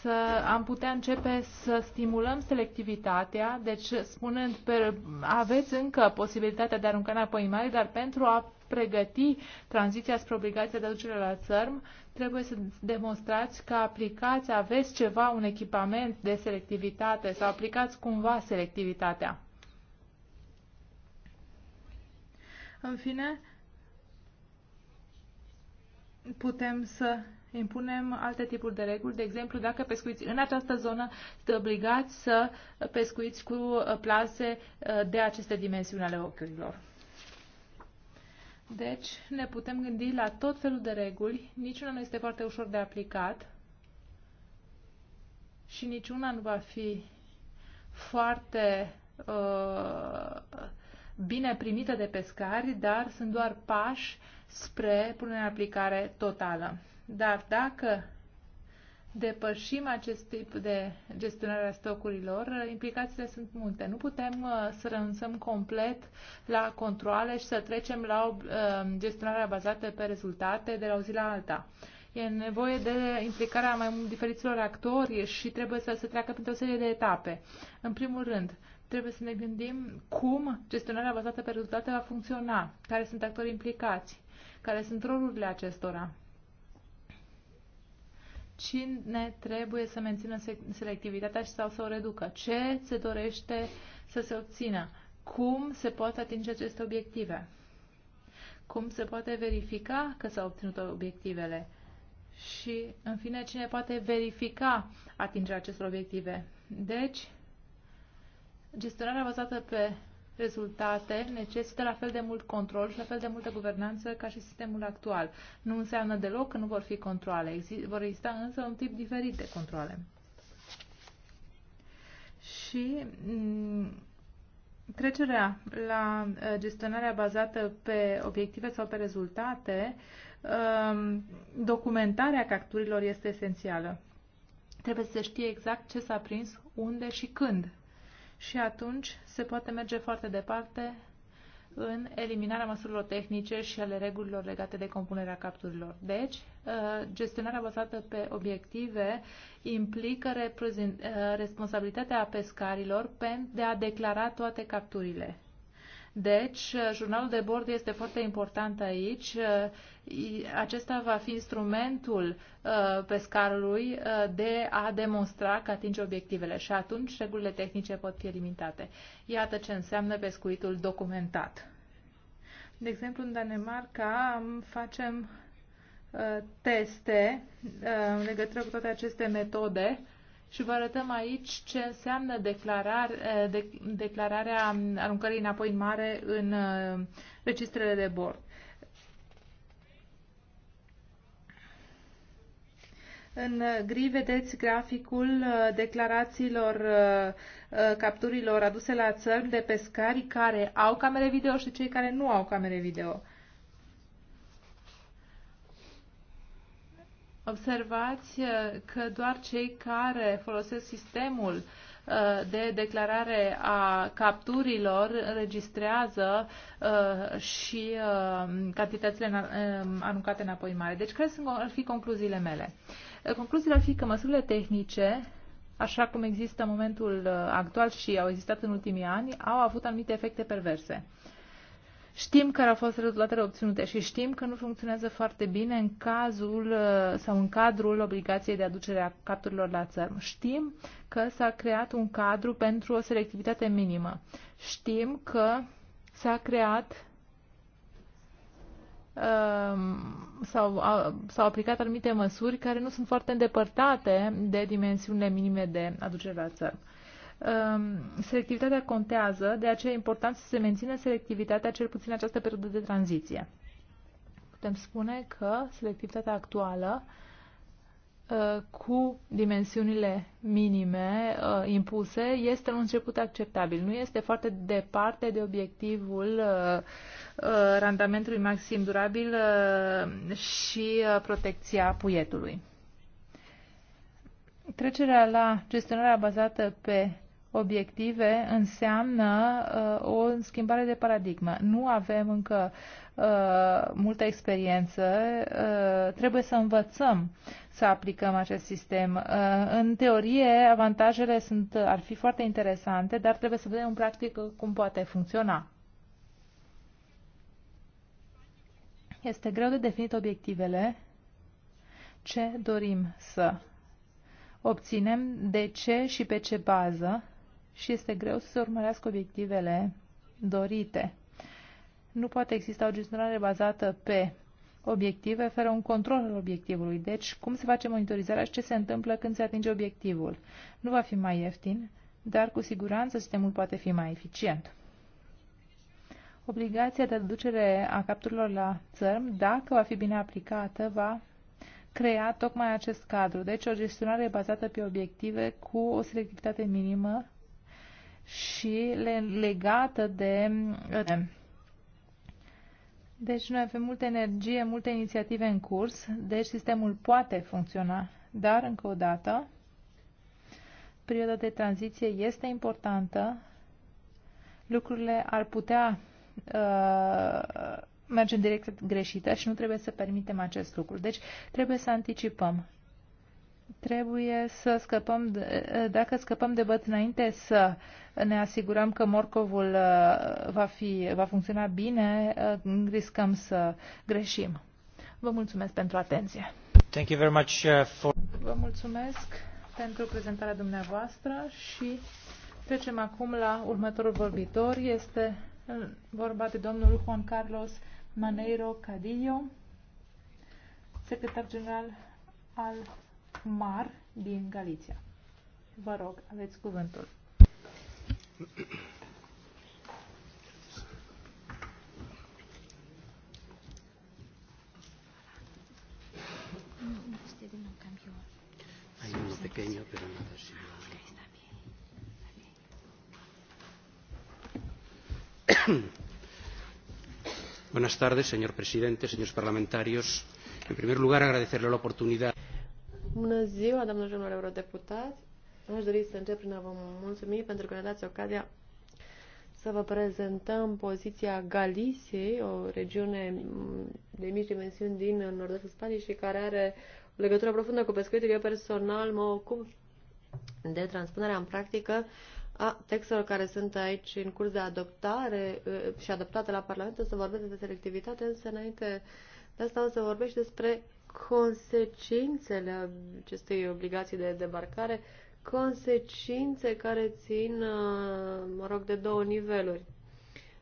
B: să am putea începe să stimulăm selectivitatea, deci spunând, pe, aveți încă posibilitatea de a arunca înapoi mari, dar pentru a pregăti tranziția spre obligația de aducere la țărm, trebuie să demonstrați că aplicați, aveți ceva, un echipament de selectivitate sau aplicați cumva selectivitatea. În fine, putem să impunem alte tipuri de reguli. De exemplu, dacă pescuiți în această zonă, sunt obligați să pescuiți cu plase uh, de aceste dimensiuni ale ochiurilor. Deci ne putem gândi la tot felul de reguli, niciuna nu este foarte ușor de aplicat și niciuna nu va fi foarte uh, bine primită de pescari, dar sunt doar pași spre punerea în aplicare totală. Dar dacă depășim acest tip de gestionare a stocurilor, implicațiile sunt multe. Nu putem uh, să renunțăm complet la controle și să trecem la o uh, gestionare bazată pe rezultate de la o zi la alta. E nevoie de implicarea mai mult diferiților actori și trebuie să se treacă printr-o serie de etape. În primul rând, trebuie să ne gândim cum gestionarea bazată pe rezultate va funcționa, care sunt actorii implicați, care sunt rolurile acestora cine trebuie să mențină selectivitatea sau să o reducă, ce se dorește să se obțină, cum se pot atinge aceste obiective, cum se poate verifica că s-au obținut obiectivele și, în fine, cine poate verifica atingerea acestor obiective. Deci, gestionarea bazată pe rezultate necesită la fel de mult control și la fel de multă guvernanță ca și sistemul actual. Nu înseamnă deloc că nu vor fi controle, Exist vor exista însă un tip diferit de controle. Și mm, trecerea la uh, gestionarea bazată pe obiective sau pe rezultate, um, documentarea capturilor este esențială. Trebuie să știe exact ce s-a prins, unde și când și atunci se poate merge foarte departe în eliminarea măsurilor tehnice și ale regulilor legate de compunerea capturilor. Deci, uh, gestionarea bazată pe obiective implică uh, responsabilitatea pescarilor de a declara toate capturile. Deci, jurnalul de bord este foarte important aici. Acesta va fi instrumentul uh, pescarului uh, de a demonstra că atinge obiectivele și atunci regulile tehnice pot fi limitate. Iată ce înseamnă pescuitul documentat. De exemplu, în Danemarca facem uh, teste în legătură cu toate aceste metode și vă arătăm aici ce înseamnă declarar, eh, de, declararea aruncării înapoi în mare în eh, registrele de bord. În gri vedeți graficul eh, declarațiilor capturilor aduse la țări de pescari care au camere video și cei care nu au camere video. Observați uh, că doar cei care folosesc sistemul uh, de declarare a capturilor înregistrează uh, și cantitățile anuncate înapoi mare. Deci care sunt, ar fi concluziile mele? Concluziile ar fi că măsurile tehnice așa cum există în momentul actual și au existat în ultimii ani, au avut anumite efecte perverse. Știm care au fost rezultatele obținute și știm că nu funcționează foarte bine în cazul uh, sau în cadrul obligației de aducere a capturilor la țărm. Știm că s-a creat un cadru pentru o selectivitate minimă. Știm că s-a creat um, sau s-au aplicat anumite măsuri care nu sunt foarte îndepărtate de dimensiunile minime de aducere la țărm. Um, selectivitatea contează, de aceea e important să se mențină selectivitatea cel puțin în această perioadă de tranziție. Putem spune că selectivitatea actuală uh, cu dimensiunile minime uh, impuse este un început acceptabil. Nu este foarte departe de obiectivul uh, randamentului maxim durabil și protecția puietului. Trecerea la gestionarea bazată pe obiective înseamnă uh, o schimbare de paradigmă. Nu avem încă uh, multă experiență, uh, trebuie să învățăm să aplicăm acest sistem. Uh, în teorie, avantajele sunt, ar fi foarte interesante, dar trebuie să vedem în practică cum poate funcționa. Este greu de definit obiectivele, ce dorim să obținem, de ce și pe ce bază și este greu să se urmărească obiectivele dorite. Nu poate exista o gestionare bazată pe obiective fără un control al obiectivului. Deci, cum se face monitorizarea și ce se întâmplă când se atinge obiectivul? Nu va fi mai ieftin, dar cu siguranță sistemul poate fi mai eficient. Obligația de aducere a capturilor la țărm, dacă va fi bine aplicată, va crea tocmai acest cadru. Deci o gestionare bazată pe obiective cu o selectivitate minimă și legată de... Deci noi avem multă energie, multe inițiative în curs, deci sistemul poate funcționa, dar încă o dată perioada de tranziție este importantă, lucrurile ar putea uh, merge în direcție greșită și nu trebuie să permitem acest lucru. Deci trebuie să anticipăm. Trebuie să scăpăm, dacă scăpăm de băt înainte să ne asigurăm că morcovul uh, va, fi, va funcționa bine, uh, riscăm să greșim. Vă mulțumesc pentru atenție.
A: Thank you very much uh, for...
B: Vă mulțumesc pentru prezentarea dumneavoastră și trecem acum la următorul vorbitor. Este vorba de domnul Juan Carlos Maneiro Cadillo, secretar general al Mar din Galicia. Vă rog, aveți cuvântul. (coughs) Buenas
A: tardes, señor presidente, señores parlamentarios. En primer lugar, agradecerle la oportunidad.
C: Bună ziua, doamnă jurnal eurodeputați. Aș dori să încep prin a vă mulțumi pentru că ne dați ocazia să vă prezentăm poziția Galisiei, o regiune de mici dimensiuni din nord-estul Spaniei și care are o legătură profundă cu pescuitul. Eu personal mă ocup de transpunerea în practică a textelor care sunt aici în curs de adoptare și adoptate la Parlament. O să vorbesc de selectivitate, însă înainte de asta o să vorbesc despre consecințele acestei obligații de debarcare, consecințe care țin, uh, mă rog, de două niveluri.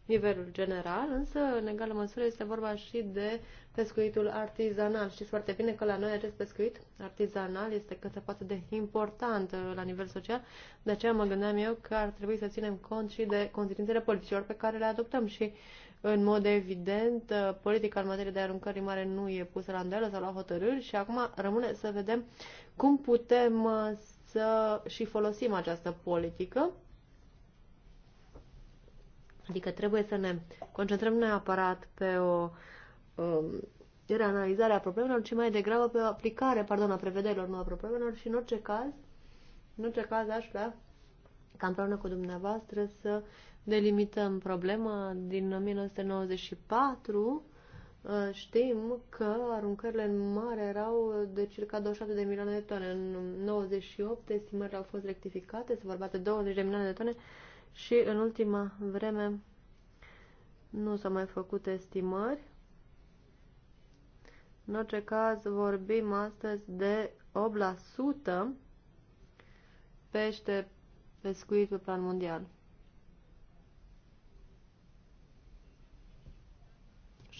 C: Nivelul general, însă, în egală măsură, este vorba și de pescuitul artizanal. Știți foarte bine că la noi acest pescuit artizanal este cât se poate de important uh, la nivel social, de aceea mă gândeam eu că ar trebui să ținem cont și de consecințele politicilor pe care le adoptăm și uh, în mod evident, uh, politica în materie de aruncări mare nu e pusă la îndoială sau la hotărâri și acum rămâne să vedem cum putem uh, să și folosim această politică. Adică trebuie să ne concentrăm neapărat pe o um, reanalizare a problemelor, ci mai degrabă pe o aplicare, pardon, a prevederilor, nu a problemelor și în orice caz, în orice caz aș vrea ca împreună cu dumneavoastră să delimităm problema. Din 1994 uh, știm că aruncările în mare erau de circa 27 de milioane de tone. În 98 estimările au fost rectificate, se vorbea de 20 de milioane de tone și în ultima vreme nu s-au mai făcut estimări. În orice caz, vorbim astăzi de 8% pește pescuit pe plan mondial.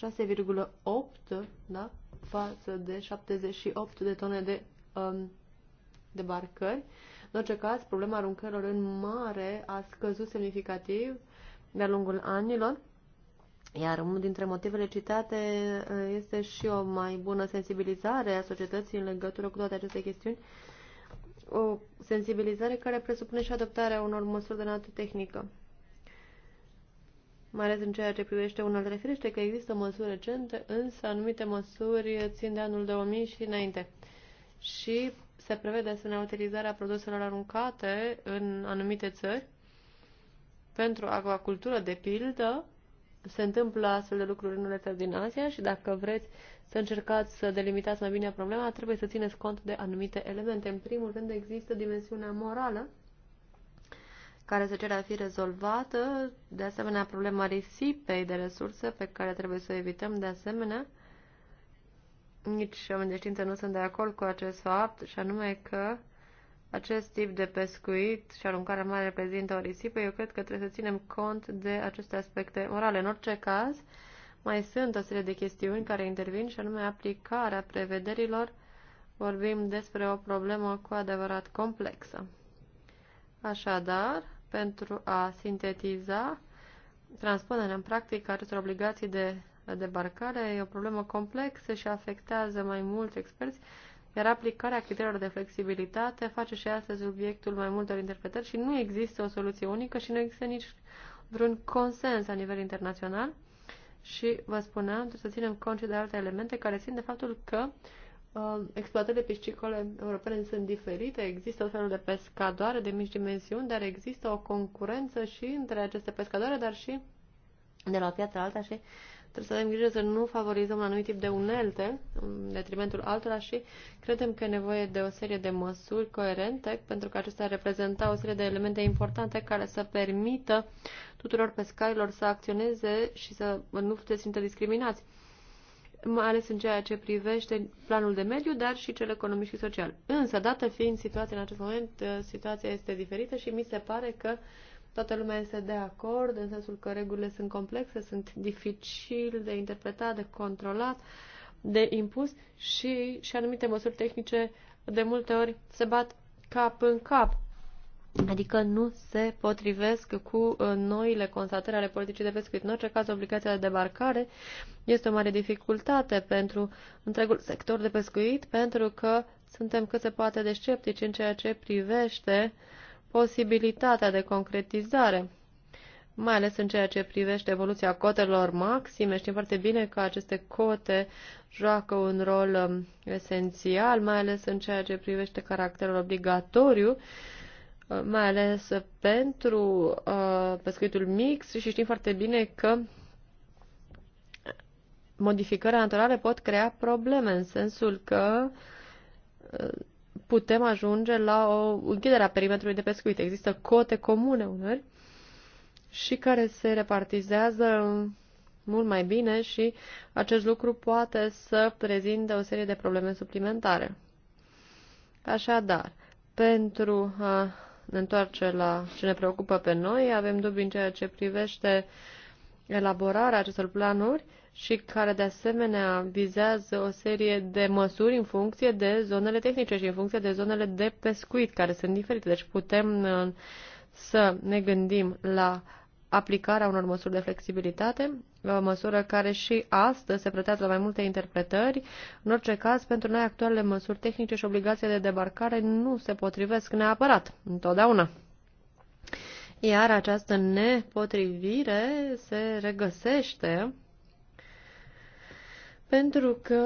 C: 6,8 da? față de 78 de tone de um, debarcări. În orice caz, problema aruncărilor în mare a scăzut semnificativ de-a lungul anilor, iar unul dintre motivele citate uh, este și o mai bună sensibilizare a societății în legătură cu toate aceste chestiuni, o sensibilizare care presupune și adoptarea unor măsuri de natură tehnică mai ales în ceea ce privește unul referește că există măsuri recente, însă anumite măsuri țin de anul 2000 și înainte. Și se prevede ne utilizarea produselor aruncate în anumite țări pentru acvacultură, de pildă, se întâmplă astfel de lucruri în unele țări din Asia și dacă vreți să încercați să delimitați mai bine problema, trebuie să țineți cont de anumite elemente. În primul rând există dimensiunea morală care se cere a fi rezolvată, de asemenea problema risipei de resurse pe care trebuie să o evităm, de asemenea, nici oameni de știință nu sunt de acord cu acest fapt, și anume că acest tip de pescuit și aruncarea mare reprezintă o risipă, eu cred că trebuie să ținem cont de aceste aspecte morale. În orice caz, mai sunt o serie de chestiuni care intervin și anume aplicarea prevederilor. Vorbim despre o problemă cu adevărat complexă. Așadar, pentru a sintetiza transpunerea în practică acestor obligații de debarcare e o problemă complexă și afectează mai mulți experți, iar aplicarea criteriilor de flexibilitate face și astăzi subiectul mai multor interpretări și nu există o soluție unică și nu există nici vreun consens la nivel internațional. Și vă spuneam, trebuie să ținem cont și de alte elemente care țin de faptul că Uh, exploatările piscicole europene sunt diferite, există tot felul de pescadoare de mici dimensiuni, dar există o concurență și între aceste pescadoare, dar și de la o piață alta și trebuie să avem grijă să nu favorizăm un anumit tip de unelte în detrimentul altora și credem că e nevoie de o serie de măsuri coerente pentru că acestea reprezenta o serie de elemente importante care să permită tuturor pescarilor să acționeze și să nu se simtă discriminați mai ales în ceea ce privește planul de mediu, dar și cel economic și social. Însă, dată fiind situația în acest moment, uh, situația este diferită și mi se pare că toată lumea este de acord, în sensul că regulile sunt complexe, sunt dificil de interpretat, de controlat, de impus și, și anumite măsuri tehnice de multe ori se bat cap în cap adică nu se potrivesc cu uh, noile constatări ale politicii de pescuit. În orice caz, obligația de debarcare este o mare dificultate pentru întregul sector de pescuit, pentru că suntem cât se poate de sceptici în ceea ce privește posibilitatea de concretizare mai ales în ceea ce privește evoluția cotelor maxime. Știm foarte bine că aceste cote joacă un rol um, esențial, mai ales în ceea ce privește caracterul obligatoriu Uh, mai ales pentru uh, pescuitul mix și știm foarte bine că modificările naturale pot crea probleme în sensul că uh, putem ajunge la o închidere a perimetrului de pescuit. Există cote comune uneori și care se repartizează mult mai bine și acest lucru poate să prezinte o serie de probleme suplimentare. Așadar, pentru a ne întoarce la ce ne preocupă pe noi. Avem dubii în ceea ce privește elaborarea acestor planuri și care de asemenea vizează o serie de măsuri în funcție de zonele tehnice și în funcție de zonele de pescuit, care sunt diferite. Deci putem uh, să ne gândim la aplicarea unor măsuri de flexibilitate, o măsură care și astăzi se pretează la mai multe interpretări. În orice caz, pentru noi actualele măsuri tehnice și obligația de debarcare nu se potrivesc neapărat, întotdeauna. Iar această nepotrivire se regăsește pentru că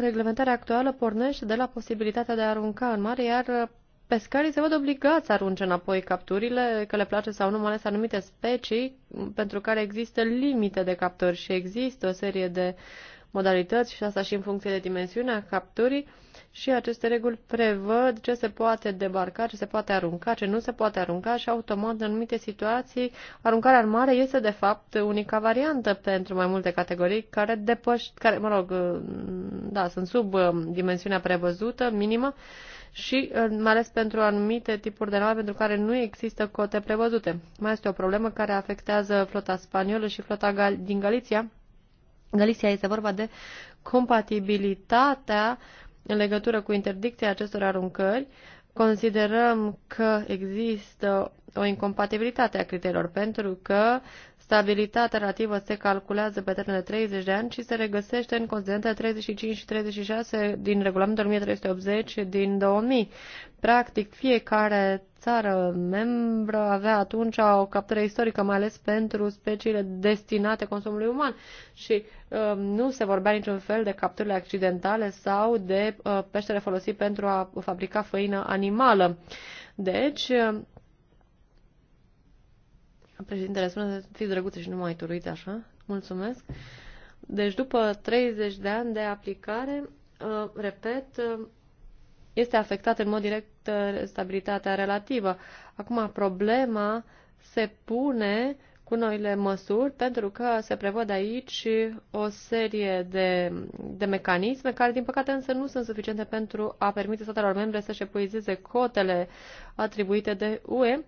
C: reglementarea actuală pornește de la posibilitatea de a arunca în mare, iar pescarii se văd obligați să arunce înapoi capturile, că le place sau nu, mai ales anumite specii pentru care există limite de captori și există o serie de modalități și asta și în funcție de dimensiunea capturii și aceste reguli prevăd ce se poate debarca, ce se poate arunca, ce nu se poate arunca și automat în anumite situații aruncarea în mare este de fapt unica variantă pentru mai multe categorii care depăș, care, mă rog, da, sunt sub um, dimensiunea prevăzută, minimă, și uh, mai ales pentru anumite tipuri de nave pentru care nu există cote prevăzute. Mai este o problemă care afectează flota spaniolă și flota Gal din Galicia. Galicia este vorba de compatibilitatea în legătură cu interdicția acestor aruncări. Considerăm că există o incompatibilitate a criteriilor pentru că Stabilitatea relativă se calculează pe termen de 30 de ani și se regăsește în considerentele 35 și 36 din regulamentul 1380 din 2000. Practic, fiecare țară membră avea atunci o captură istorică, mai ales pentru speciile destinate consumului uman și uh, nu se vorbea niciun fel de capturile accidentale sau de uh, peștere folosit pentru a fabrica făină animală. Deci, uh, Președintele spune să fii drăguță și nu mai turuiți așa. Mulțumesc. Deci după 30 de ani de aplicare, uh, repet, uh, este afectată în mod direct uh, stabilitatea relativă. Acum problema se pune cu noile măsuri, pentru că se prevăd aici o serie de, de mecanisme care, din păcate, însă nu sunt suficiente pentru a permite statelor membre să-și epuizeze cotele atribuite de UE,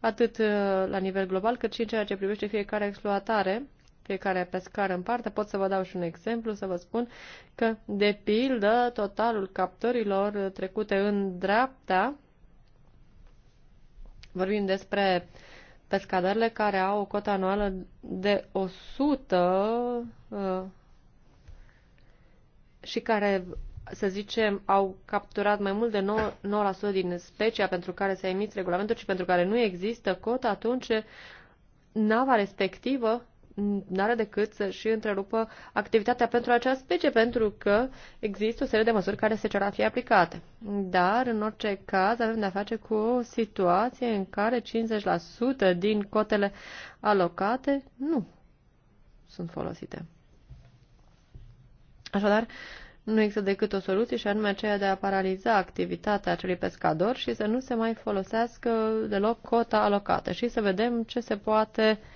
C: atât uh, la nivel global, cât și în ceea ce privește fiecare exploatare fiecare pescar în parte. Pot să vă dau și un exemplu, să vă spun că, de pildă, totalul captorilor trecute în dreapta, vorbim despre uh, pescadările care au o cotă anuală de 100 uh, și care, să zicem, au capturat mai mult de 9%, 9% din specia pentru care s-a emis regulamentul și pentru care nu există cotă, atunci nava respectivă n-are decât să-și întrerupă activitatea pentru acea specie, pentru că există o serie de măsuri care se cer a fi aplicate. Dar, în orice caz, avem de-a face cu o situație în care 50% din cotele alocate nu sunt folosite. Așadar, nu există decât o soluție și anume aceea de a paraliza activitatea acelui pescador și să nu se mai folosească deloc cota alocată și să vedem ce se poate uh,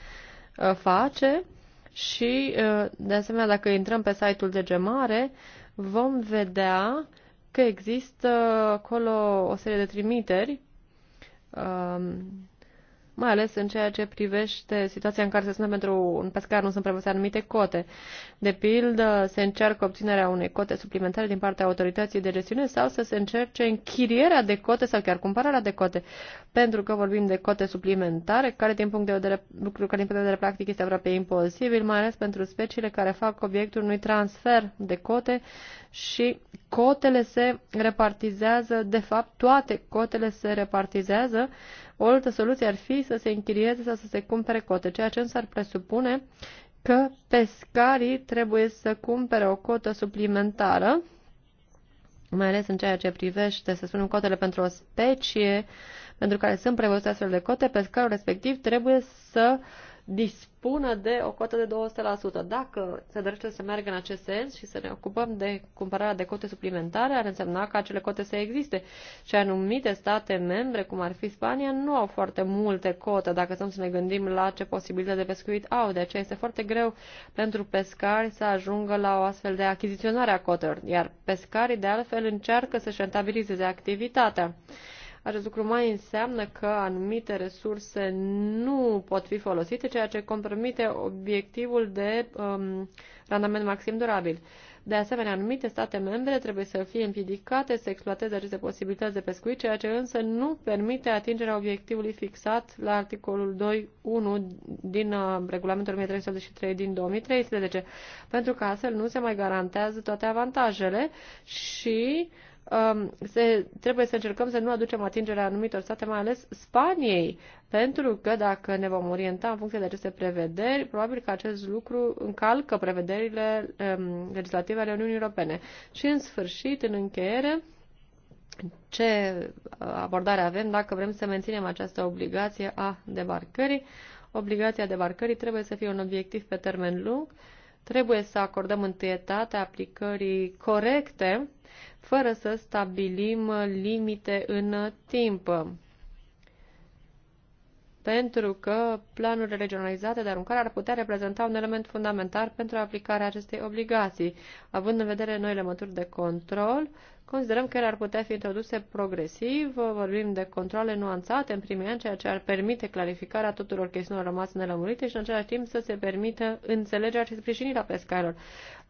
C: Uh, face și, uh, de asemenea, dacă intrăm pe site-ul de gemare vom vedea că există acolo o serie de trimiteri um, mai ales în ceea ce privește situația în care se spune pentru un pescar nu sunt prevăzute anumite cote. De pildă, se încearcă obținerea unei cote suplimentare din partea autorității de gestiune sau să se încerce închirierea de cote sau chiar cumpărarea de cote, pentru că vorbim de cote suplimentare, care din punct de vedere, lucru care din punct de vedere practic este aproape imposibil, mai ales pentru speciile care fac obiectul unui transfer de cote și cotele se repartizează, de fapt toate cotele se repartizează o altă soluție ar fi să se închirieze sau să se cumpere cote, ceea ce însă ar presupune că pescarii trebuie să cumpere o cotă suplimentară, mai ales în ceea ce privește, să spunem, cotele pentru o specie pentru care sunt prevăzute astfel de cote, pescarul respectiv trebuie să uh, dispună de o cotă de 200%. Dacă se dorește să meargă în acest sens și să ne ocupăm de cumpărarea de cote suplimentare, ar însemna că acele cote să existe. Și anumite state membre, cum ar fi Spania, nu au foarte multe cote, dacă să ne gândim la ce posibilitate de pescuit au. De aceea este foarte greu pentru pescari să ajungă la o astfel de achiziționare a cotelor, iar pescarii de altfel încearcă să-și rentabilizeze activitatea. Acest lucru mai înseamnă că anumite resurse nu pot fi folosite, ceea ce compromite obiectivul de um, randament maxim durabil. De asemenea, anumite state membre trebuie să fie împiedicate să exploateze aceste posibilități de pescuit, ceea ce însă nu permite atingerea obiectivului fixat la articolul 2.1 din uh, regulamentul 1383 din 2013, pentru că astfel nu se mai garantează toate avantajele și Um, se, trebuie să încercăm să nu aducem atingerea anumitor state, mai ales Spaniei, pentru că dacă ne vom orienta în funcție de aceste prevederi, probabil că acest lucru încalcă prevederile um, legislative ale Uniunii Europene. Și în sfârșit, în încheiere, ce uh, abordare avem dacă vrem să menținem această obligație a debarcării? Obligația debarcării trebuie să fie un obiectiv pe termen lung, uh, Trebuie să acordăm întâietate aplicării corecte, fără să stabilim limite în timp pentru că planurile regionalizate de aruncare ar putea reprezenta un element fundamental pentru aplicarea acestei obligații. Având în vedere noile măsuri de control, considerăm că ele ar putea fi introduse progresiv, vorbim de controle nuanțate în primii ani, ceea ce ar permite clarificarea tuturor chestiunilor rămase nelămurite și în același timp să se permită înțelegerea și sprijinirea pescarilor.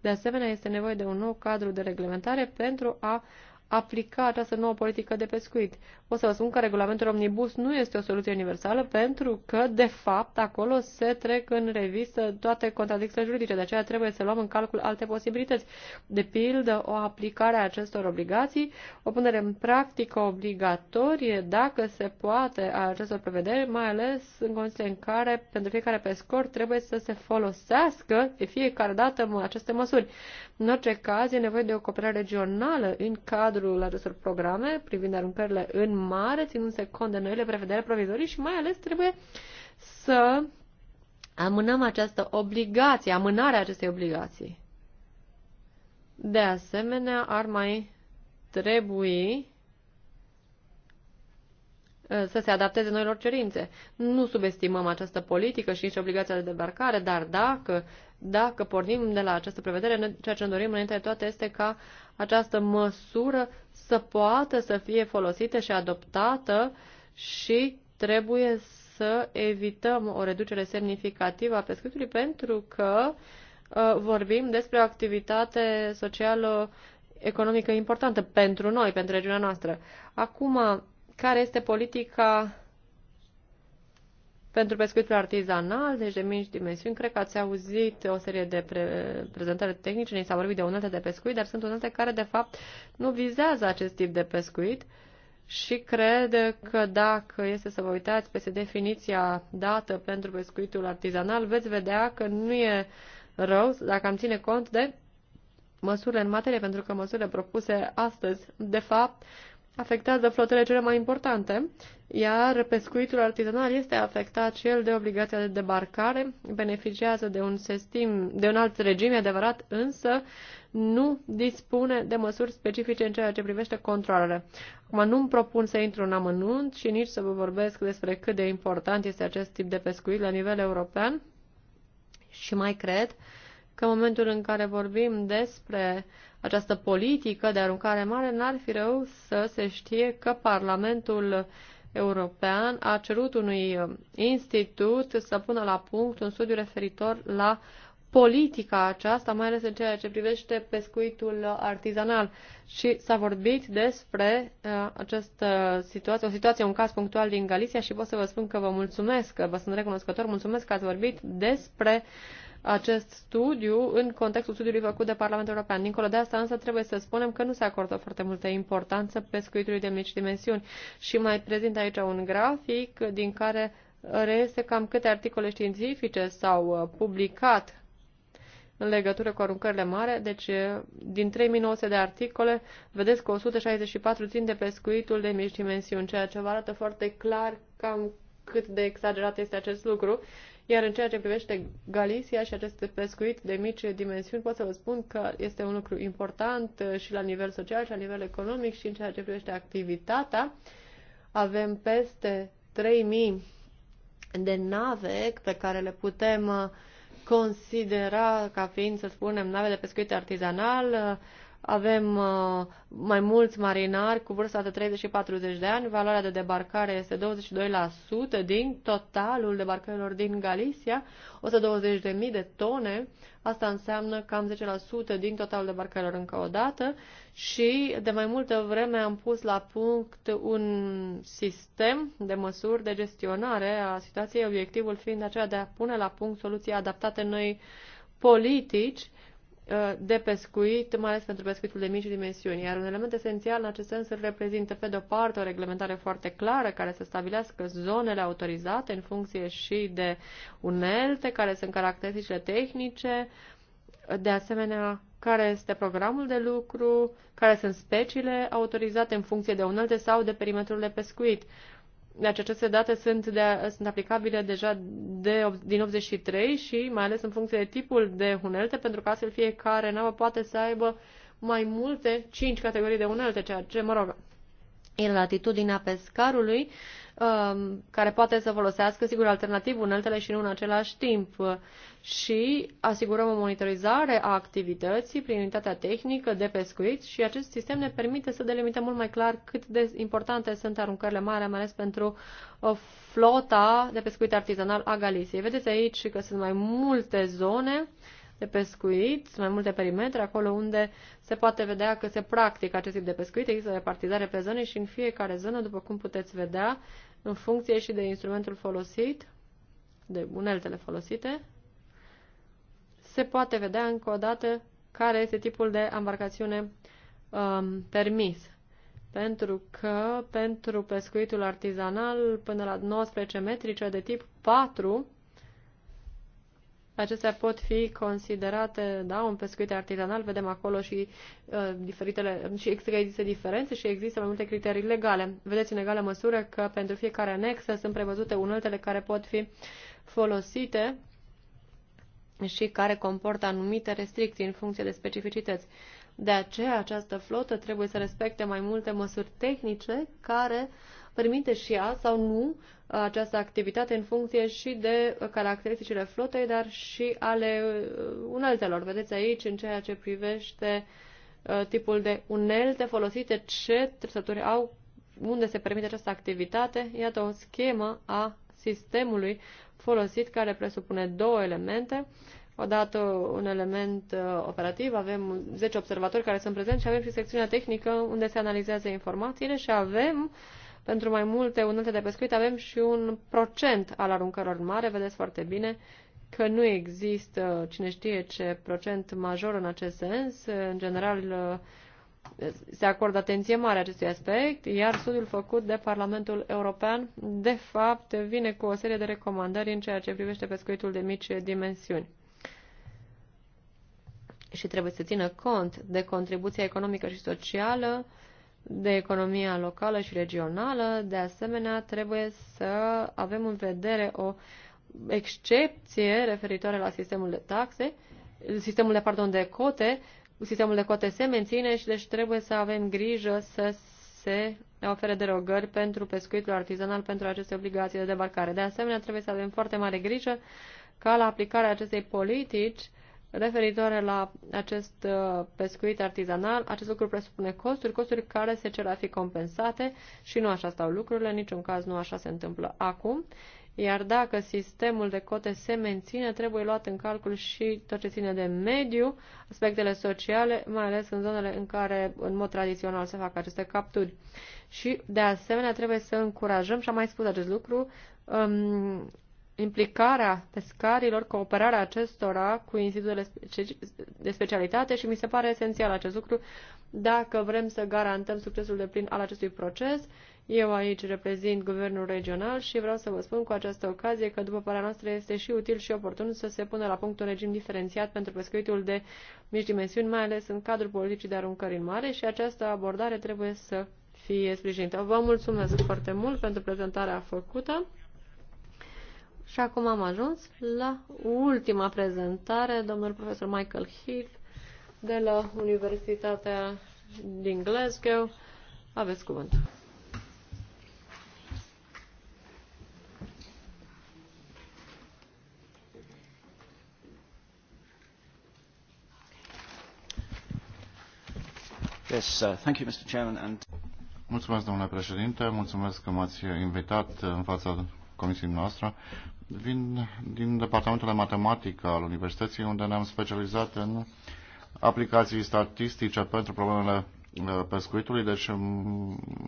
C: De asemenea, este nevoie de un nou cadru de reglementare pentru a aplica această nouă politică de pescuit pot să vă spun că regulamentul omnibus nu este o soluție universală pentru că, de fapt, acolo se trec în revistă toate contradicțiile juridice. De aceea trebuie să luăm în calcul alte posibilități. De pildă, o aplicare a acestor obligații, o punere în practică obligatorie, dacă se poate, a acestor prevederi, mai ales în condițiile în care pentru fiecare pescor trebuie să se folosească de fiecare dată aceste măsuri. În orice caz, e nevoie de o cooperare regională în cadrul acestor programe privind aruncările în mare, ținându-se cont de noile prevedere provizorii și mai ales trebuie să amânăm această obligație, amânarea acestei obligații. De asemenea, ar mai trebui Uh, să se adapteze noilor cerințe. Nu subestimăm această politică și nici obligația de debarcare, dar dacă, dacă pornim de la această prevedere, ceea ce ne dorim înainte de toate este ca această măsură să poată să fie folosită și adoptată și trebuie să evităm o reducere semnificativă a pescuitului pentru că uh, vorbim despre o activitate socială economică importantă pentru noi, pentru regiunea noastră. Acum, care este politica pentru pescuitul artizanal, deci de mici dimensiuni. Cred că ați auzit o serie de pre prezentări tehnice, ni s-a vorbit de unelte de pescuit, dar sunt unelte care, de fapt, nu vizează acest tip de pescuit. Și cred că dacă este să vă uitați peste definiția dată pentru pescuitul artizanal, veți vedea că nu e rău dacă am ține cont de măsurile în materie, pentru că măsurile propuse astăzi, de fapt, afectează flotele cele mai importante, iar pescuitul artizanal este afectat și el de obligația de debarcare, beneficiază de un, sistem, de un alt regim adevărat, însă nu dispune de măsuri specifice în ceea ce privește controlele. Acum nu-mi propun să intru în amănunt și nici să vă vorbesc despre cât de important este acest tip de pescuit la nivel european și mai cred că în momentul în care vorbim despre această politică de aruncare mare, n-ar fi rău să se știe că Parlamentul European a cerut unui uh, institut să pună la punct un studiu referitor la politica aceasta, mai ales în ceea ce privește pescuitul artizanal. Și s-a vorbit despre uh, această situație, o situație, un caz punctual din Galicia și pot să vă spun că vă mulțumesc, că vă sunt recunoscător, mulțumesc că ați vorbit despre uh, acest studiu în contextul studiului făcut de Parlamentul European. Dincolo de asta, însă, trebuie să spunem că nu se acordă foarte multă importanță pescuitului de mici dimensiuni. Și mai prezint aici un grafic din care reiese cam câte articole științifice s-au uh, publicat în legătură cu aruncările mare. Deci, uh, din 3900 de articole, vedeți că 164 țin de pescuitul de mici dimensiuni, ceea ce vă arată foarte clar cam cât de exagerat este acest lucru iar în ceea ce privește Galicia și acest pescuit de mici dimensiuni, pot să vă spun că este un lucru important uh, și la nivel social și la nivel economic și în ceea ce privește activitatea. Avem peste 3000 de nave pe care le putem uh, considera ca fiind, să spunem, nave de pescuit artizanal, uh, avem uh, mai mulți marinari cu vârsta de 30 și 40 de ani. Valoarea de debarcare este 22% din totalul debarcărilor din Galicia, 120.000 de tone. Asta înseamnă cam 10% din totalul debarcărilor încă o dată și de mai multă vreme am pus la punct un sistem de măsuri de gestionare a situației, obiectivul fiind acela de a pune la punct soluții adaptate noi politici Uh, de pescuit, mai ales pentru pescuitul de mici dimensiuni, iar un element esențial în acest sens îl reprezintă, pe de-o parte, o reglementare foarte clară care să stabilească zonele autorizate în funcție și de unelte, care sunt caracteristicile tehnice, de asemenea, care este programul de lucru, care sunt speciile autorizate în funcție de unelte sau de perimetrul de pescuit aceste date sunt, de, sunt aplicabile deja de, din 83 și mai ales în funcție de tipul de unelte, pentru că astfel fiecare navă poate să aibă mai multe 5 categorii de unelte, ceea ce, mă rog, în latitudinea pescarului, um, care poate să folosească, sigur, alternativ uneltele și nu în același timp. Și asigurăm o monitorizare a activității prin unitatea tehnică de pescuit și acest sistem ne permite să delimităm mult mai clar cât de importante sunt aruncările mari mai ales pentru uh, flota de pescuit artizanal a Galiciei. Vedeți aici că sunt mai multe zone de pescuit, mai multe perimetre, acolo unde se poate vedea că se practică acest tip de pescuit, există repartizare pe zone și în fiecare zonă, după cum puteți vedea, în funcție și de instrumentul folosit, de uneltele folosite, se poate vedea încă o dată care este tipul de embarcațiune um, permis. Pentru că pentru pescuitul artizanal până la 19 metri, cea de tip 4, Acestea pot fi considerate, da, un pescuit artizanal, vedem acolo și uh, diferitele, și există diferențe și există mai multe criterii legale. Vedeți în egală măsură că pentru fiecare anexă sunt prevăzute uneltele care pot fi folosite și care comportă anumite restricții în funcție de specificități. De aceea, această flotă trebuie să respecte mai multe măsuri tehnice care uh, permite și ea sau nu această activitate în funcție și de caracteristicile flotei, dar și ale uh, uneltelor. Vedeți aici, în ceea ce privește uh, tipul de unelte folosite, ce trăsături au, unde se permite această activitate. Iată o schemă a sistemului folosit care presupune două elemente. Odată un element uh, operativ, avem 10 observatori care sunt prezenți și avem și secțiunea tehnică unde se analizează informațiile și avem uh, pentru mai multe unelte de pescuit avem și un procent al aruncărilor în mare. Vedeți foarte bine că nu există cine știe ce procent major în acest sens. În general, se acordă atenție mare acestui aspect, iar studiul făcut de Parlamentul European, de fapt, vine cu o serie de recomandări în ceea ce privește pescuitul de mici dimensiuni. Și trebuie să țină cont de contribuția economică și socială de economia locală și regională. De asemenea, trebuie să avem în vedere o excepție referitoare la sistemul de taxe, sistemul de, pardon, de cote. Sistemul de cote se menține și deci trebuie să avem grijă să se ofere derogări pentru pescuitul artizanal pentru aceste obligații de debarcare. De asemenea, trebuie să avem foarte mare grijă ca la aplicarea acestei politici Referitoare la acest uh, pescuit artizanal, acest lucru presupune costuri, costuri care se cer a fi compensate și nu așa stau lucrurile, în niciun caz nu așa se întâmplă acum. Iar dacă sistemul de cote se menține, trebuie luat în calcul și tot ce ține de mediu, aspectele sociale, mai ales în zonele în care în mod tradițional se fac aceste capturi. Și de asemenea trebuie să încurajăm, și am mai spus acest lucru, um, implicarea pescarilor, cooperarea acestora cu institutele de specialitate și mi se pare esențial acest lucru dacă vrem să garantăm succesul de plin al acestui proces. Eu aici reprezint guvernul regional și vreau să vă spun cu această ocazie că, după părerea noastră, este și util și oportun să se pună la punct un regim diferențiat pentru pescuitul de mici dimensiuni, mai ales în cadrul politicii de aruncări în mare și această abordare trebuie să fie sprijinită. Vă mulțumesc foarte mult pentru prezentarea făcută. Și acum am ajuns la ultima prezentare, domnul profesor Michael Heath de la Universitatea din Glasgow. Aveți cuvânt.
A: Yes, uh, thank you, Mr. Chairman, and... Mulțumesc, domnule președinte, mulțumesc că m-ați invitat în fața comisiei noastre. Vin din departamentul de matematică al universității, unde ne-am specializat în aplicații statistice pentru problemele uh, pescuitului, deci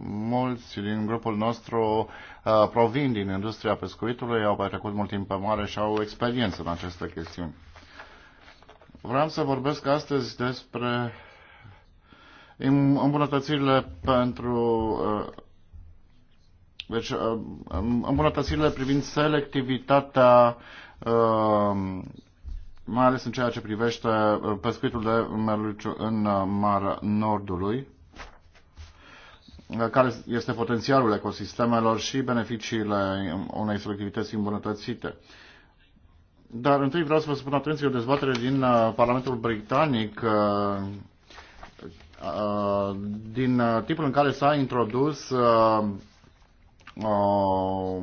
A: mulți din grupul nostru uh, provin din industria pescuitului, au petrecut mult timp pe mare și au experiență în aceste chestiuni. Vreau să vorbesc astăzi despre îmbunătățirile pentru uh, deci uh, um, îmbunătățirile privind selectivitatea, um, mai ales în ceea ce privește uh, pescuitul de merluciu în uh, Marea Nordului, care este potențialul ecosistemelor și beneficiile unei selectivități îmbunătățite. Dar întâi vreau să vă spun atenție o dezbatere din Parlamentul Britanic din tipul în care s-a introdus o uh,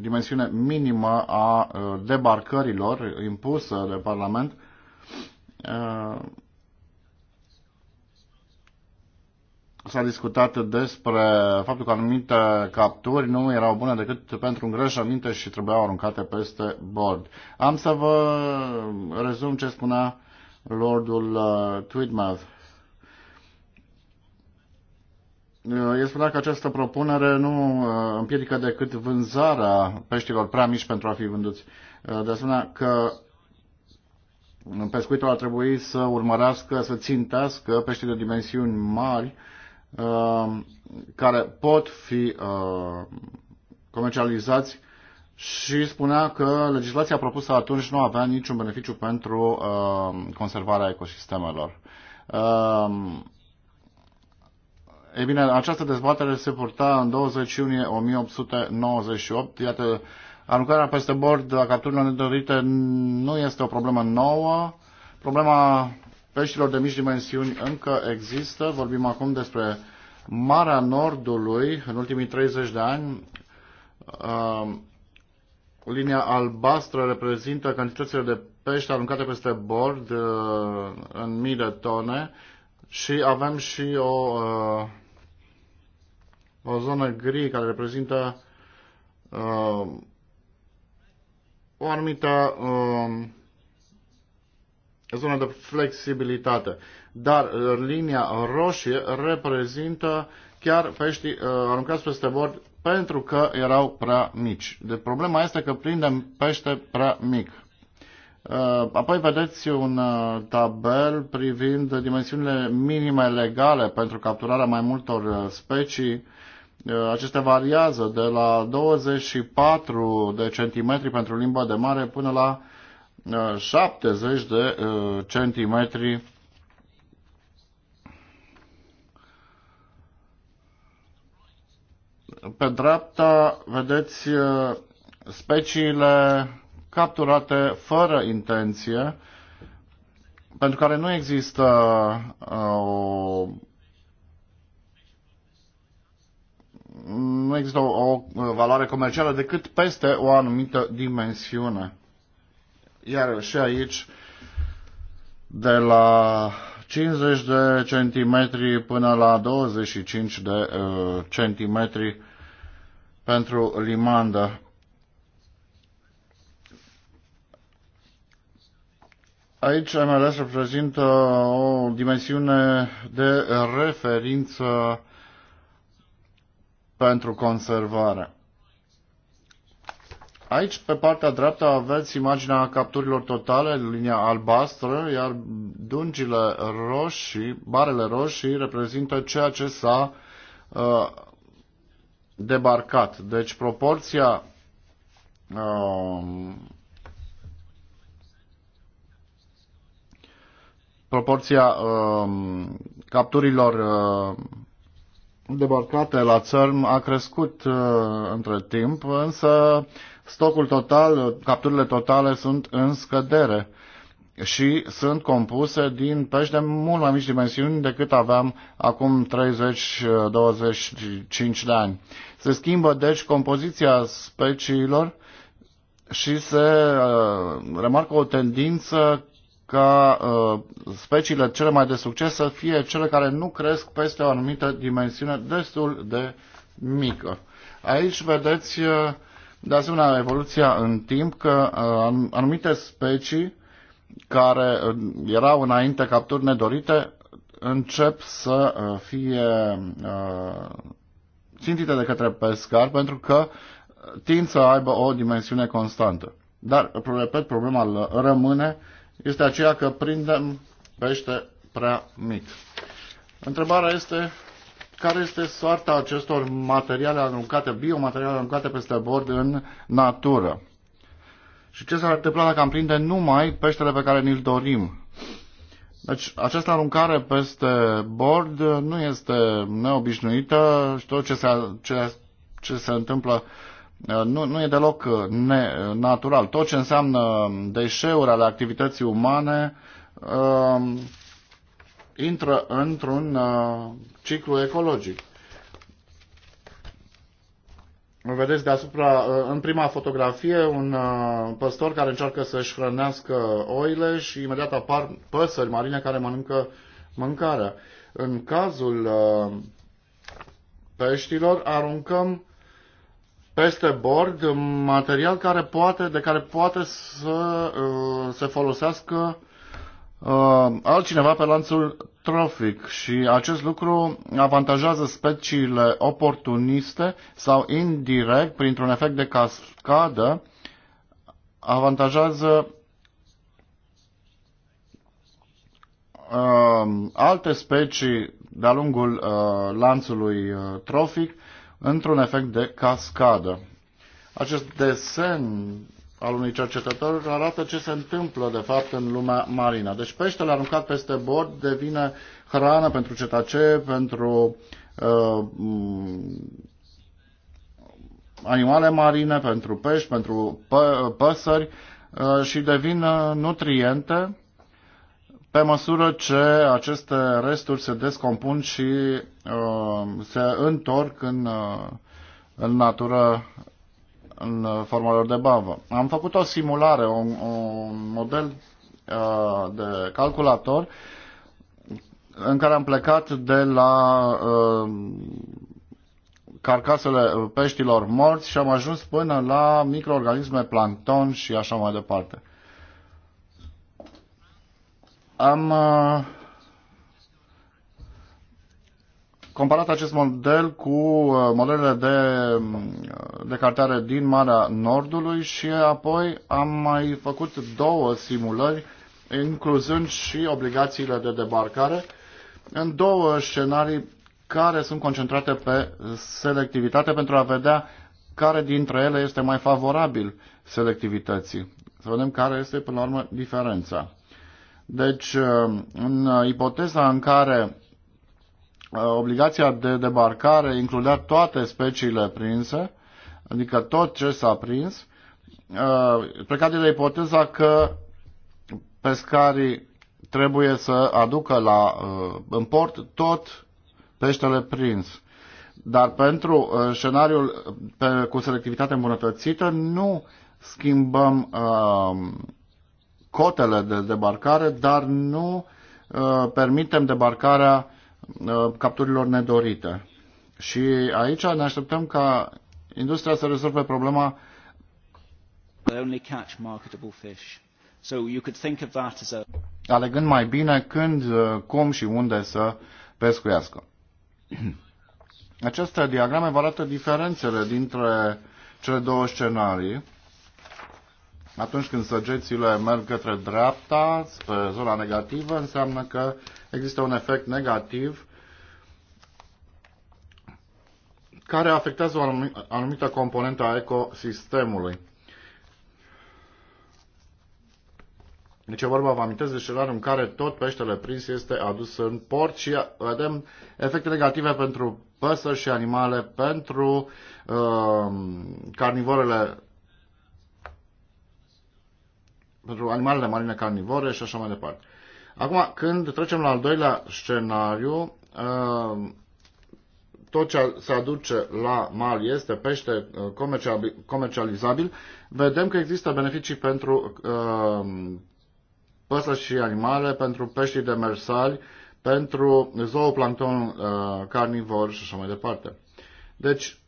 A: dimensiune minimă a uh, debarcărilor impusă de Parlament. Uh, s-a discutat despre faptul că anumite capturi nu erau bune decât pentru îngrășăminte și trebuiau aruncate peste bord. Am să vă rezum ce spunea Lordul Tweedmouth Uh, El spunea că această propunere nu uh, împiedică decât vânzarea peștilor prea mici pentru a fi vânduți. Uh, de asemenea că pescuitul ar trebui să urmărească, să țintească pești de dimensiuni mari care pot fi comercializați și spunea că legislația propusă atunci nu avea niciun beneficiu pentru conservarea ecosistemelor. E bine, această dezbatere se purta în 20 iunie 1898. Iată, aruncarea peste bord a capturilor nedorite nu este o problemă nouă. Problema peștilor de mici dimensiuni încă există. Vorbim acum despre Marea Nordului în ultimii 30 de ani. Uh, linia albastră reprezintă cantitățile de pești aruncate peste bord uh, în mii de tone și avem și o uh, o zonă gri care reprezintă uh, o anumită uh, zonă de flexibilitate. Dar uh, linia roșie reprezintă chiar peștii uh, aruncați peste bord pentru că erau prea mici. De problema este că prindem pește prea mic. Uh, apoi vedeți un uh, tabel privind dimensiunile minime legale pentru capturarea mai multor uh, specii Uh, acestea variază de la 24 de centimetri pentru limba de mare până la 70 uh, de uh, centimetri Pe dreapta vedeți speciile capturate fără intenție, pentru care nu există o nu există o, o valoare comercială decât peste o anumită dimensiune. Iar și aici, de la 50 de centimetri până la 25 de uh, centimetri pentru limandă. Aici MLS reprezintă o dimensiune de referință pentru conservare. Aici, pe partea dreaptă, aveți imaginea capturilor totale, linia albastră, iar dungile roșii, barele roșii, reprezintă ceea ce s-a uh, debarcat. Deci, proporția uh, proporția uh, capturilor uh, debarcate la țărm a crescut uh, între timp, însă stocul total, capturile totale sunt în scădere și sunt compuse din pești de mult mai mici dimensiuni decât aveam acum 30-25 de ani. Se schimbă deci compoziția speciilor și se uh, remarcă o tendință ca uh, speciile cele mai de succes să fie cele care nu cresc peste o anumită dimensiune destul de mică. Aici vedeți uh, de asemenea evoluția în timp că uh, anumite specii care erau înainte capturi nedorite încep să fie țintite de către pescar pentru că tind să aibă o dimensiune constantă. Dar, repet, problema rămâne este aceea că prindem pește prea mic. Întrebarea este care este soarta acestor materiale aruncate, biomateriale aruncate peste bord în natură. Și ce s-ar întâmpla dacă am prinde numai peștele pe care ni-l dorim? Deci această aruncare peste bord nu este neobișnuită și tot ce se, ce, ce se întâmplă Uh, nu, nu e deloc uh, ne, natural. Tot ce înseamnă deșeuri ale activității umane uh, intră într-un uh, ciclu ecologic. Vedeți deasupra, uh, în prima fotografie, un uh, păstor care încearcă să-și hrănească oile și imediat apar păsări marine care mănâncă mâncarea. În cazul uh, peștilor, aruncăm peste bord material care poate, de care poate să uh, se folosească uh, altcineva pe lanțul trofic și acest lucru avantajează speciile oportuniste sau indirect, printr-un efect de cascadă, avantajează uh, alte specii de-a lungul lanțului trofic într-un efect de cascadă. Acest desen al unui cercetător arată ce se întâmplă de fapt în lumea marină. Deci peștele aruncat peste bord devine hrană pentru cetacee, pentru uh, mm, animale marine, pentru pești, pentru pă- păsări uh, și devin uh, nutriente pe măsură ce aceste resturi se descompun și uh, se întorc în, uh, în natură în forma lor de bavă. Am făcut o simulare, un, un model uh, de calculator în care am plecat de la uh, carcasele peștilor morți și am ajuns până la microorganisme plancton și așa mai departe. Am uh, comparat acest model cu uh, modelele de uh, de cartare din Marea Nordului și apoi am mai făcut două simulări, incluzând și obligațiile de debarcare, în două scenarii care sunt concentrate pe selectivitate pentru a vedea care dintre ele este mai favorabil selectivității. Să vedem care este, până la urmă, diferența. Deci, uh, în ipoteza în care uh, obligația de debarcare includea toate speciile prinse, adică tot ce s-a prins, uh, plecat de ipoteza că pescarii trebuie să aducă la, în port tot peștele prins. Dar pentru scenariul cu selectivitate îmbunătățită nu schimbăm uh, cotele de debarcare, dar nu uh, permitem debarcarea uh, capturilor nedorite. Și aici ne așteptăm ca industria să rezolve problema alegând mai bine când, uh, cum și unde să pescuiască. (clears throat) Aceste diagrame vă arată diferențele dintre cele două scenarii. Atunci când săgețile merg către dreapta, spre zona negativă, înseamnă că există un efect negativ care afectează o anumită componentă a ecosistemului. Deci e vorba, vă amintesc, de scenariul în care tot peștele prins este adus în port și vedem efecte negative pentru păsări și animale, pentru uh, carnivorele pentru animalele marine carnivore și așa mai departe. Acum, când trecem la al doilea scenariu, uh, tot ce se aduce la mal este pește uh, comercializabil, vedem că există beneficii pentru uh, păsări și animale, pentru peștii demersali, pentru zooplancton carnivor și așa mai departe. Deci,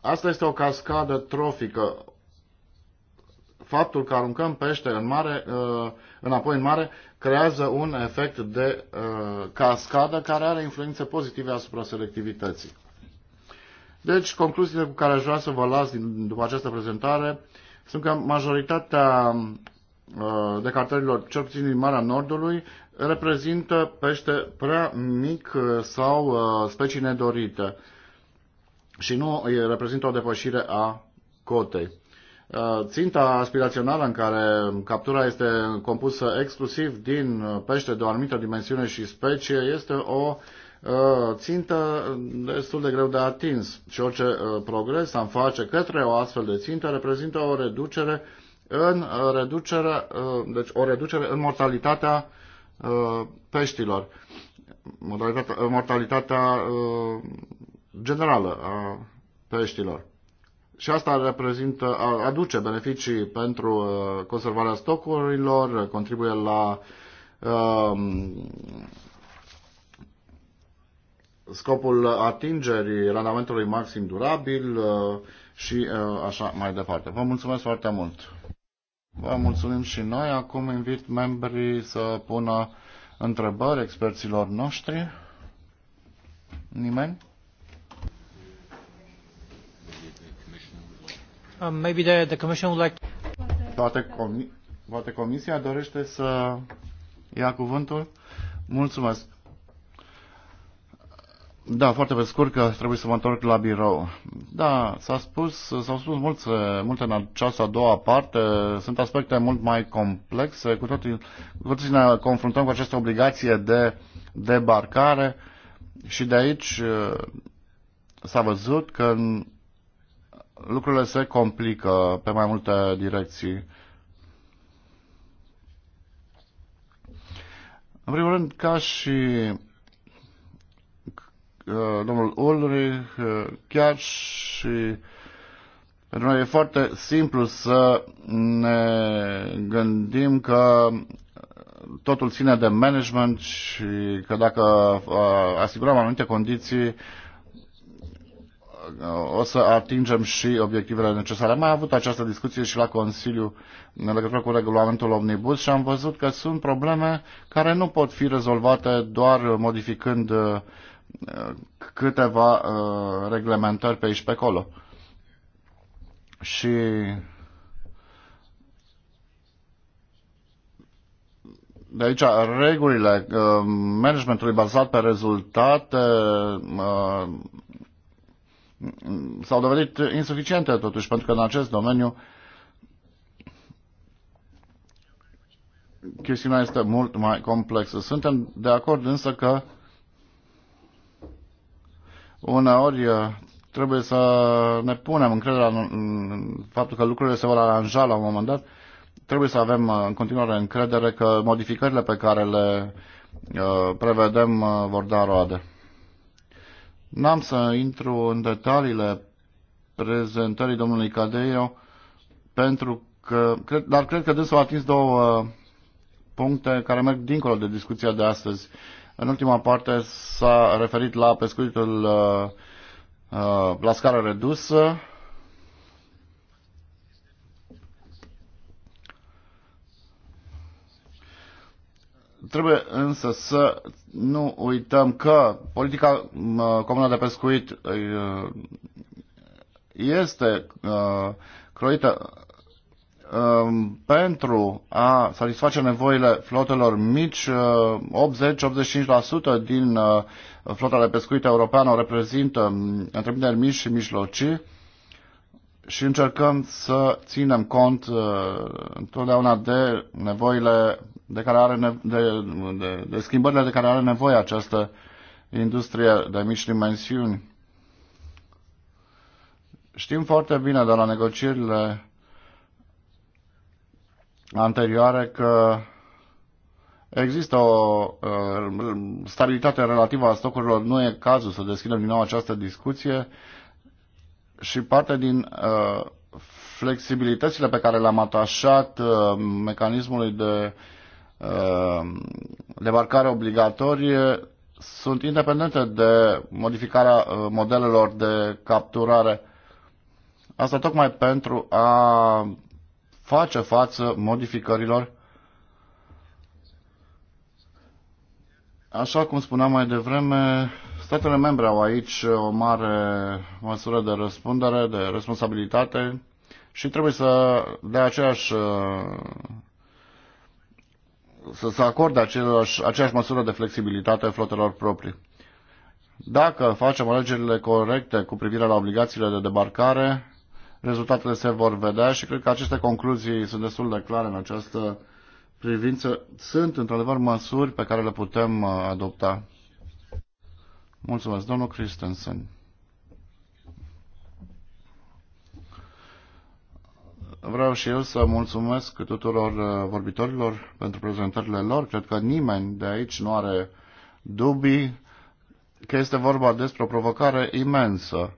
A: asta este o cascadă trofică, faptul că aruncăm pește în mare, uh, înapoi în mare creează un efect de uh, cascadă care are influențe pozitive asupra selectivității. Deci, concluziile cu care aș vrea să vă las din, după această prezentare sunt că majoritatea uh, de cartelilor, cel puțin din Marea Nordului, reprezintă pește prea mic sau specii nedorite și nu reprezintă o depășire a cotei. Uh, ținta aspirațională în care captura este compusă exclusiv din pește de o anumită dimensiune și specie este o uh, țintă destul de greu de atins și orice uh, progres am face către o astfel de țintă reprezintă o reducere în reducere, deci o reducere în mortalitatea peștilor, mortalitatea generală a peștilor și asta reprezintă, aduce beneficii pentru uh, conservarea stocurilor, contribuie la um, scopul atingerii randamentului maxim durabil uh, și uh, așa mai departe. Vă mulțumesc foarte mult! Vă mulțumim și noi. Acum invit membrii să pună întrebări experților noștri. Nimeni? Um, maybe the, the commission would like to... Poate, comi poate comisia dorește să ia cuvântul? Mulțumesc. Da, foarte pe scurt că trebuie să mă întorc la birou. Da, s-a spus, s-au spus multe, multe în această a doua parte. Sunt aspecte mult mai complexe. Cu toții, cu toții ne confruntăm cu această obligație de debarcare și de aici uh, s-a văzut că lucrurile se complică pe mai multe direcții. În primul rând, ca și uh, domnul Ulrich, uh, chiar și pentru noi e foarte simplu să ne gândim că totul ține de management și că dacă uh, asigurăm anumite condiții, o să atingem și obiectivele necesare. Am mai avut această discuție și la Consiliu în legătură cu regulamentul Omnibus și am văzut că sunt probleme care nu pot fi rezolvate doar modificând uh, câteva uh, reglementări pe aici pe acolo. Și De aici, regulile uh, managementului bazat pe rezultate s-au dovedit insuficiente totuși, pentru că în acest domeniu chestiunea este mult mai complexă. Suntem de acord însă că uneori uh, trebuie să ne punem încrederea în faptul că lucrurile se vor aranja la un moment dat. Trebuie să avem uh, în continuare încredere că modificările pe care le uh, prevedem vor da roade. N-am să intru în detaliile prezentării domnului Cadeiro, pentru că, cred, dar cred că dânsul a atins două uh, puncte care merg dincolo de discuția de astăzi. În ultima parte s-a referit la pescuitul uh, uh la scară redusă Trebuie însă să nu uităm că politica comună de pescuit uh, este uh, croită um, pentru a satisface nevoile flotelor mici, 80-85% uh, din flota de pescuit europeană o reprezintă um, întreprinderi mici și mijlocii și încercăm să ținem cont întotdeauna de nevoile de, care are de, de, de schimbările de care are nevoie această industrie de mici dimensiuni. Știm foarte bine de la negocierile anterioare că există o uh, stabilitate relativă a stocurilor. Nu e cazul să deschidem din nou această discuție și parte din uh, flexibilitățile pe care le-am atașat uh, mecanismului de Ehm, debarcare obligatorie sunt independente de modificarea eh, modelelor de capturare. Asta tocmai pentru a face față modificărilor. Așa cum spuneam mai devreme, statele membre au aici eh, o mare măsură de răspundere, de responsabilitate și trebuie să dea aceeași eh, să se acorde aceleași, aceeași măsură de flexibilitate flotelor proprii. Dacă facem alegerile corecte cu privire la obligațiile de debarcare, rezultatele se vor vedea și cred că aceste concluzii sunt destul de clare în această privință. Sunt, într-adevăr, măsuri pe care le putem uh, adopta. Mulțumesc, domnul Christensen. vreau și eu să mulțumesc tuturor uh, vorbitorilor pentru prezentările lor. Cred că nimeni de aici nu are dubii că este vorba despre o provocare imensă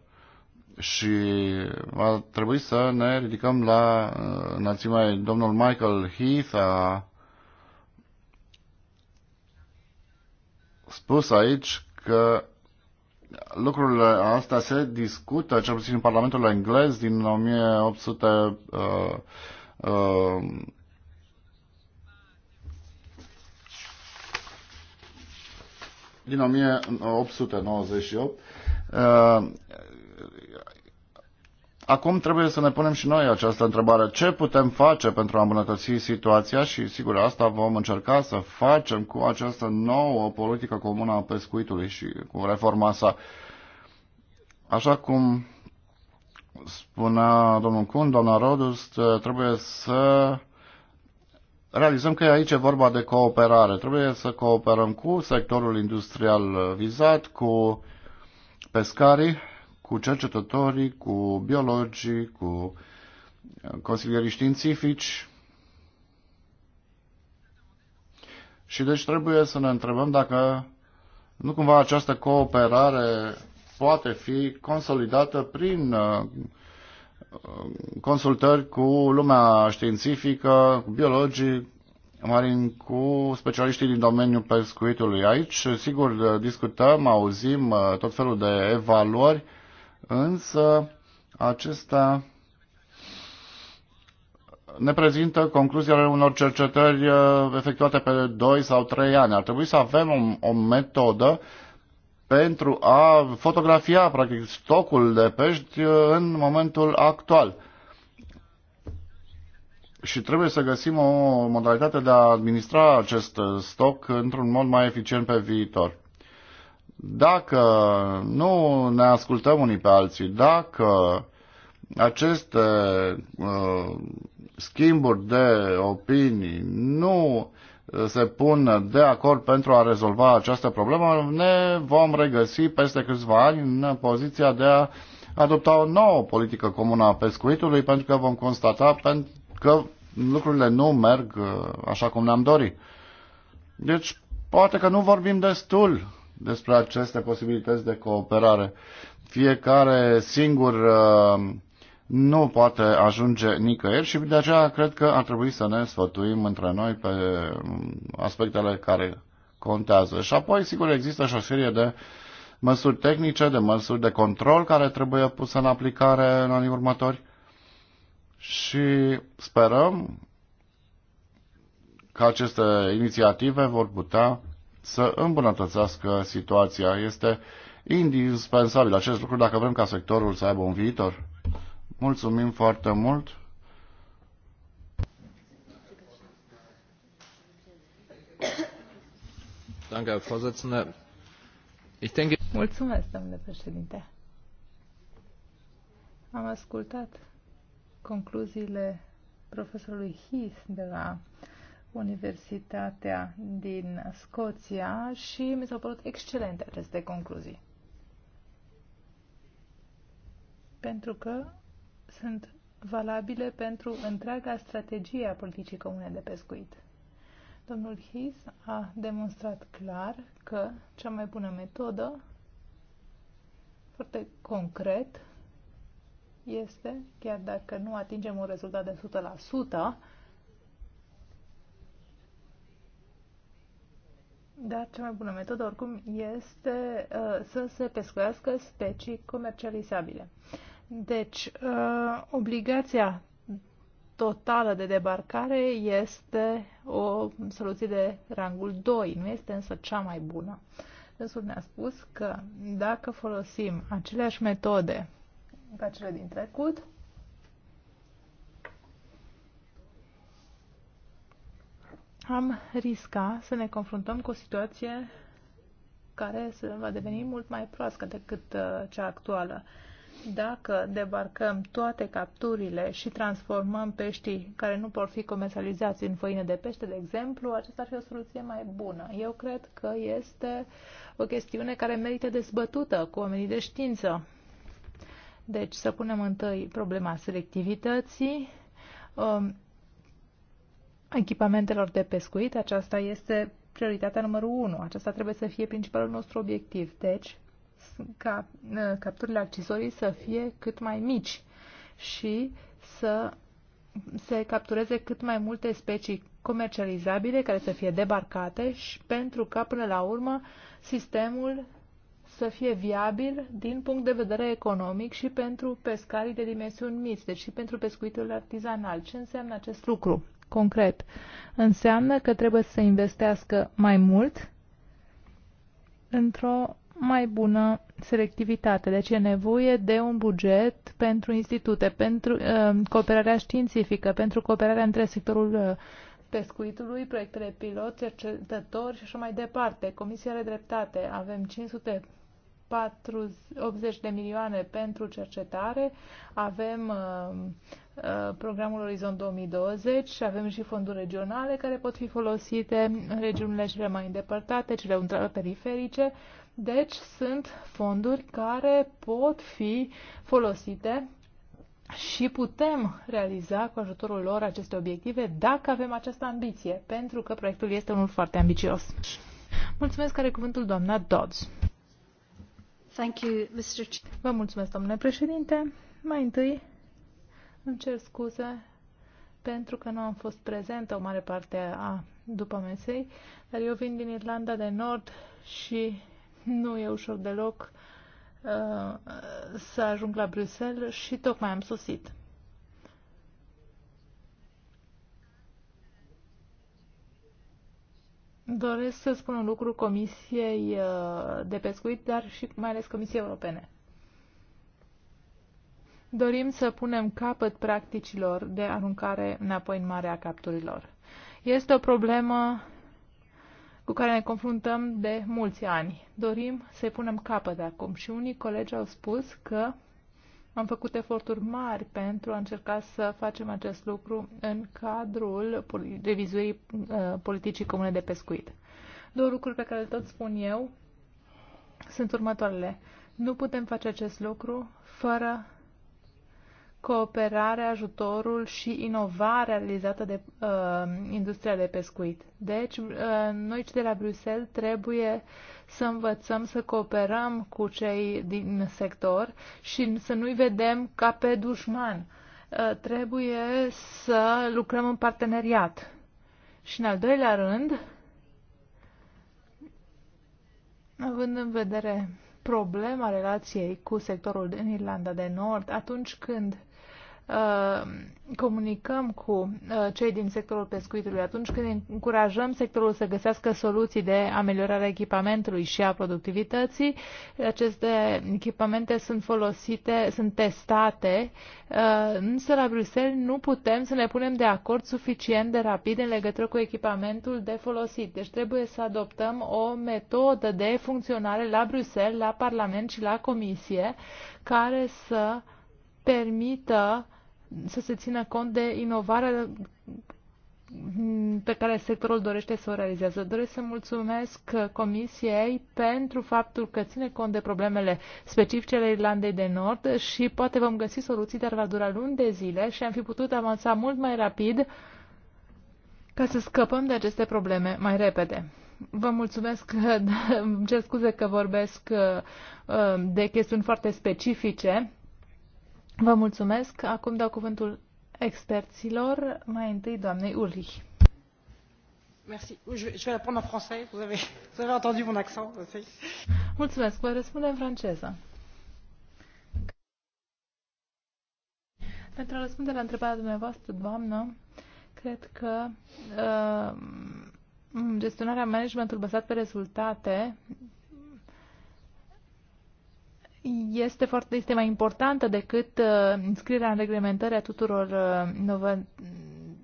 A: și va trebui să ne ridicăm la uh, înălțimea domnul Michael Heath a spus aici că lucrurile astea se discută, cel puțin în Parlamentul englez din 1800. Uh, uh, 1898 Acum trebuie să ne punem și noi această întrebare. Ce putem face pentru a îmbunătăți situația? Și sigur, asta vom încerca să facem cu această nouă politică comună a pescuitului și cu reforma sa. Așa cum spunea domnul Cun, doamna Rodus, trebuie să realizăm că aici e vorba de cooperare. Trebuie să cooperăm cu sectorul industrial vizat, cu pescarii cu cercetătorii, cu biologii, cu uh, consilierii științifici. Și deci trebuie să ne întrebăm dacă nu cumva această cooperare poate fi consolidată prin uh, consultări cu lumea științifică, cu biologii, Marin, cu specialiștii din domeniul pescuitului aici. Sigur, discutăm, auzim uh, tot felul de evaluări însă acesta ne prezintă concluziile unor cercetări uh, efectuate pe 2 sau 3 ani. Ar trebui să avem o, o metodă pentru a fotografia, practic, stocul de pești uh, în momentul actual. Și trebuie să găsim o modalitate de a administra acest stoc într-un mod mai eficient pe viitor. Dacă nu ne ascultăm unii pe alții, dacă aceste uh, schimburi de opinii nu se pun de acord pentru a rezolva această problemă, ne vom regăsi peste câțiva ani în poziția de a adopta o nouă politică comună a pescuitului, pentru că vom constata că lucrurile nu merg uh, așa cum ne-am dorit. Deci, poate că nu vorbim destul despre aceste posibilități de cooperare. Fiecare singur uh, nu poate ajunge nicăieri și de aceea cred că ar trebui să ne sfătuim între noi pe um, aspectele care contează. Și apoi, sigur, există și o serie de măsuri tehnice, de măsuri de control care trebuie puse în aplicare în anii următori și sperăm că aceste inițiative vor putea să îmbunătățească situația. Este indispensabil acest lucru dacă vrem ca sectorul să aibă un viitor. Mulțumim foarte mult!
B: Mulțumesc, domnule președinte. Am ascultat concluziile profesorului Heath de la Universitatea din Scoția și mi s-au părut excelente aceste concluzii. Pentru că sunt valabile pentru întreaga strategie a politicii comune de pescuit. Domnul His a demonstrat clar că cea mai bună metodă, foarte concret, este, chiar dacă nu atingem un rezultat de 100%, Da, cea mai bună metodă, oricum, este uh, să se pescuiască specii comercializabile. Deci, uh, obligația totală de debarcare este o soluție de rangul 2, nu este însă cea mai bună. Dânsul ne-a spus că dacă folosim aceleași metode ca cele din trecut, am risca să ne confruntăm cu o situație care se va deveni mult mai proastă decât uh, cea actuală. Dacă debarcăm toate capturile și transformăm peștii care nu pot fi comercializați în făină de pește, de exemplu, aceasta ar fi o soluție mai bună. Eu cred că este o chestiune care merită dezbătută cu oamenii de știință. Deci să punem întâi problema selectivității, um, echipamentelor de pescuit. Aceasta este prioritatea numărul 1. Aceasta trebuie să fie principalul nostru obiectiv. Deci, ca uh, capturile accesorii să fie cât mai mici și să se captureze cât mai multe specii comercializabile care să fie debarcate și pentru ca până la urmă sistemul să fie viabil din punct de vedere economic și pentru pescarii de dimensiuni mici, deci și pentru pescuitul artizanal. Ce înseamnă acest lucru? concret. Înseamnă că trebuie să investească mai mult într-o mai bună selectivitate. Deci e nevoie de un buget pentru institute, pentru uh, cooperarea științifică, pentru cooperarea între sectorul uh, pescuitului, proiectele pilot, cercetători și așa mai departe. Comisia are dreptate. Avem 500 40, 80 de milioane pentru cercetare, avem uh, uh, programul Orizont 2020 și avem și fonduri regionale care pot fi folosite în regiunile cele mai îndepărtate, cele ultraperiferice. Deci sunt fonduri care pot fi folosite și putem realiza cu ajutorul lor aceste obiective dacă avem această ambiție, pentru că proiectul este unul foarte ambicios. Mulțumesc, care cuvântul doamna Dodds. Thank you, Mr. Vă mulțumesc, domnule președinte. Mai întâi, îmi cer scuze pentru că nu am fost prezentă o mare parte a după mesei, dar eu vin din Irlanda de Nord și nu e ușor deloc uh, să ajung la Bruxelles și tocmai am sosit. Doresc să spun un lucru Comisiei uh, de Pescuit, dar și mai ales Comisiei Europene. Dorim să punem capăt practicilor de aruncare înapoi în marea capturilor. Este o problemă cu care ne confruntăm de mulți ani. Dorim să-i punem capăt acum și unii colegi au spus că am făcut eforturi mari pentru a încerca să facem acest lucru în cadrul revizuirii uh, politicii comune de pescuit. Două lucruri pe care le tot spun eu sunt următoarele. Nu putem face acest lucru fără cooperare, ajutorul și inovarea realizată de uh, industria de pescuit. Deci, uh, noi de la Bruxelles trebuie să învățăm să cooperăm cu cei din sector și să nu-i vedem ca pe dușman. Uh, trebuie să lucrăm în parteneriat. Și în al doilea rând, având în vedere problema relației cu sectorul din Irlanda de Nord, atunci când Uh, comunicăm cu uh, cei din sectorul pescuitului atunci când încurajăm sectorul să găsească soluții de ameliorare a echipamentului și a productivității. Aceste echipamente sunt folosite, sunt testate, uh, însă la Bruxelles nu putem să ne punem de acord suficient de rapid în legătură cu echipamentul de folosit. Deci trebuie să adoptăm o metodă de funcționare la Bruxelles, la Parlament și la Comisie care să permită să se țină cont de inovarea pe care sectorul dorește să o realizează. Doresc să mulțumesc Comisiei pentru faptul că ține cont de problemele specifice ale Irlandei de Nord și poate vom găsi soluții, dar va dura luni de zile și am fi putut avansa mult mai rapid ca să scăpăm de aceste probleme mai repede. Vă mulțumesc, (laughs) îmi cer scuze că vorbesc uh, de chestiuni foarte specifice Vă mulțumesc. Acum dau cuvântul experților, mai întâi doamnei Ulrich. Merci. Je vais, je la prendre en français. Vous avez, vous avez entendu mon accent. Mulțumesc. Voi răspunde în franceză. Pentru a răspunde la întrebarea dumneavoastră, doamnă, cred că uh, gestionarea managementul bazat pe rezultate este, foarte, este mai importantă decât uh, înscrierea în reglementări a tuturor uh,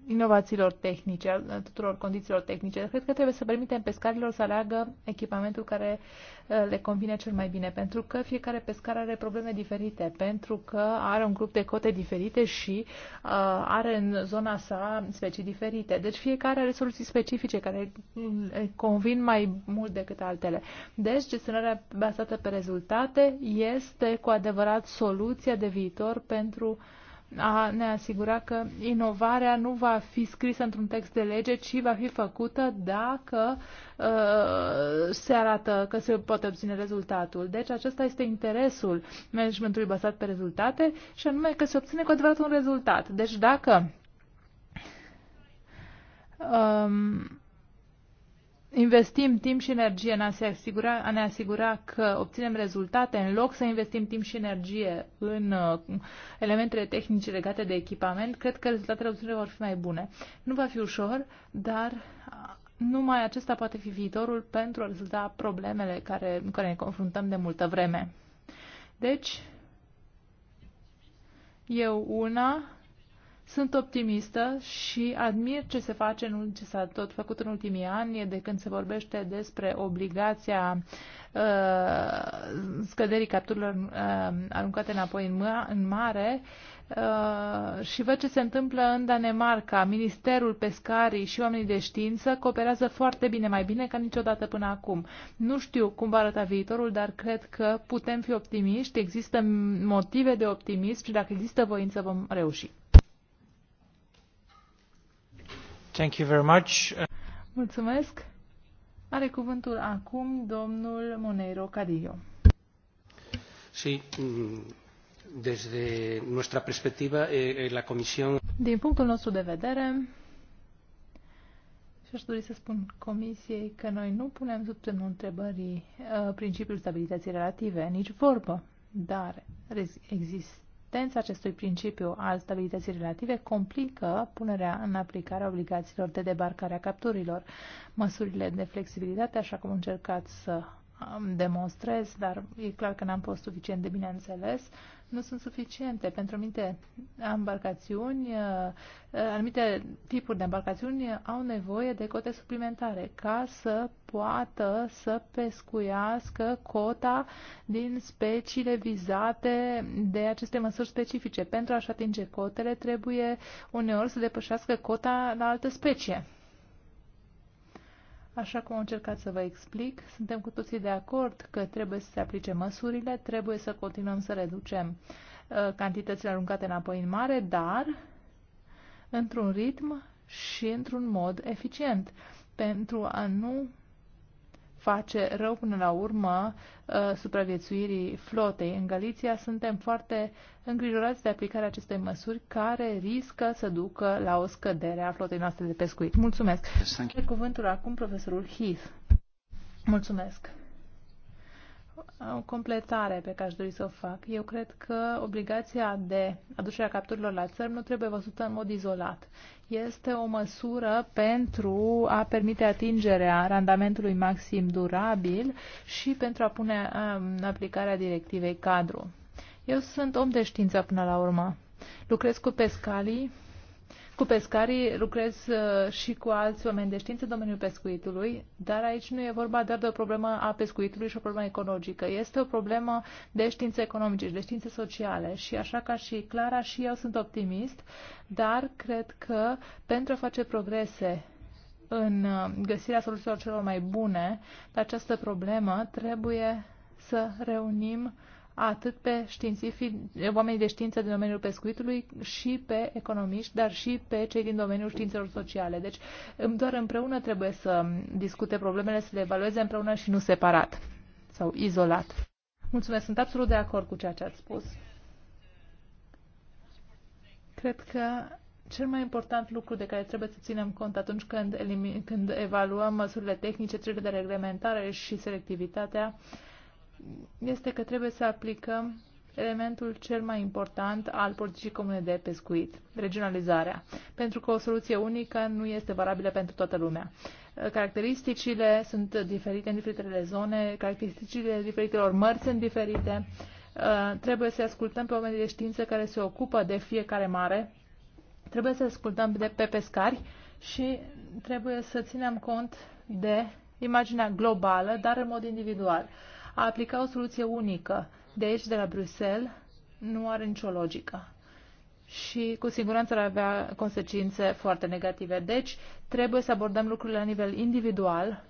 B: inovațiilor tehnice, al tuturor condițiilor tehnice. Cred că trebuie să permitem pescarilor să aleagă echipamentul care uh, le convine cel mai bine, pentru că fiecare pescar are probleme diferite, pentru că are un grup de cote diferite și uh, are în zona sa specii diferite. Deci fiecare are soluții specifice care mm, convin mai mult decât altele. Deci gestionarea bazată pe rezultate este cu adevărat soluția de viitor pentru uh, a ne asigura că inovarea nu va fi scrisă într-un text de lege, ci va fi făcută dacă uh, se arată că se poate obține rezultatul. Deci acesta este interesul managementului bazat pe rezultate și anume că se obține cu adevărat un rezultat. Deci dacă um, investim timp și energie în a, se asigura, a ne asigura că obținem rezultate, în loc să investim timp și energie în uh, elementele tehnice legate de echipament, cred că rezultatele obținute vor fi mai bune. Nu va fi ușor, dar uh, numai acesta poate fi viitorul pentru a rezolva problemele care, în care ne confruntăm de multă vreme. Deci, eu una sunt optimistă și admir ce se face, în, ce s-a tot făcut în ultimii ani, de când se vorbește despre obligația uh, scăderii capturilor uh, aruncate înapoi în, ma- în mare. Uh, și văd ce se întâmplă în Danemarca. Ministerul Pescarii și oamenii de știință cooperează foarte bine, mai bine ca niciodată până acum. Nu știu cum va arăta viitorul, dar cred că putem fi optimiști, există motive de optimism și dacă există voință vom reuși.
A: Thank you very much.
B: Mulțumesc. Are cuvântul acum domnul Monero Cadillo.
C: Sí, mm, desde nuestra perspectiva, eh, eh, la Comisión...
B: Din punctul nostru de vedere, și aș dori să spun Comisiei că noi nu punem sub semnul întrebării uh, principiul stabilității relative, nici vorbă, dar există Independența acestui principiu al stabilității relative complică punerea în aplicare a obligațiilor de debarcare a capturilor. Măsurile de flexibilitate, așa cum încercați să um, demonstrez, dar e clar că n-am fost suficient de bine înțeles, nu sunt suficiente. Pentru anumite embarcațiuni, uh, uh, anumite tipuri de embarcațiuni au nevoie de cote suplimentare ca să poată să pescuiască cota din speciile vizate de aceste măsuri specifice. Pentru a-și atinge cotele, trebuie uneori să depășească cota la altă specie. Așa cum am încercat să vă explic, suntem cu toții de acord că trebuie să se aplice măsurile, trebuie să continuăm să reducem uh, cantitățile aruncate înapoi în mare, dar într-un ritm și într-un mod eficient pentru a nu face rău până la urmă uh, supraviețuirii flotei. În Galiția suntem foarte îngrijorați de aplicarea acestei măsuri care riscă să ducă la o scădere a flotei noastre de pescuit. Mulțumesc. Mulțumesc. Cuvântul acum profesorul Heath. Mulțumesc o completare pe care aș dori să o fac. Eu cred că obligația de a capturilor la țări nu trebuie văzută în mod izolat. Este o măsură pentru a permite atingerea randamentului maxim durabil și pentru a pune în um, aplicarea directivei cadru. Eu sunt om de știință până la urmă. Lucrez cu pescalii cu pescarii, lucrez uh, și cu alți oameni de știință în domeniul pescuitului, dar aici nu e vorba doar de o problemă a pescuitului și o problemă ecologică. Este o problemă de științe economice și de științe sociale și așa ca și Clara și eu sunt optimist, dar cred că pentru a face progrese în uh, găsirea soluțiilor celor mai bune de această problemă trebuie să reunim uh, atât pe științific, oamenii de știință din domeniul pescuitului și pe economiști, dar și pe cei din domeniul științelor sociale. Deci doar împreună trebuie să discute problemele, să le evalueze împreună și nu separat sau izolat. Mulțumesc, sunt absolut de acord cu ceea ce ați spus. Cred că cel mai important lucru de care trebuie să ținem cont atunci când, când evaluăm măsurile tehnice, cele de reglementare și selectivitatea uh, este că trebuie să aplicăm elementul cel mai important al politicii comune de pescuit, regionalizarea, pentru că o soluție unică nu este valabilă pentru toată lumea. Caracteristicile sunt diferite în diferitele zone, caracteristicile diferitelor mări sunt diferite. Uh, trebuie să ascultăm pe oamenii de știință care se ocupă de fiecare mare, trebuie să ascultăm de pe pescari și trebuie să ținem cont de imaginea globală, dar în mod individual. A aplica o soluție unică de aici, de la Bruxelles, nu are nicio logică și cu siguranță ar avea consecințe foarte negative. Deci, trebuie să abordăm lucrurile la nivel individual,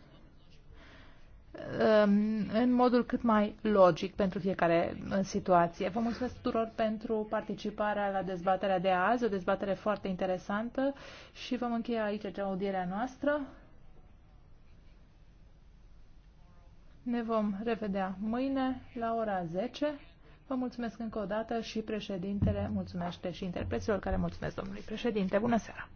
B: um, în modul cât mai logic pentru fiecare uh, situație. Vă mulțumesc tuturor pentru participarea la dezbaterea de azi, o dezbatere foarte interesantă și vom încheia aici audierea noastră. Ne vom revedea mâine la ora 10. Vă mulțumesc încă o dată și președintele mulțumește și interpreților care mulțumesc domnului președinte. Bună seara!